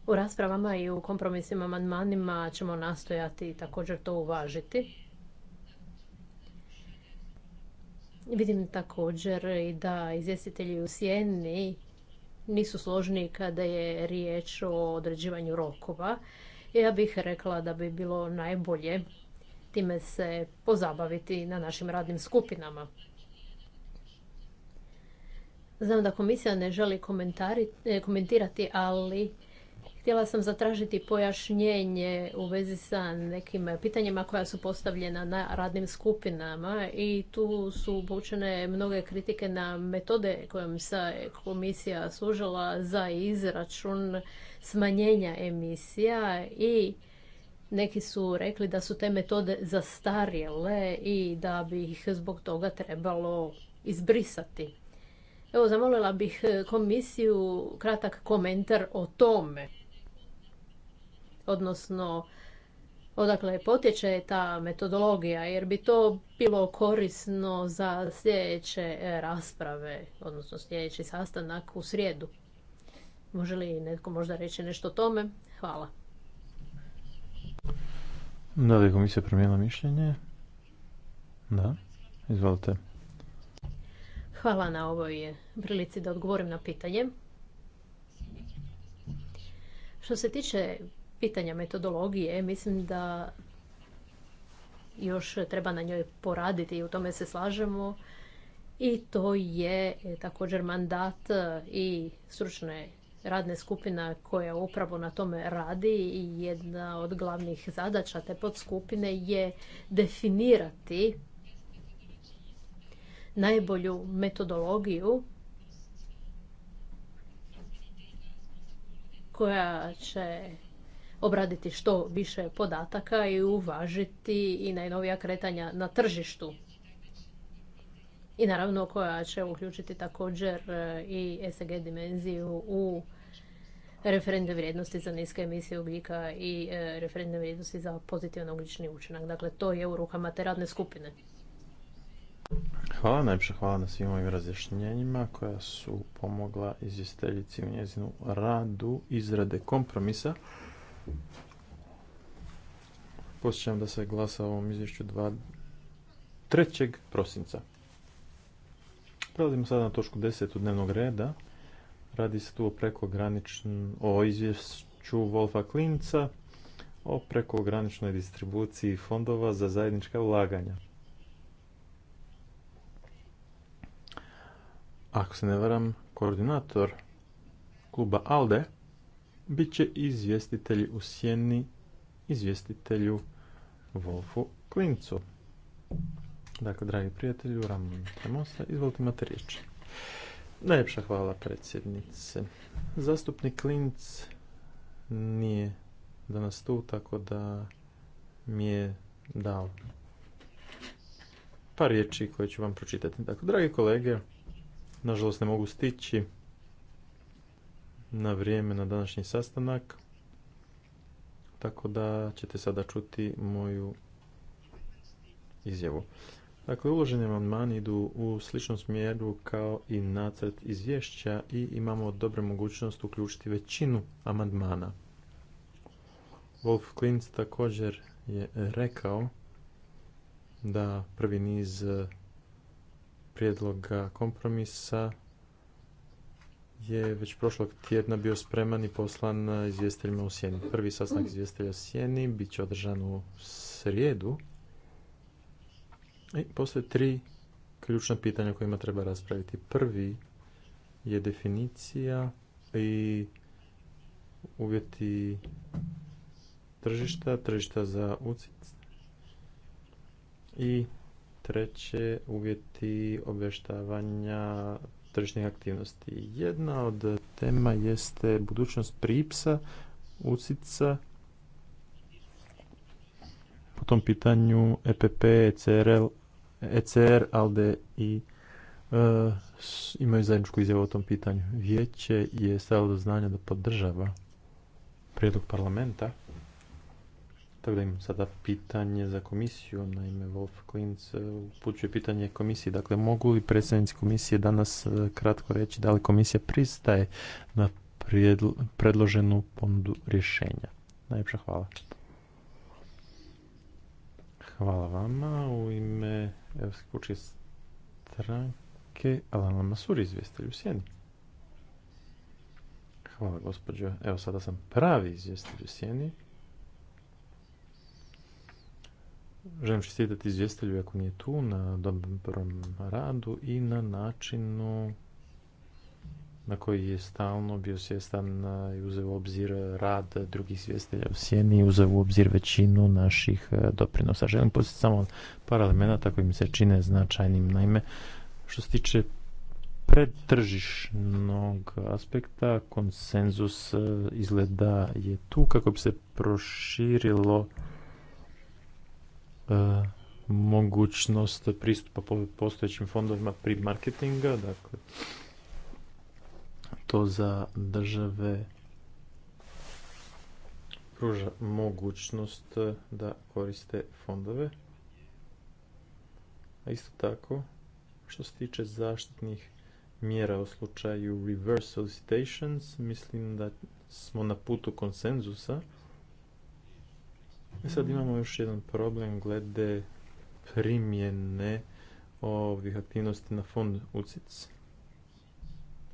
U raspravama i u kompromisima amandmanima ćemo nastojati također to uvažiti. Vidim također i da izvjestitelji u sjeni nisu složni kada je riječ o određivanju rokova. Ja bih rekla da bi bilo najbolje time se pozabaviti na našim radnim skupinama. Znam da komisija ne želi eh, komentirati, ali Htjela sam zatražiti pojašnjenje u vezi sa nekim pitanjima koja su postavljena na radnim skupinama i tu su upućene mnoge kritike na metode kojom se komisija služila za izračun smanjenja emisija i neki su rekli da su te metode zastarjele i da bi ih zbog toga trebalo izbrisati. Evo, zamolila bih komisiju kratak komentar o tome odnosno odakle potječe ta metodologija, jer bi to bilo korisno za sljedeće e, rasprave, odnosno sljedeći sastanak u srijedu. Može li netko možda reći nešto o tome? Hvala. Da li komisija promijenila mišljenje? Da, izvolite. Hvala na ovoj prilici da odgovorim na pitanje. Što se tiče pitanja metodologije, mislim da još treba na njoj poraditi i u tome se slažemo. I to je također mandat i stručne radne skupina koja upravo na tome radi i jedna od glavnih zadaća te podskupine je definirati najbolju metodologiju koja će obraditi što više podataka i uvažiti i najnovija kretanja na tržištu. I naravno koja će uključiti također e, i SG dimenziju u referentne vrijednosti za niske emisije ugljika i e, referentne vrijednosti za pozitivan ugljični učinak. Dakle, to je u rukama te radne skupine. Hvala, najpše hvala na svim ovim razjašnjenjima koja su pomogla izvjestiteljici u njezinu radu izrade kompromisa. Posjećam da se glasa o ovom izvješću 3. prosinca. Prelazimo sada na točku 10. dnevnog reda. Radi se tu o prekograničnom, izvješću Wolfa Klinca o prekograničnoj distribuciji fondova za zajednička ulaganja. Ako se ne varam, koordinator kluba ALDE bit će izvjestitelji u sjeni izvjestitelju Wolfu Klincu. Dakle, dragi prijatelju, Ramon Mosa, izvolite imate riječ. Najljepša hvala predsjednice. Zastupnik Klinc nije danas tu, tako da mi je dao par riječi koje ću vam pročitati. Dakle, dragi kolege, nažalost ne mogu stići na vrijeme na današnji sastanak. Tako da ćete sada čuti moju izjavu. Dakle, uloženi amandmani idu u sličnom smjeru kao i nacrt izvješća i imamo dobre mogućnost uključiti većinu amandmana. Wolf Klintz također je rekao da prvi niz prijedloga kompromisa je već prošlog tjedna bio spreman i poslan izvjestiteljima u Sjeni. Prvi sastanak izvjestitelja u Sjeni bit će održan u srijedu. I postoje tri ključna pitanja kojima treba raspraviti. Prvi je definicija i uvjeti tržišta, tržišta za UCIT. I treće, uvjeti obještavanja tržišnih aktivnosti. Jedna od tema jeste budućnost pripsa, ucica. Po tom pitanju EPP, ECRL, ECR, ALDE i e, imaju zajedničku izjavu o tom pitanju. Vijeće je stavilo do znanja da podržava prijedlog parlamenta tako da imam sada pitanje za komisiju, naime Wolf Klinc e, upućuje pitanje komisiji. Dakle, mogu li predstavnici komisije danas e, kratko reći da li komisija pristaje na predloženu ponudu rješenja? Najljepša hvala. Hvala vama. U ime Evropske kuće stranke Alana Masuri, izvjestelj u Sjeni. Hvala gospođo. Evo sada sam pravi izvjestelj u Sjeni. Želim čestitati izvjestelju ako nije tu na dobrom radu i na načinu na koji je stalno bio svjestan i uzeo u obzir rad drugih svjestelja u sjeni i uzeo u obzir većinu naših e, doprinosa. Želim postiti samo par elemenata koji mi se čine značajnim. Naime, što se tiče pretržišnog aspekta, konsenzus e, izgleda je tu kako bi se proširilo E, mogućnost pristupa po postojećim fondovima pri marketinga, dakle to za države pruža mogućnost da koriste fondove. A isto tako, što se tiče zaštitnih mjera u slučaju reverse solicitations, mislim da smo na putu konsenzusa E sad imamo još jedan problem glede primjene ovih aktivnosti na fond UCIC.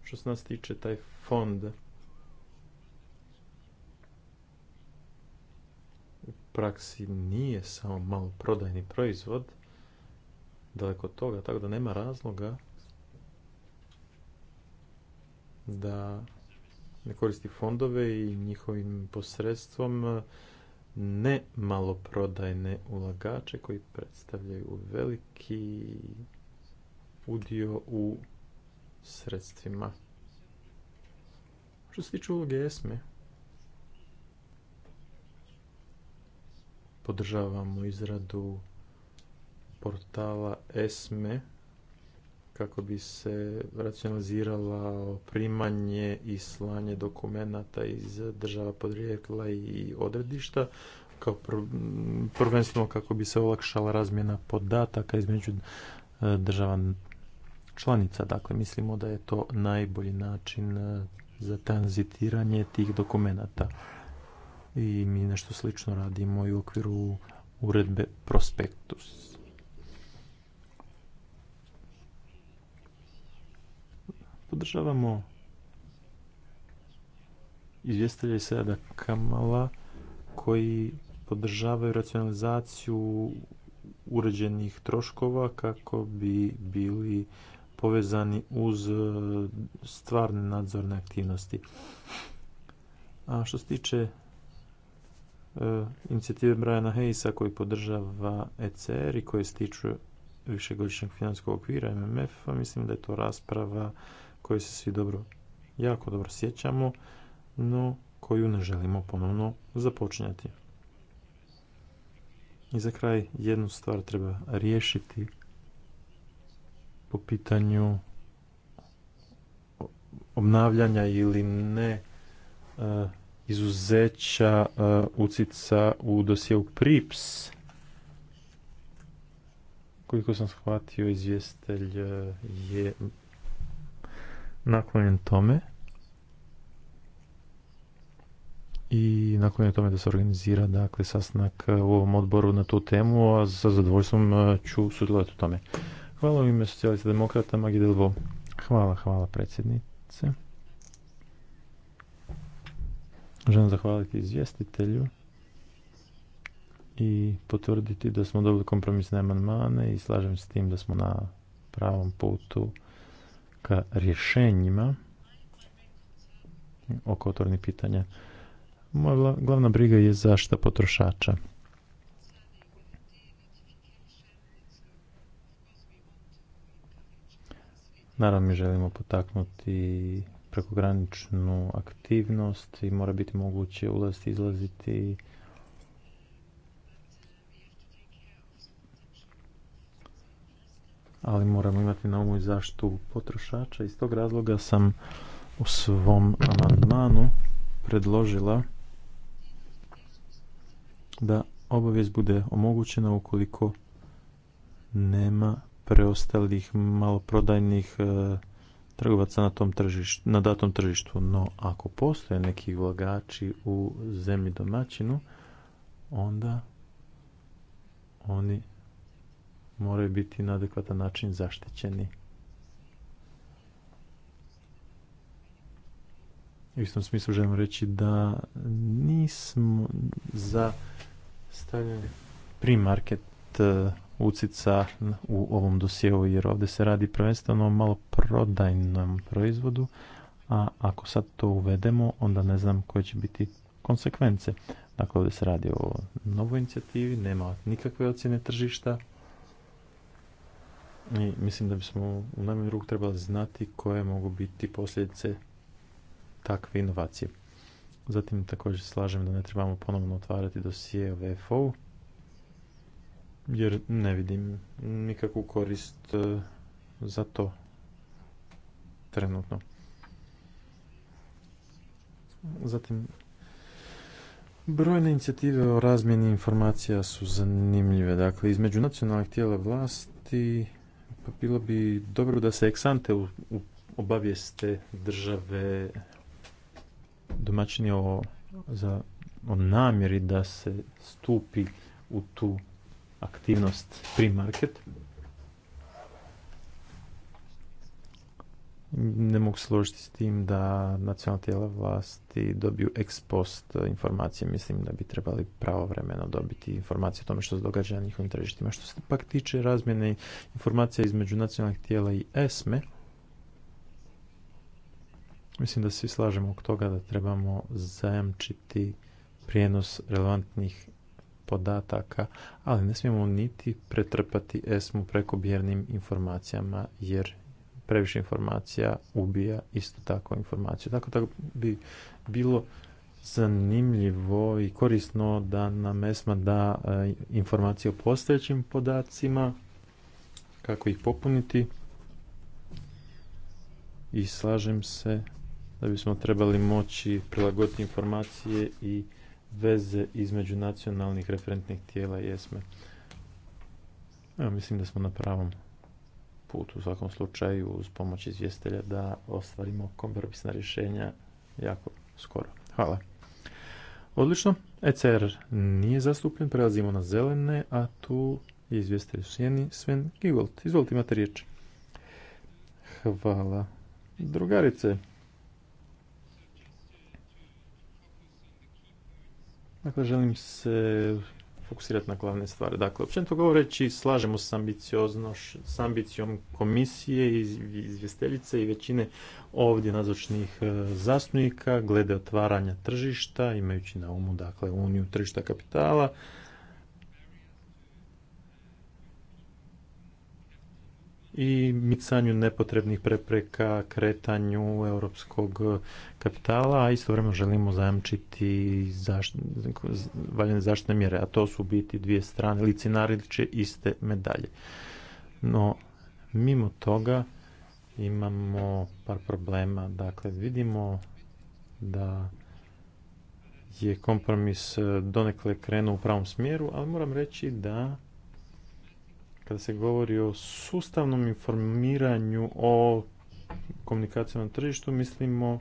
Što se nas tiče, taj fond u praksi nije samo malo prodajni proizvod, daleko od toga, tako da nema razloga da ne koristi fondove i njihovim posredstvom ne maloprodajne ulagače koji predstavljaju veliki udio u sredstvima. Što se tiče uloge ESME, podržavamo izradu portala ESME kako bi se racionalizirala primanje i slanje dokumenata iz država podrijekla i odredišta, kao prvenstveno kako bi se olakšala razmjena podataka između e, država članica. Dakle, mislimo da je to najbolji način e, za tranzitiranje tih dokumenata. I mi nešto slično radimo i u okviru uredbe Prospektus. Podržavamo izvjestelja i sada Kamala koji podržavaju racionalizaciju uređenih troškova kako bi bili povezani uz e, stvarne nadzorne aktivnosti. A što se tiče e, inicijative Briana Heisa koji podržava ECR i koji se tiču višegodišnjeg financijskog okvira MMF-a, mislim da je to rasprava koju se svi dobro, jako dobro sjećamo, no koju ne želimo ponovno započinjati. I za kraj jednu stvar treba riješiti po pitanju obnavljanja ili ne e, izuzeća e, ucica u dosjeu PRIPS. Koliko sam shvatio, izvjestelj e, je naklonjen tome i naklonjen tome da se organizira dakle sastanak e, u ovom odboru na tu temu, a sa zadovoljstvom e, ću sudjelovati u tome. Hvala u ime socijalista demokrata Magi Delvo. Hvala, hvala predsjednice. Želim zahvaliti izvjestitelju i potvrditi da smo dobili kompromisne amandmane i slažem se s tim da smo na pravom putu ka rješenjima oko otvornih pitanja. Moja glavna briga je zašta potrošača. Naravno mi želimo potaknuti prekograničnu aktivnost i mora biti moguće ulaziti, izlaziti ali moramo imati na umu i zaštitu potrošača. Iz tog razloga sam u svom amandmanu predložila da obavijest bude omogućena ukoliko nema preostalih maloprodajnih e, trgovaca na, na datom tržištu. No, ako postoje neki vlagači u zemlji domaćinu, onda oni moraju biti na adekvatan način zaštićeni. U istom smislu želim reći da nismo za stavljanje primarket e, ucica u ovom dosjeu jer ovdje se radi prvenstveno o maloprodajnom proizvodu, a ako sad to uvedemo onda ne znam koje će biti konsekvence. Dakle, ovdje se radi o novoj inicijativi, nema nikakve ocjene tržišta, i mislim da bismo u najmanju ruku trebali znati koje mogu biti posljedice takve inovacije. Zatim također slažem da ne trebamo ponovno otvarati dosije o vfo jer ne vidim nikakvu korist e, za to trenutno. Zatim, brojne inicijative o razmjeni informacija su zanimljive. Dakle, između nacionalnih tijela vlasti pa bilo bi dobro da se eksante obavijeste države domaćini o, za, o namjeri da se stupi u tu aktivnost pre-market. ne mogu složiti s tim da nacionalna tijela vlasti dobiju ex post informacije. Mislim da bi trebali pravovremeno dobiti informacije o tome što se događa na njihovim tržištima. Što se pak tiče razmjene informacija između nacionalnih tijela i ESME, mislim da svi slažemo oko toga da trebamo zajamčiti prijenos relevantnih podataka, ali ne smijemo niti pretrpati ESMU prekobjernim informacijama jer previše informacija ubija isto tako informaciju. Tako da bi bilo zanimljivo i korisno da nam ESMA da e, informacije o postojećim podacima, kako ih popuniti i slažem se da bismo trebali moći prilagoditi informacije i veze između nacionalnih referentnih tijela i ESME. mislim da smo na pravom put u svakom slučaju uz pomoć izvjestelja da ostvarimo kompromisna rješenja jako skoro. Hvala. Odlično. ECR er nije zastupljen, prelazimo na zelene, a tu je izvjestelj Sjeni Sven Gigolt. Izvolite, imate riječ. Hvala. Drugarice, Dakle, želim se fokusirati na glavne stvari. Dakle, općenito govoreći, slažemo se s ambicijom komisije, i izvjesteljice i većine ovdje nazočnih e, zastupnika glede otvaranja tržišta, imajući na umu dakle, uniju tržišta kapitala, i micanju nepotrebnih prepreka kretanju europskog kapitala, a istovremeno želimo zajamčiti valjene zaštitne mjere, a to su biti dvije strane licinariće iste medalje. No, mimo toga imamo par problema. Dakle, vidimo da je kompromis donekle krenuo u pravom smjeru, ali moram reći da kada se govori o sustavnom informiranju o komunikacijom na tržištu, mislimo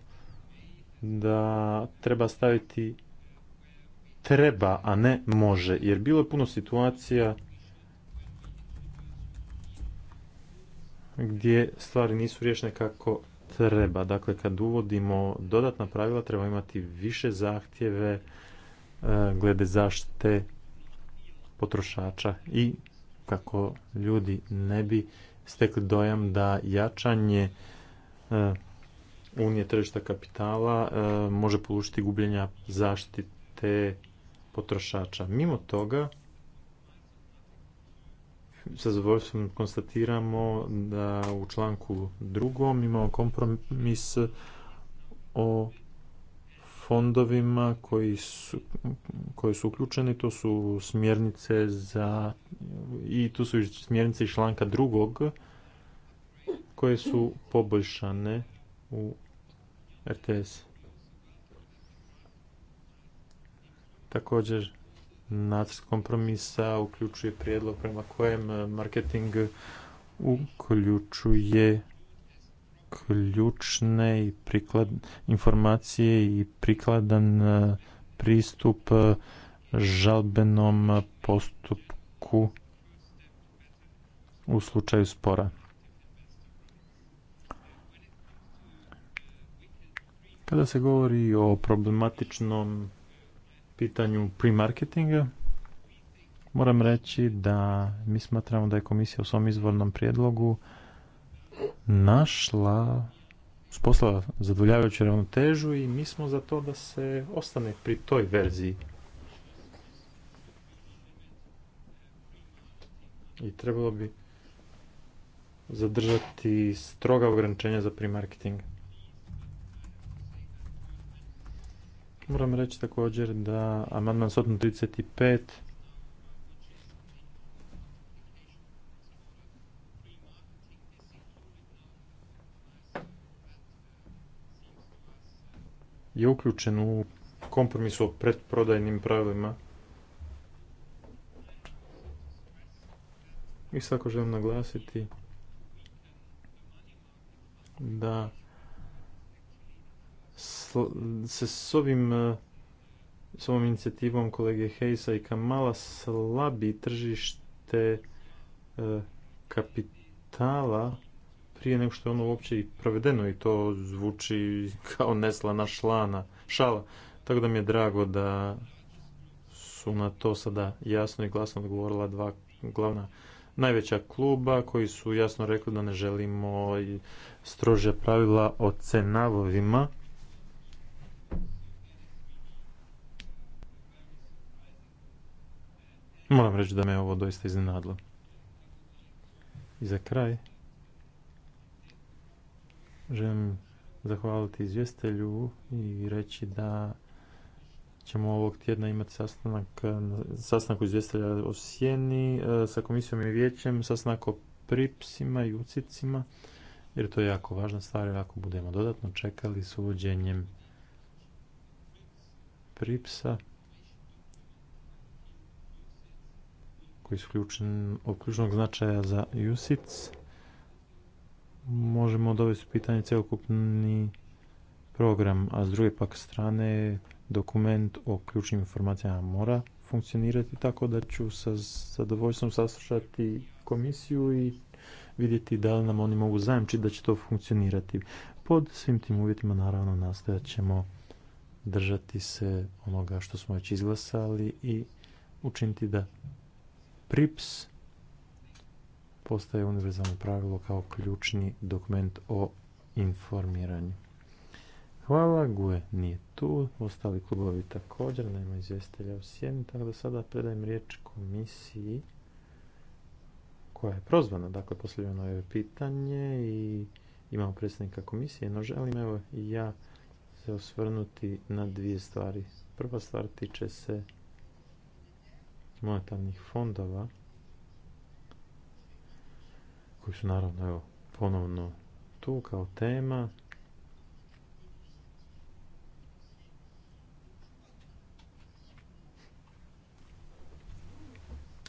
da treba staviti treba, a ne može. Jer bilo je puno situacija gdje stvari nisu riješene kako treba. Dakle, kad uvodimo dodatna pravila, treba imati više zahtjeve e, glede zaštite potrošača i kako ljudi ne bi stekli dojam da jačanje e, unije tržišta kapitala e, može polučiti gubljenja zaštite potrošača. Mimo toga, sa zadovoljstvom konstatiramo da u članku drugom imamo kompromis o fondovima koji su, koji su uključeni, to su smjernice za i tu su smjernice iz članka drugog koje su poboljšane u RTS. Također nacrt kompromisa uključuje prijedlog prema kojem marketing uključuje ključne priklad, informacije i prikladan e, pristup e, žalbenom postupku u slučaju spora. Kada se govori o problematičnom pitanju pre-marketinga, moram reći da mi smatramo da je komisija u svom izvornom prijedlogu našla sposla zadovoljavajuću ravnotežu i mi smo za to da se ostane pri toj verziji. I trebalo bi zadržati stroga ograničenja za pre-marketing. Moram reći također da amandman 135 je uključen u kompromis o pretprodajnim pravima. I svako želim naglasiti da se s ovim eh, s ovom inicijativom kolege Hejsa i Kamala slabi tržište eh, kapitala prije nego što je ono uopće i provedeno i to zvuči kao neslana šlana, šala. Tako da mi je drago da su na to sada jasno i glasno odgovorila dva glavna najveća kluba koji su jasno rekli da ne želimo i strože pravila o cenavovima. Moram reći da me ovo doista iznenadilo. I za kraj, Želim zahvaliti izvjestelju i reći da ćemo ovog tjedna imati sastanak, sastanak izvjestelja o sjeni e, sa komisijom i vijećem, sastanak o pripsima i ucicima, jer to je jako važna stvar, jer ako budemo dodatno čekali s uvođenjem pripsa, koji su od ključnog značaja za USIC, možemo dovesti u pitanje cjelokupni program, a s druge pak strane dokument o ključnim informacijama mora funkcionirati tako da ću sa zadovoljstvom saslušati komisiju i vidjeti da li nam oni mogu zajamčiti da će to funkcionirati. Pod svim tim uvjetima naravno nastojat ćemo držati se onoga što smo već izglasali i učiniti da PRIPS postaje univerzalno pravilo kao ključni dokument o informiranju. Hvala, Gue nije tu, ostali klubovi također, nema izvjestelja u sjeni, tako da sada predajem riječ komisiji koja je prozvana, dakle posljedno je pitanje i imamo predsjednika komisije, no želim evo i ja se osvrnuti na dvije stvari. Prva stvar tiče se monetarnih fondova koji su naravno evo, ponovno tu kao tema.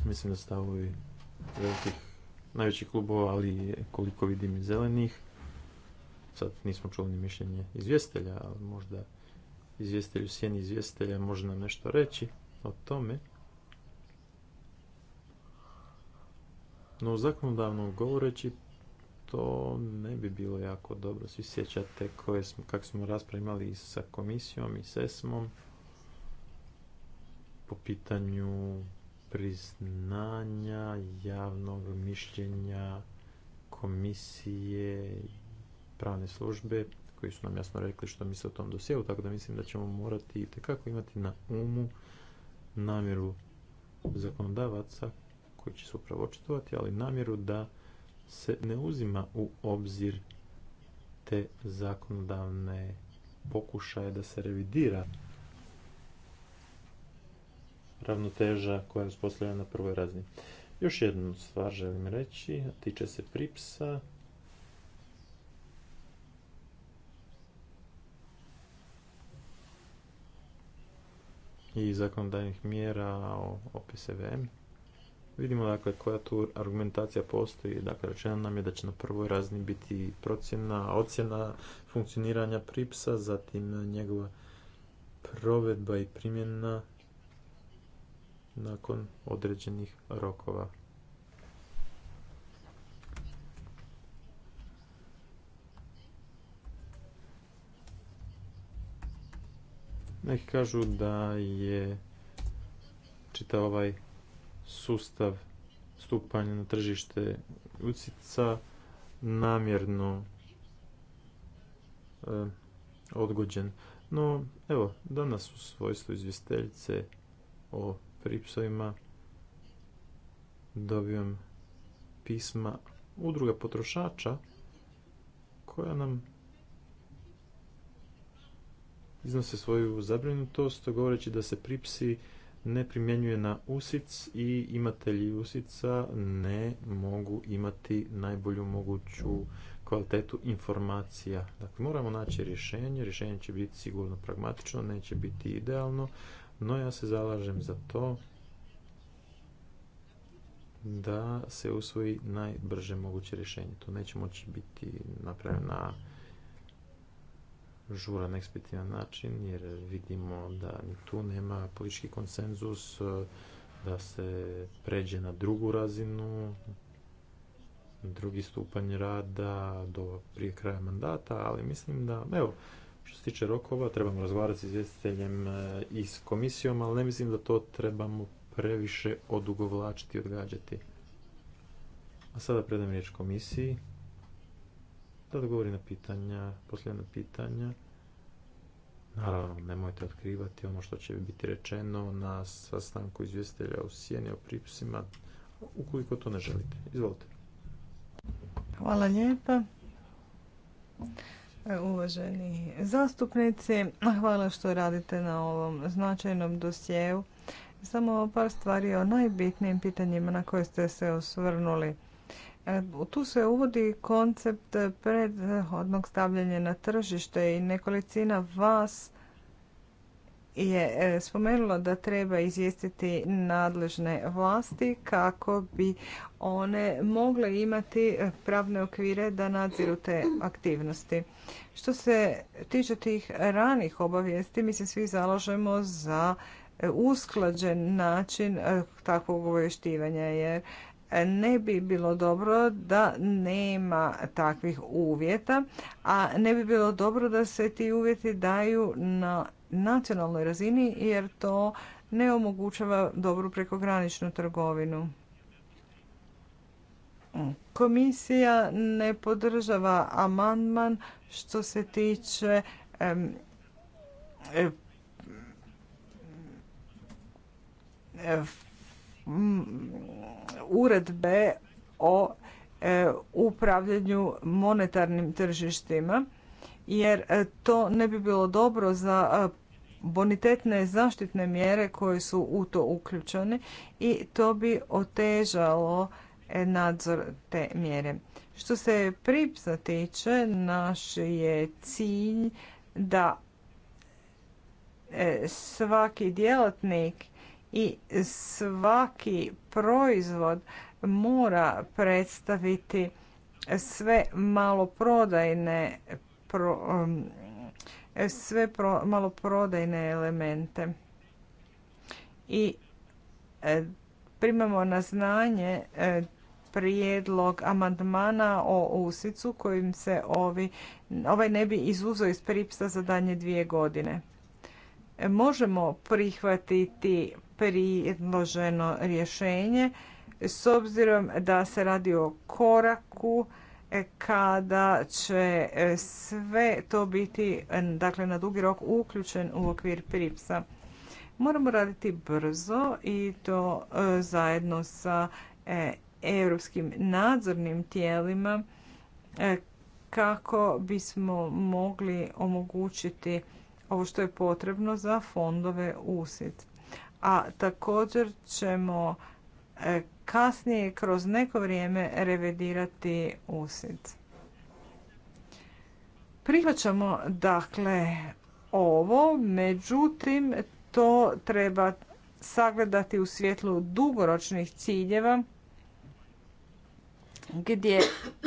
Mislim da stavovi velikih, najvećih klubova, ali koliko vidim i zelenih. Sad nismo čuli ni mišljenje izvjestelja, ali možda izvjestelju sjeni izvjestelja može nam nešto reći o tome. No, zakonodavno govoreći, to ne bi bilo jako dobro. Svi sjećate koje smo, kako smo raspravljali sa komisijom i sesmom po pitanju priznanja javnog mišljenja komisije pravne službe koji su nam jasno rekli što misle o tom dosjeu, tako da mislim da ćemo morati itekako imati na umu namjeru zakonodavaca koji će se upravo očitovati, ali namjeru da se ne uzima u obzir te zakonodavne pokušaje da se revidira ravnoteža koja je uspostavljena na prvoj razini. Još jednu stvar želim reći, tiče se pripsa. i zakonodavnih mjera o PSVM. Vidimo dakle koja tu argumentacija postoji. Dakle, rečeno nam je da će na prvoj razini biti procjena, ocjena funkcioniranja pripsa, zatim njegova provedba i primjena nakon određenih rokova. Neki kažu da je čitav ovaj sustav stupanja na tržište ucica namjerno e, odgođen. No, evo, danas u svojstvu izvjesteljice o pripsovima dobijem pisma udruga potrošača koja nam iznose svoju zabrinutost govoreći da se pripsi ne primjenjuje na usic i imatelji usica ne mogu imati najbolju moguću kvalitetu informacija. Dakle, moramo naći rješenje, rješenje će biti sigurno pragmatično, neće biti idealno, no ja se zalažem za to da se usvoji najbrže moguće rješenje. To neće moći biti na žuran, ekspertivan način, jer vidimo da ni tu nema politički konsenzus, da se pređe na drugu razinu, drugi stupanj rada do prije kraja mandata, ali mislim da, evo, što se tiče rokova, trebamo razgovarati s izvjestiteljem e, i s komisijom, ali ne mislim da to trebamo previše odugovlačiti i odgađati. A sada predam riječ komisiji da odgovori na pitanja, posljedna pitanja. Naravno, nemojte otkrivati ono što će biti rečeno na sastanku izvjestelja u Sijeni o pripisima ukoliko to ne želite. Izvolite. Hvala lijepa. E, uvaženi zastupnici, hvala što radite na ovom značajnom dosjeu. Samo par stvari o najbitnijim pitanjima na koje ste se osvrnuli. E, tu se uvodi koncept prethodnog stavljanja na tržište i nekolicina vas je e, spomenula da treba izvijestiti nadležne vlasti kako bi one mogle imati pravne okvire da nadziru te aktivnosti. Što se tiče tih ranih obavijesti, mi se svi zalažemo za e, usklađen način takvog obavještivanja jer ne bi bilo dobro da nema takvih uvjeta, a ne bi bilo dobro da se ti uvjeti daju na nacionalnoj razini jer to ne omogućava dobru prekograničnu trgovinu. Komisija ne podržava amandman što se tiče uredbe o e, upravljanju monetarnim tržištima jer e, to ne bi bilo dobro za e, bonitetne zaštitne mjere koje su u to uključene i to bi otežalo nadzor te mjere. Što se pripsa tiče, naš je cilj da svaki djelatnik i svaki proizvod mora predstaviti sve maloprodajne um, sve maloprodajne elemente. I e, primamo na znanje e, prijedlog amandmana o usicu kojim se ovi, ovaj ne bi izuzeo iz Pripsa za danje dvije godine. E, možemo prihvatiti predloženo rješenje s obzirom da se radi o koraku e, kada će e, sve to biti e, dakle, na dugi rok uključen u okvir Pripsa. Moramo raditi brzo i to zajedno sa europskim nadzornim tijelima kako bismo mogli omogućiti ovo što je potrebno za fondove USIT a također ćemo e, kasnije kroz neko vrijeme revidirati usid. Prihvaćamo dakle ovo, međutim to treba sagledati u svjetlu dugoročnih ciljeva gdje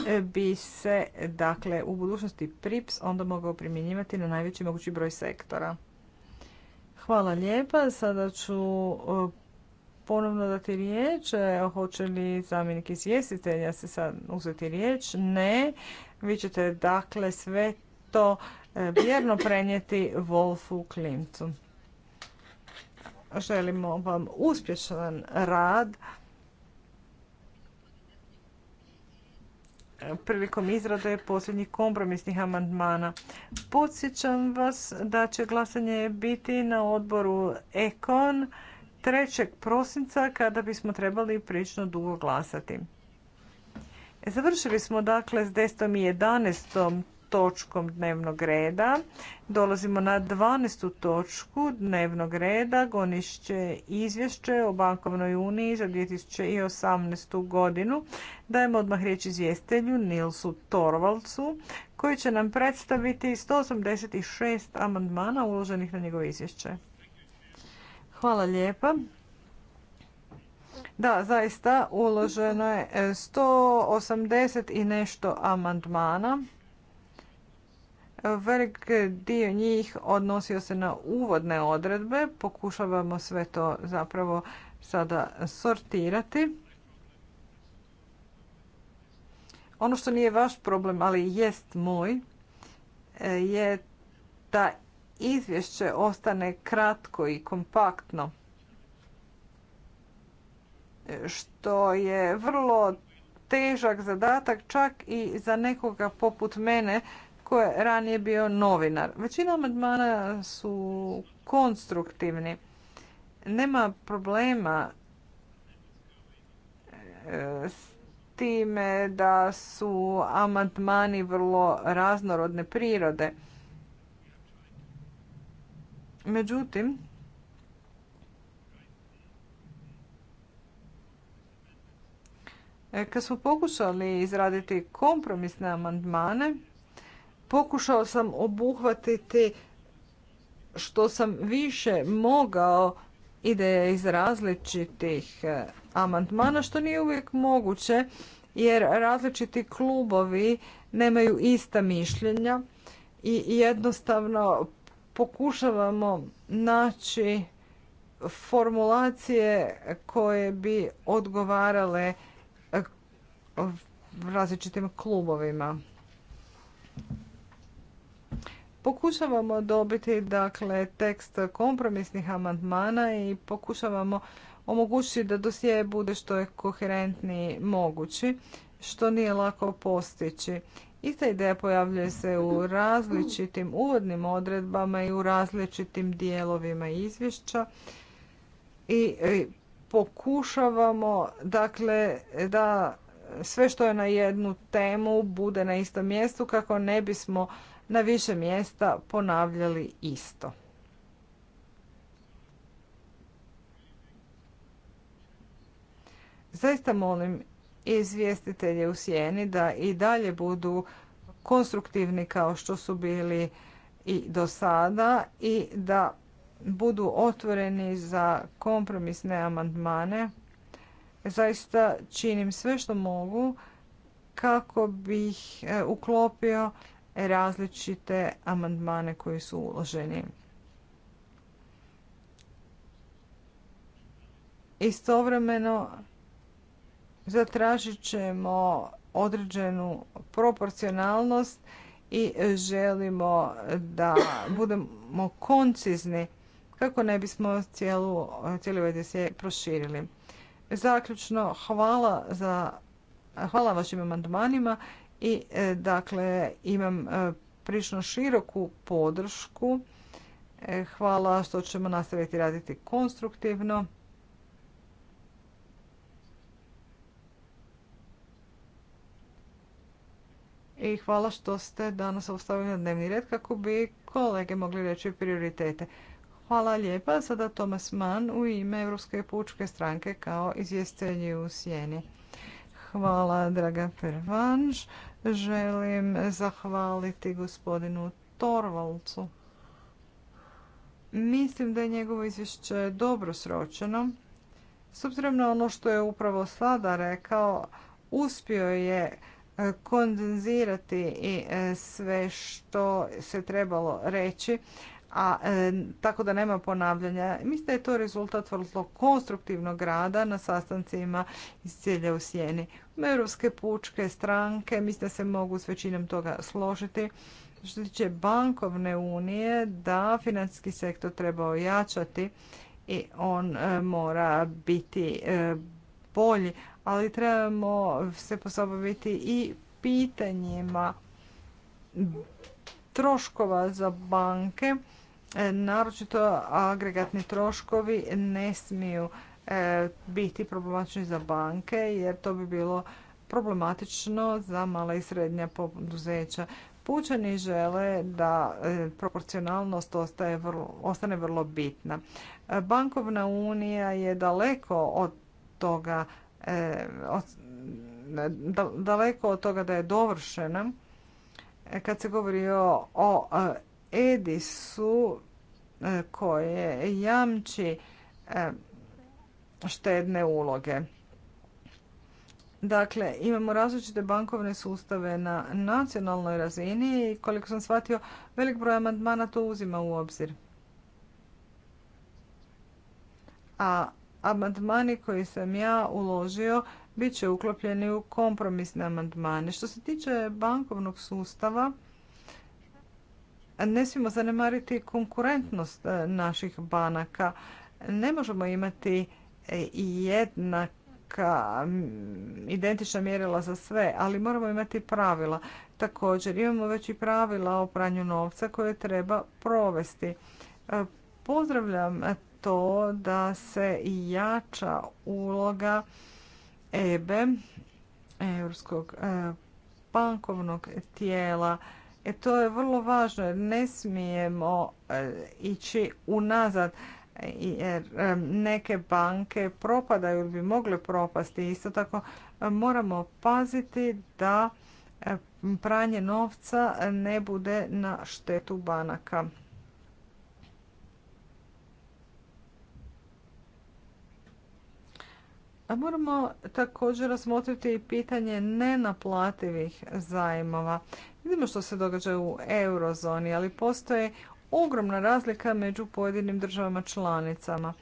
e, bi se dakle u budućnosti PRIPS onda mogao primjenjivati na najveći mogući broj sektora. Hvala lijepa. Sada ću e, ponovno dati riječ. E, hoće li zamjenik izvjestitelja se sad uzeti riječ? Ne. Vi ćete dakle sve to e, vjerno prenijeti Wolfu Klimcu. Želimo vam uspješan rad prilikom izrade posljednjih kompromisnih amandmana. Podsjećam vas da će glasanje biti na odboru Ekon 3. prosinca kada bismo trebali prilično dugo glasati. Završili smo dakle s 10. i 11 točkom dnevnog reda. Dolazimo na 12. točku dnevnog reda, gonišće izvješće o bankovnoj uniji za 2018. godinu. Dajemo odmah riječ izvjestelju Nilsu Torvalcu koji će nam predstaviti 186 amandmana uloženih na njegovo izvješće. Hvala lijepa. Da, zaista uloženo je 180 i nešto amandmana. Velik dio njih odnosio se na uvodne odredbe. Pokušavamo sve to zapravo sada sortirati. Ono što nije vaš problem, ali jest moj, e, je da izvješće ostane kratko i kompaktno, što je vrlo težak zadatak čak i za nekoga poput mene je ranije bio novinar. Većina amandmana su konstruktivni. Nema problema e, s time da su amandmani vrlo raznorodne prirode. Međutim, e, kad smo pokušali izraditi kompromisne amandmane, Pokušao sam obuhvatiti što sam više mogao ideje iz različitih e, amandmana, što nije uvijek moguće jer različiti klubovi nemaju ista mišljenja i jednostavno pokušavamo naći formulacije koje bi odgovarale e, različitim klubovima. Pokušavamo dobiti dakle tekst kompromisnih amandmana i pokušavamo omogućiti da dosije bude što je koherentniji mogući, što nije lako postići. Ista ideja pojavljuje se u različitim uvodnim odredbama i u različitim dijelovima izvješća i pokušavamo dakle da sve što je na jednu temu bude na istom mjestu kako ne bismo na više mjesta ponavljali isto. Zaista molim izvjestitelje u sjeni da i dalje budu konstruktivni kao što su bili i do sada i da budu otvoreni za kompromisne amandmane. Zaista činim sve što mogu kako bih e, uklopio različite amandmane koji su uloženi. Istovremeno zatražit ćemo određenu proporcionalnost i želimo da budemo koncizni kako ne bismo cijelu, cijeli ovaj proširili. Zaključno, hvala za Hvala vašim amandmanima i e, dakle imam e, prilično široku podršku. E, hvala što ćemo nastaviti raditi konstruktivno. I hvala što ste danas ostavili na dnevni red kako bi kolege mogli reći prioritete. Hvala lijepa. Sada Tomas Mann u ime Europske pučke stranke kao izvjestitelji u Sjeni. Hvala, draga Pervanž. Želim zahvaliti gospodinu Torvalcu. Mislim da je njegovo izvješće dobro sročeno. S obzirom na ono što je upravo sada rekao, uspio je e, kondenzirati e, sve što se trebalo reći a e, tako da nema ponavljanja. Mislim da je to rezultat vrlo konstruktivnog rada na sastancima iz cijelja u sjeni. Europske pučke stranke mislim da se mogu s većinom toga složiti. Što se tiče bankovne unije, da financijski sektor treba ojačati i on e, mora biti e, bolji, ali trebamo se posobaviti i pitanjima troškova za banke E, naročito agregatni troškovi ne smiju e, biti problematični za banke jer to bi bilo problematično za mala i srednja poduzeća. Pućani žele da e, proporcionalnost ostane vrlo bitna. Bankovna unija je daleko od toga daleko od toga da je dovršena kad se govori o su e, koje jamči e, štedne uloge. Dakle, imamo različite bankovne sustave na nacionalnoj razini i koliko sam shvatio, velik broj amandmana to uzima u obzir. A amandmani koji sam ja uložio bit će uklopljeni u kompromisne amandmane. Što se tiče bankovnog sustava, ne smijemo zanemariti konkurentnost e, naših banaka. Ne možemo imati e, jednaka, identična mjerila za sve, ali moramo imati pravila. Također imamo već i pravila o pranju novca koje treba provesti. E, pozdravljam to da se jača uloga EBE, Europskog bankovnog tijela E, to je vrlo važno jer ne smijemo e, ići unazad jer e, neke banke propadaju ili bi mogle propasti. Isto tako moramo paziti da pranje novca ne bude na štetu banaka. Moramo također razmotriti i pitanje nenaplativih zajmova. Vidimo što se događa u eurozoni, ali postoje ogromna razlika među pojedinim državama članicama.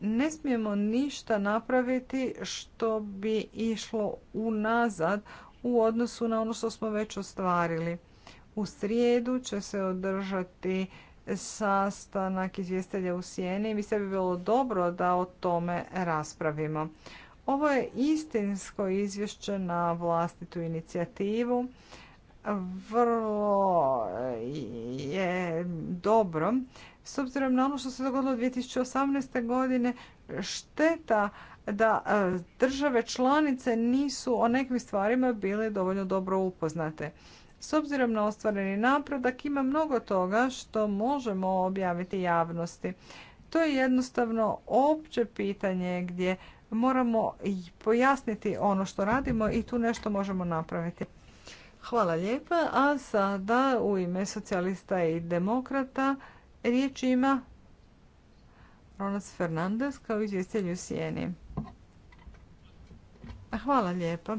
Ne smijemo ništa napraviti što bi išlo unazad u odnosu na ono što smo već ostvarili. U srijedu će se održati sastanak izvjestelja u sjeni i se bi bilo dobro da o tome raspravimo. Ovo je istinsko izvješće na vlastitu inicijativu vrlo eh, je dobro. S obzirom na ono što se dogodilo 2018. godine, šteta da eh, države članice nisu o nekim stvarima bile dovoljno dobro upoznate. S obzirom na ostvareni napredak ima mnogo toga što možemo objaviti javnosti. To je jednostavno opće pitanje gdje moramo pojasniti ono što radimo i tu nešto možemo napraviti. Hvala lijepa. A sada u ime socijalista i demokrata riječ ima Ronas Fernandez kao izvjestelj u Sijeni. Hvala lijepa.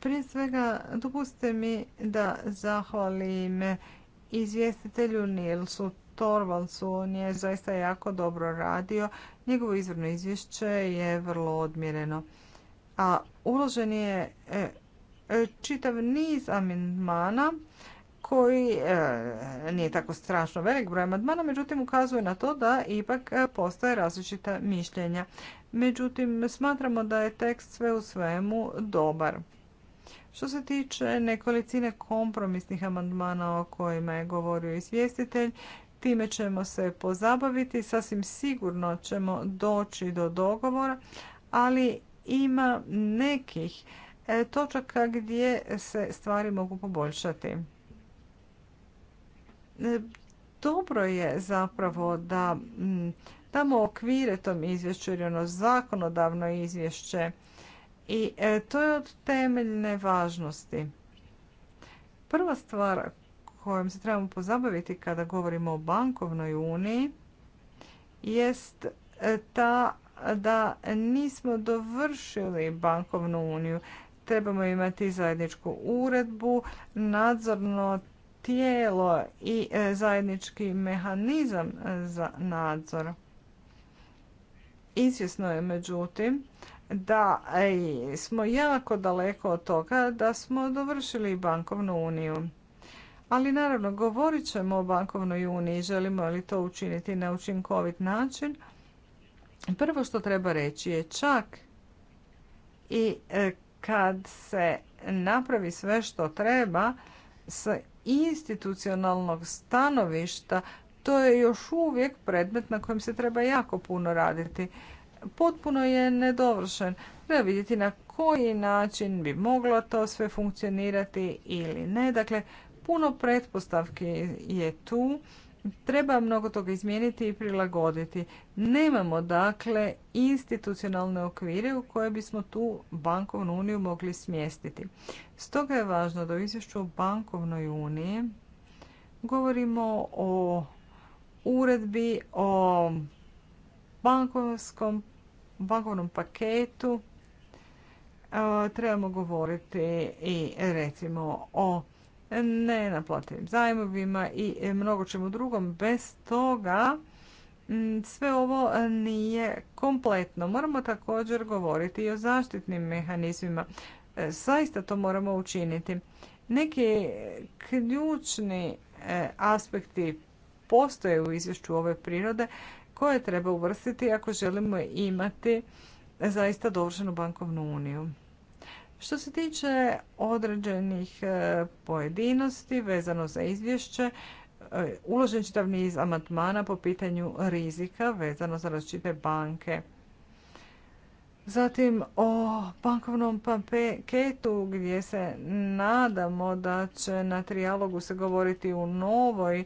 Prije svega, dopustite mi da zahvalim izvjestitelju Nilsu Torvalsu. On je zaista jako dobro radio. Njegovo izvrno izvješće je vrlo odmjereno a uložen je e, e, čitav niz amandmana koji e, nije tako strašno velik broj amandmana, međutim ukazuje na to da ipak postoje različita mišljenja. Međutim, smatramo da je tekst sve u svemu dobar. Što se tiče nekolicine kompromisnih amandmana o kojima je govorio izvjestitelj, time ćemo se pozabaviti, sasvim sigurno ćemo doći do dogovora, ali ima nekih e, točaka gdje se stvari mogu poboljšati. E, dobro je zapravo da damo okvire tom izvješću jer ono zakonodavno izvješće i e, to je od temeljne važnosti. Prva stvar kojom se trebamo pozabaviti kada govorimo o bankovnoj uniji jest ta da nismo dovršili bankovnu uniju. Trebamo imati zajedničku uredbu, nadzorno tijelo i e, zajednički mehanizam za nadzor. Izvjesno je međutim da smo jako daleko od toga da smo dovršili bankovnu uniju. Ali naravno govorit ćemo o bankovnoj uniji, želimo li to učiniti na učinkovit način Prvo što treba reći je čak i e, kad se napravi sve što treba s institucionalnog stanovišta, to je još uvijek predmet na kojem se treba jako puno raditi. Potpuno je nedovršen. Treba vidjeti na koji način bi moglo to sve funkcionirati ili ne. Dakle, puno pretpostavki je tu Treba mnogo toga izmijeniti i prilagoditi. Nemamo dakle institucionalne okvire u koje bismo tu bankovnu uniju mogli smjestiti. Stoga je važno da u izvješću o bankovnoj uniji govorimo o uredbi o bankovskom, bankovnom paketu. E, trebamo govoriti i recimo o ne naplativim zajmovima i e, mnogo čemu drugom. Bez toga sve ovo nije kompletno. Moramo također govoriti i o zaštitnim mehanizmima. E, zaista to moramo učiniti. Neki ključni e, aspekti postoje u izvješću ove prirode koje treba uvrstiti ako želimo imati zaista dovršenu bankovnu uniju. Što se tiče određenih e, pojedinosti vezano za izvješće, e, uložen čitav niz amandmana po pitanju rizika vezano za različite banke. Zatim o bankovnom paketu gdje se nadamo da će na trijalogu se govoriti u novoj e,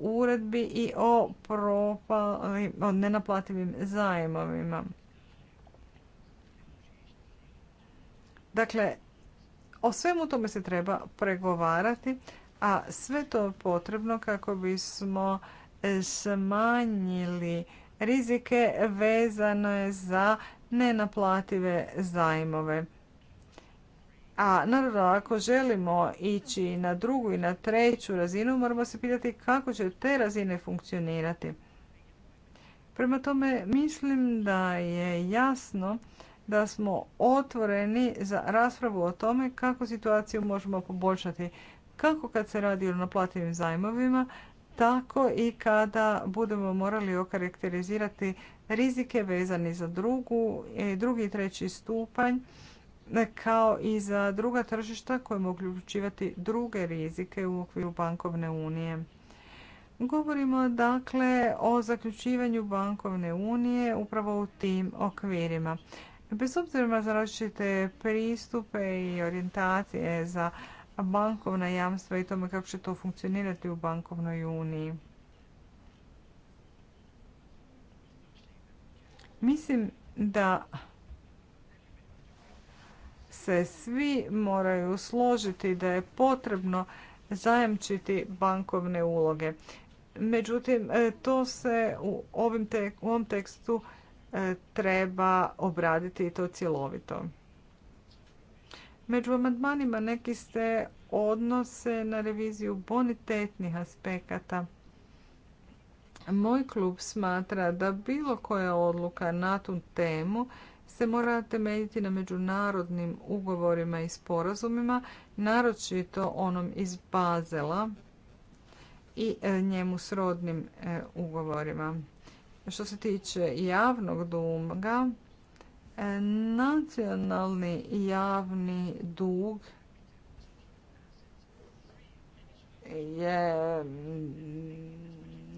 uredbi i o, o nenaplativim zajmovima. Dakle, o svemu tome se treba pregovarati, a sve to je potrebno kako bismo smanjili rizike vezane za nenaplative zajmove. A naravno, ako želimo ići na drugu i na treću razinu, moramo se pitati kako će te razine funkcionirati. Prema tome, mislim da je jasno da smo otvoreni za raspravu o tome kako situaciju možemo poboljšati. Kako kad se radi o naplativim zajmovima, tako i kada budemo morali okarakterizirati rizike vezani za drugu, e, drugi i treći stupanj, e, kao i za druga tržišta koje mogu uključivati druge rizike u okviru bankovne unije. Govorimo dakle o zaključivanju bankovne unije upravo u tim okvirima. Bez obzira na različite pristupe i orijentacije za bankovna jamstva i tome kako će to funkcionirati u bankovnoj uniji. Mislim da se svi moraju složiti da je potrebno zajamčiti bankovne uloge. Međutim, to se u, u ovom tekstu treba obraditi i to cjelovito. Među amandmanima neki ste odnose na reviziju bonitetnih aspekata. Moj klub smatra da bilo koja odluka na tu temu se mora temeljiti na međunarodnim ugovorima i sporazumima, naročito onom iz Bazela i e, njemu srodnim e, ugovorima. Što se tiče javnog duga, e, nacionalni javni dug je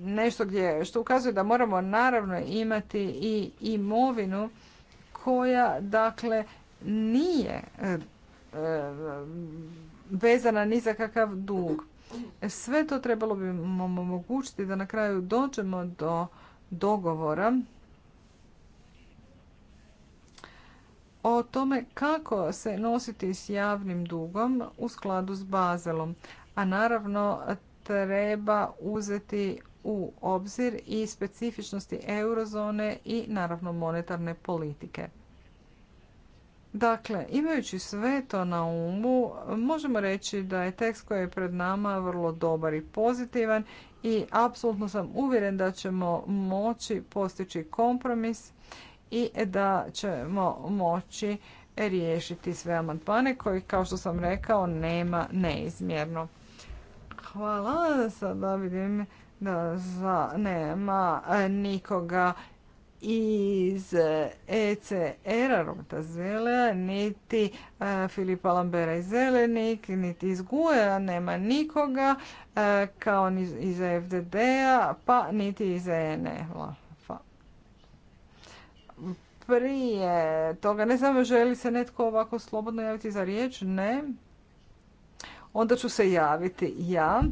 nešto gdje, što ukazuje da moramo naravno imati i imovinu koja dakle nije e, e, vezana ni za kakav dug. Sve to trebalo bi omogućiti da na kraju dođemo do dogovora o tome kako se nositi s javnim dugom u skladu s Bazelom, a naravno treba uzeti u obzir i specifičnosti eurozone i naravno monetarne politike. Dakle, imajući sve to na umu, možemo reći da je tekst koji je pred nama vrlo dobar i pozitivan i apsolutno sam uvjeren da ćemo moći postići kompromis i da ćemo moći riješiti sve amandmane koji, kao što sam rekao, nema neizmjerno. Hvala, sada vidim da za, nema nikoga iz ECR-a e niti e, Filipa Lambera iz Zelenik, niti iz nema nikoga, e, kao ni iz FDD-a, pa niti iz ENE. Prije toga, ne znam, želi se netko ovako slobodno javiti za riječ? Ne. Onda ću se javiti ja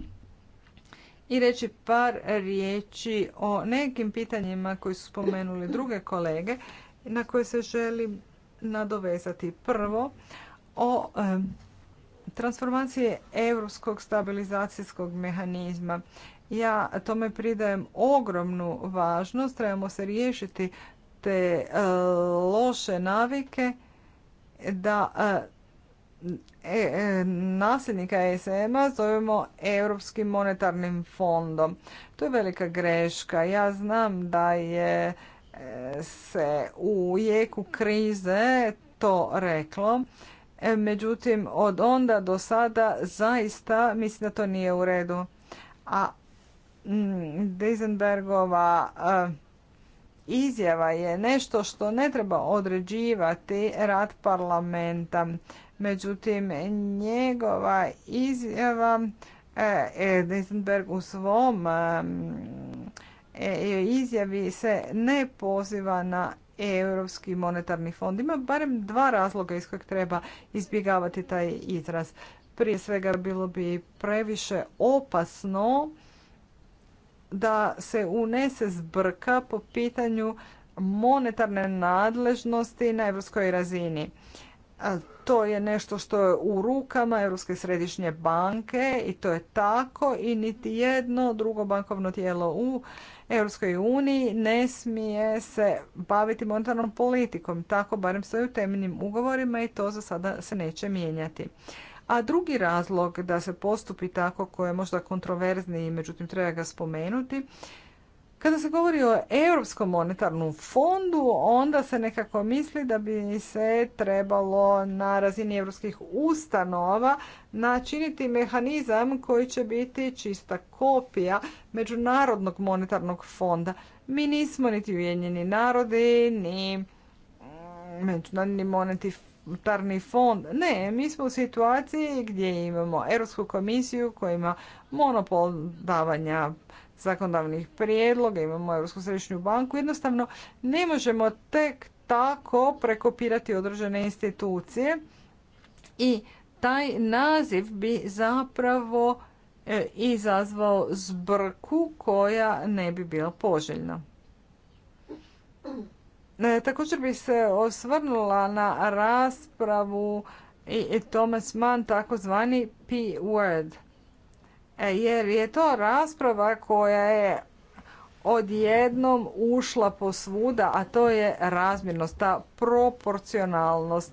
i reći par riječi o nekim pitanjima koji su spomenuli druge kolege na koje se želim nadovezati. Prvo, o transformaciji europskog stabilizacijskog mehanizma. Ja tome pridajem ogromnu važnost, trebamo se riješiti te e, loše navike da e, E, e, nasljednika esm zovemo Europskim monetarnim fondom. To je velika greška. Ja znam da je e, se u jeku krize to reklo. Međutim, od onda do sada zaista mislim da to nije u redu. A mm, Disenbergova izjava je nešto što ne treba određivati rad parlamenta. Međutim, njegova izjava Eisenberg u svom e, izjavi se ne poziva na Europski monetarni fond. Ima barem dva razloga iz kojeg treba izbjegavati taj izraz. Prije svega bilo bi previše opasno da se unese zbrka po pitanju monetarne nadležnosti na europskoj razini. To je nešto što je u rukama Europske središnje banke i to je tako i niti jedno drugo bankovno tijelo u Europskoj uniji ne smije se baviti monetarnom politikom. Tako barem stoji u temeljnim ugovorima i to za sada se neće mijenjati. A drugi razlog da se postupi tako koji je možda kontroverzniji, međutim treba ga spomenuti, kada se govori o Europskom monetarnom fondu, onda se nekako misli da bi se trebalo na razini europskih ustanova načiniti mehanizam koji će biti čista kopija Međunarodnog monetarnog fonda. Mi nismo niti Ujedinjeni narodi, ni mm, Međunarodni monetarni fond. Ne, mi smo u situaciji gdje imamo Europsku komisiju koja ima monopol davanja zakonodavnih prijedloga, imamo Europsku središnju banku, jednostavno ne možemo tek tako prekopirati određene institucije i taj naziv bi zapravo e, izazvao zbrku koja ne bi bila poželjna. E, također bi se osvrnula na raspravu i Thomas Mann takozvani P-word. E, jer je to rasprava koja je odjednom ušla po svuda, a to je razmjernost, ta proporcionalnost.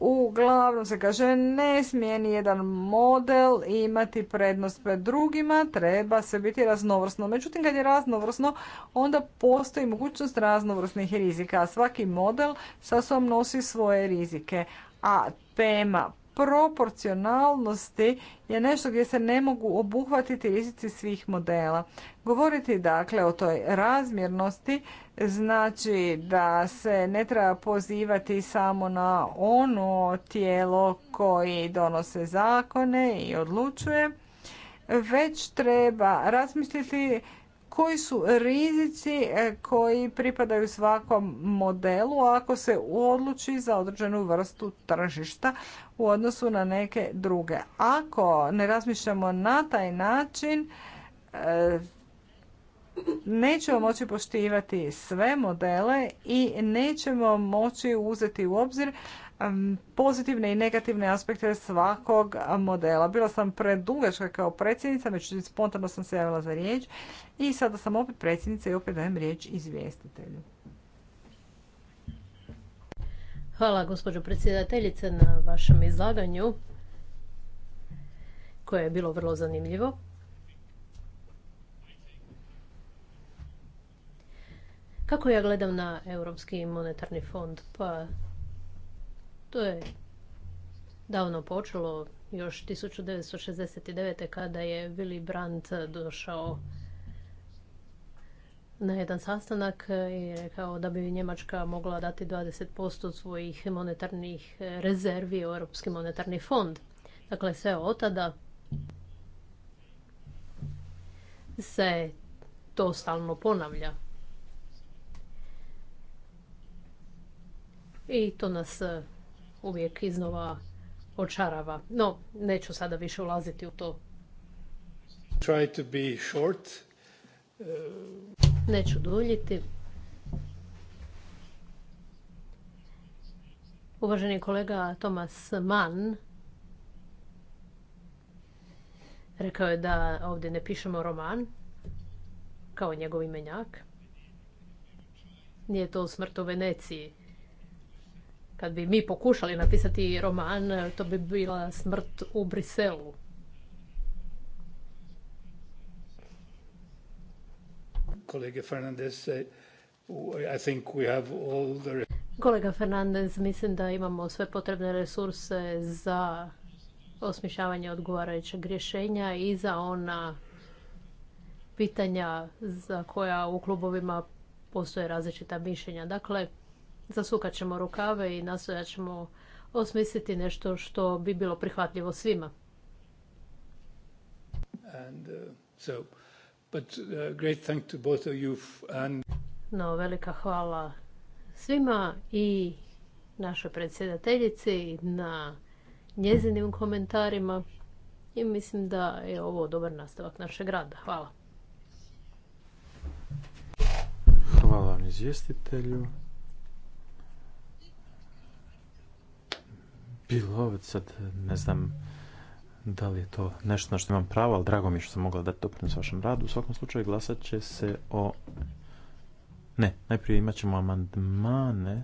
Uglavnom se kaže ne smije ni jedan model imati prednost pred drugima, treba se biti raznovrsno. Međutim, kad je raznovrsno, onda postoji mogućnost raznovrsnih rizika, a svaki model sa nosi svoje rizike. A tema proporcionalnosti je nešto gdje se ne mogu obuhvatiti rizici svih modela. Govoriti dakle o toj razmjernosti znači da se ne treba pozivati samo na ono tijelo koji donose zakone i odlučuje, već treba razmisliti koji su rizici e, koji pripadaju svakom modelu ako se odluči za određenu vrstu tržišta u odnosu na neke druge. Ako ne razmišljamo na taj način, e, nećemo moći poštivati sve modele i nećemo moći uzeti u obzir pozitivne i negativne aspekte svakog modela. Bila sam predugačka kao predsjednica, međutim spontano sam se javila za riječ i sada sam opet predsjednica i opet dajem riječ izvjestitelju. Hvala gospođo predsjedateljice na vašem izlaganju koje je bilo vrlo zanimljivo. Kako ja gledam na Europski monetarni fond? Pa to je davno počelo, još 1969. kada je Willy Brandt došao na jedan sastanak i rekao da bi Njemačka mogla dati 20% svojih monetarnih rezervi u Europski monetarni fond. Dakle, sve od tada se to stalno ponavlja. I to nas uvijek iznova očarava. No, neću sada više ulaziti u to. Try to be short. Neću duljiti. Uvaženi kolega Tomas Mann rekao je da ovdje ne pišemo roman, kao njegov imenjak. Nije to smrt u Veneciji kad bi mi pokušali napisati roman, to bi bila smrt u Briselu. Kolega Fernandez, I think we have all the... Kolega Fernandez, mislim da imamo sve potrebne resurse za osmišljavanje odgovarajućeg rješenja i za ona pitanja za koja u klubovima postoje različita mišljenja. Dakle, Zasukat ćemo rukave i nastojat ćemo osmisliti nešto što bi bilo prihvatljivo svima. And, No, velika hvala svima i našoj predsjedateljici na njezinim komentarima i mislim da je ovo dobar nastavak našeg rada. Hvala. Hvala vam izvjestitelju. pilot, sad ne znam da li je to nešto na što imam pravo, ali drago mi je što sam mogla dati doprinos vašem radu. U svakom slučaju glasat će se o... Ne, najprije imat ćemo amandmane,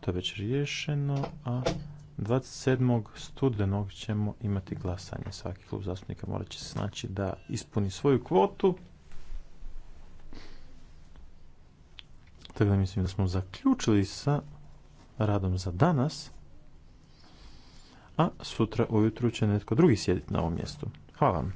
to je već riješeno, a 27. studenog ćemo imati glasanje. Svaki klub zastupnika morat će se snaći da ispuni svoju kvotu. Tako da mislim da smo zaključili sa radom za danas a sutra ujutru će netko drugi sjediti na ovom mjestu. Hvala vam.